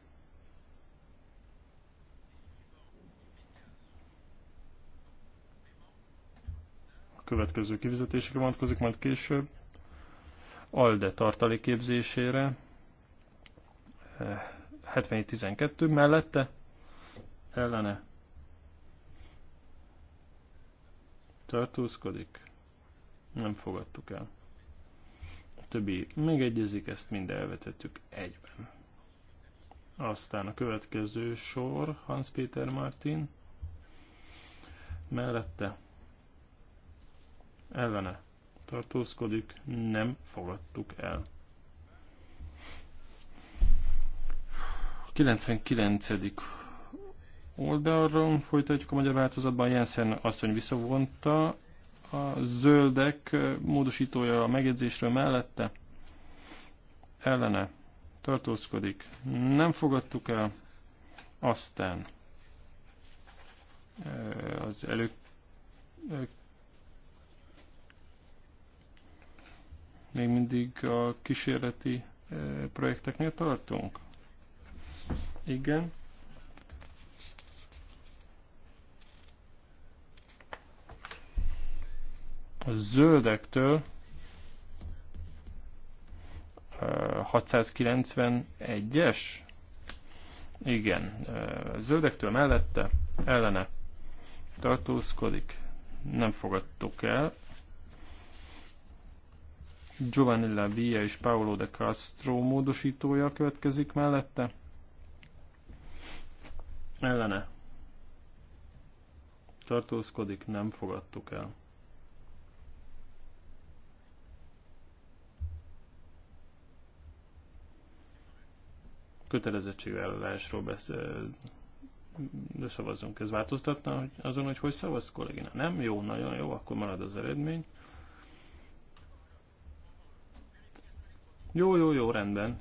A következő kivizetésre vonatkozik majd később. ALDE tartalékképzésére 7712 mellette ellene tartózkodik. Nem fogadtuk el. A többi megegyezik, ezt mind elvetettük egyben. Aztán a következő sor, Hans Peter Martin mellette ellene tartózkodik, nem fogadtuk el. 99. oldalról folytatjuk a magyar változatban. Jensen asszony visszavonta a zöldek módosítója a megjegyzésről mellette. Ellene tartózkodik. Nem fogadtuk el. Aztán az elő még mindig a kísérleti projekteknél tartunk? Igen. A zöldektől 691-es. Igen, zöldektől mellette ellene tartózkodik. Nem fogadtuk el. Giovanni La Via és Paolo de Castro módosítója következik mellette ellene tartózkodik, nem fogadtuk el. Kötelezettségvállalásról beszél, de szavazzunk. Ez változtatna azon, hogy hogy szavaz kollégina? Nem? Jó, nagyon jó, akkor marad az eredmény. Jó, jó, jó, rendben.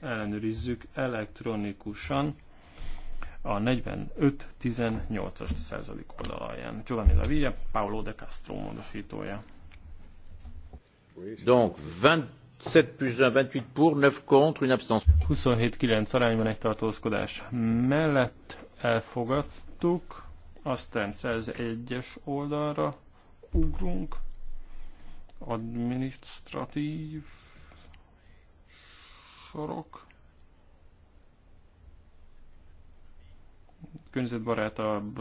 Ellenőrizzük elektronikusan a 45-18-as százalék oldal Giovanni La Villa, Paolo de Castro módosítója. Donc 27 plus 1, 28 pour, 9 contre, une abstention. 27-9 arányban egy tartózkodás mellett elfogadtuk, aztán 101-es oldalra ugrunk, administratív sorok. környezetbarátabb,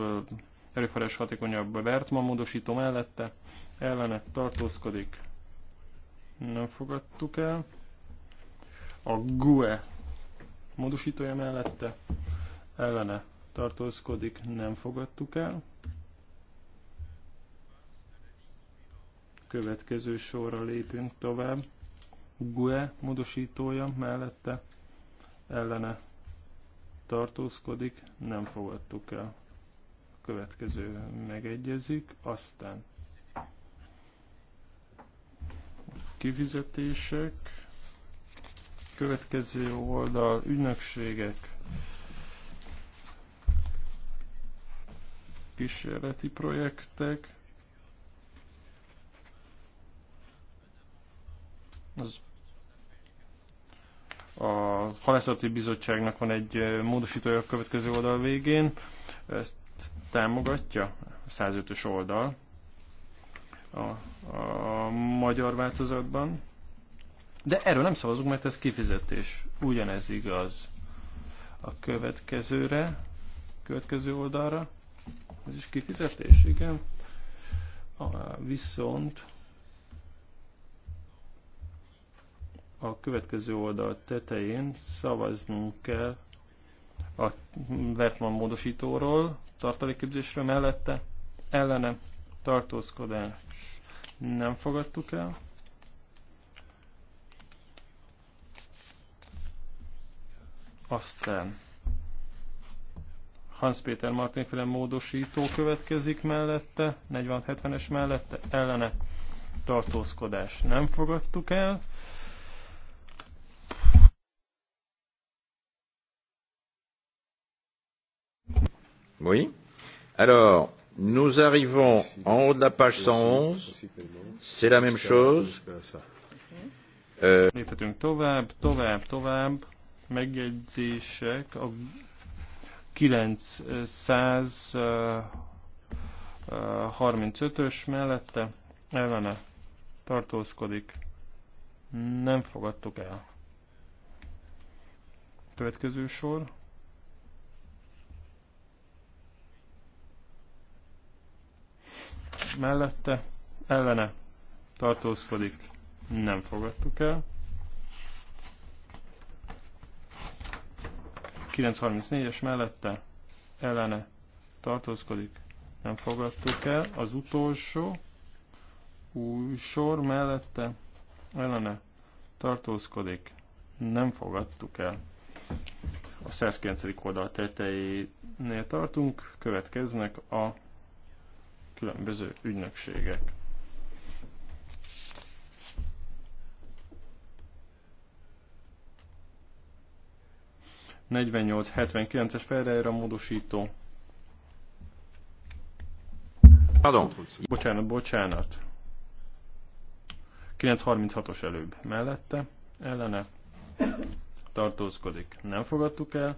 erőforrás hatékonyabb Bertman módosító mellette, ellene tartózkodik, nem fogadtuk el. A GUE módosítója mellette, ellene tartózkodik, nem fogadtuk el. Következő sorra lépünk tovább. GUE módosítója mellette, ellene tartózkodik, nem fogadtuk el. A következő megegyezik, aztán kifizetések, következő oldal, ügynökségek, kísérleti projektek, az a Halászati Bizottságnak van egy módosítója a következő oldal végén. Ezt támogatja? 105-ös oldal a, a magyar változatban. De erről nem szavazunk, mert ez kifizetés. Ugyanez igaz a következőre, következő oldalra. Ez is kifizetés, igen. A, viszont a következő oldal tetején szavaznunk kell a Vertman módosítóról, tartalékképzésről mellette, ellene tartózkodás nem fogadtuk el. Aztán Hans Péter Martinféle módosító következik mellette, 40-70-es mellette, ellene tartózkodás nem fogadtuk el. Oui. Alors, nous arrivons en haut de la page 111. C'est la même chose. Euh... Léphetünk tovább, tovább, tovább. Megjegyzések a 935-ös mellette ellene tartózkodik. Nem fogadtuk el. Következő sor. mellette, ellene tartózkodik, nem fogadtuk el. 934-es mellette, ellene tartózkodik, nem fogadtuk el. Az utolsó új sor mellette, ellene tartózkodik, nem fogadtuk el. A 109. oldal tetejénél tartunk, következnek a különböző ügynökségek. es Ferreira módosító. Pardon. Bocsánat, bocsánat. 936-os előbb mellette, ellene tartózkodik. Nem fogadtuk el.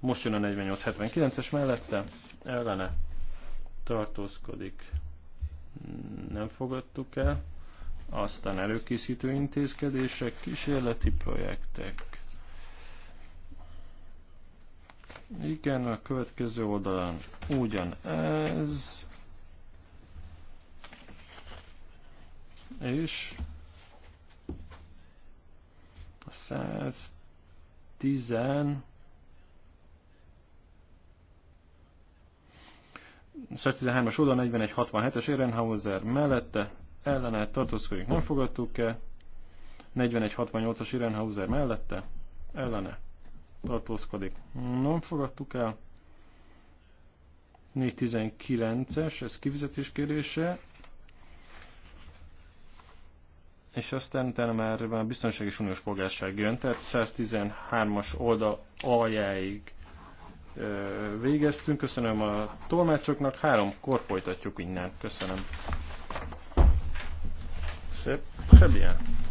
Most jön a 4879-es mellette, ellene tartózkodik, nem fogadtuk el. Aztán előkészítő intézkedések, kísérleti projektek. Igen, a következő ugyan ugyanez. És a 110 113-as oldal 4167-es Ehrenhauser mellette ellene tartózkodik, nem fogadtuk el. 4168-as Ehrenhauser mellette ellene tartózkodik, nem fogadtuk el. 419-es, ez kifizetés kérdése, és aztán utána már, már biztonsági uniós polgárság jön, tehát 113-as oldal aljáig végeztünk. Köszönöm a tolmácsoknak. Háromkor folytatjuk innen. Köszönöm. Szép, très bien.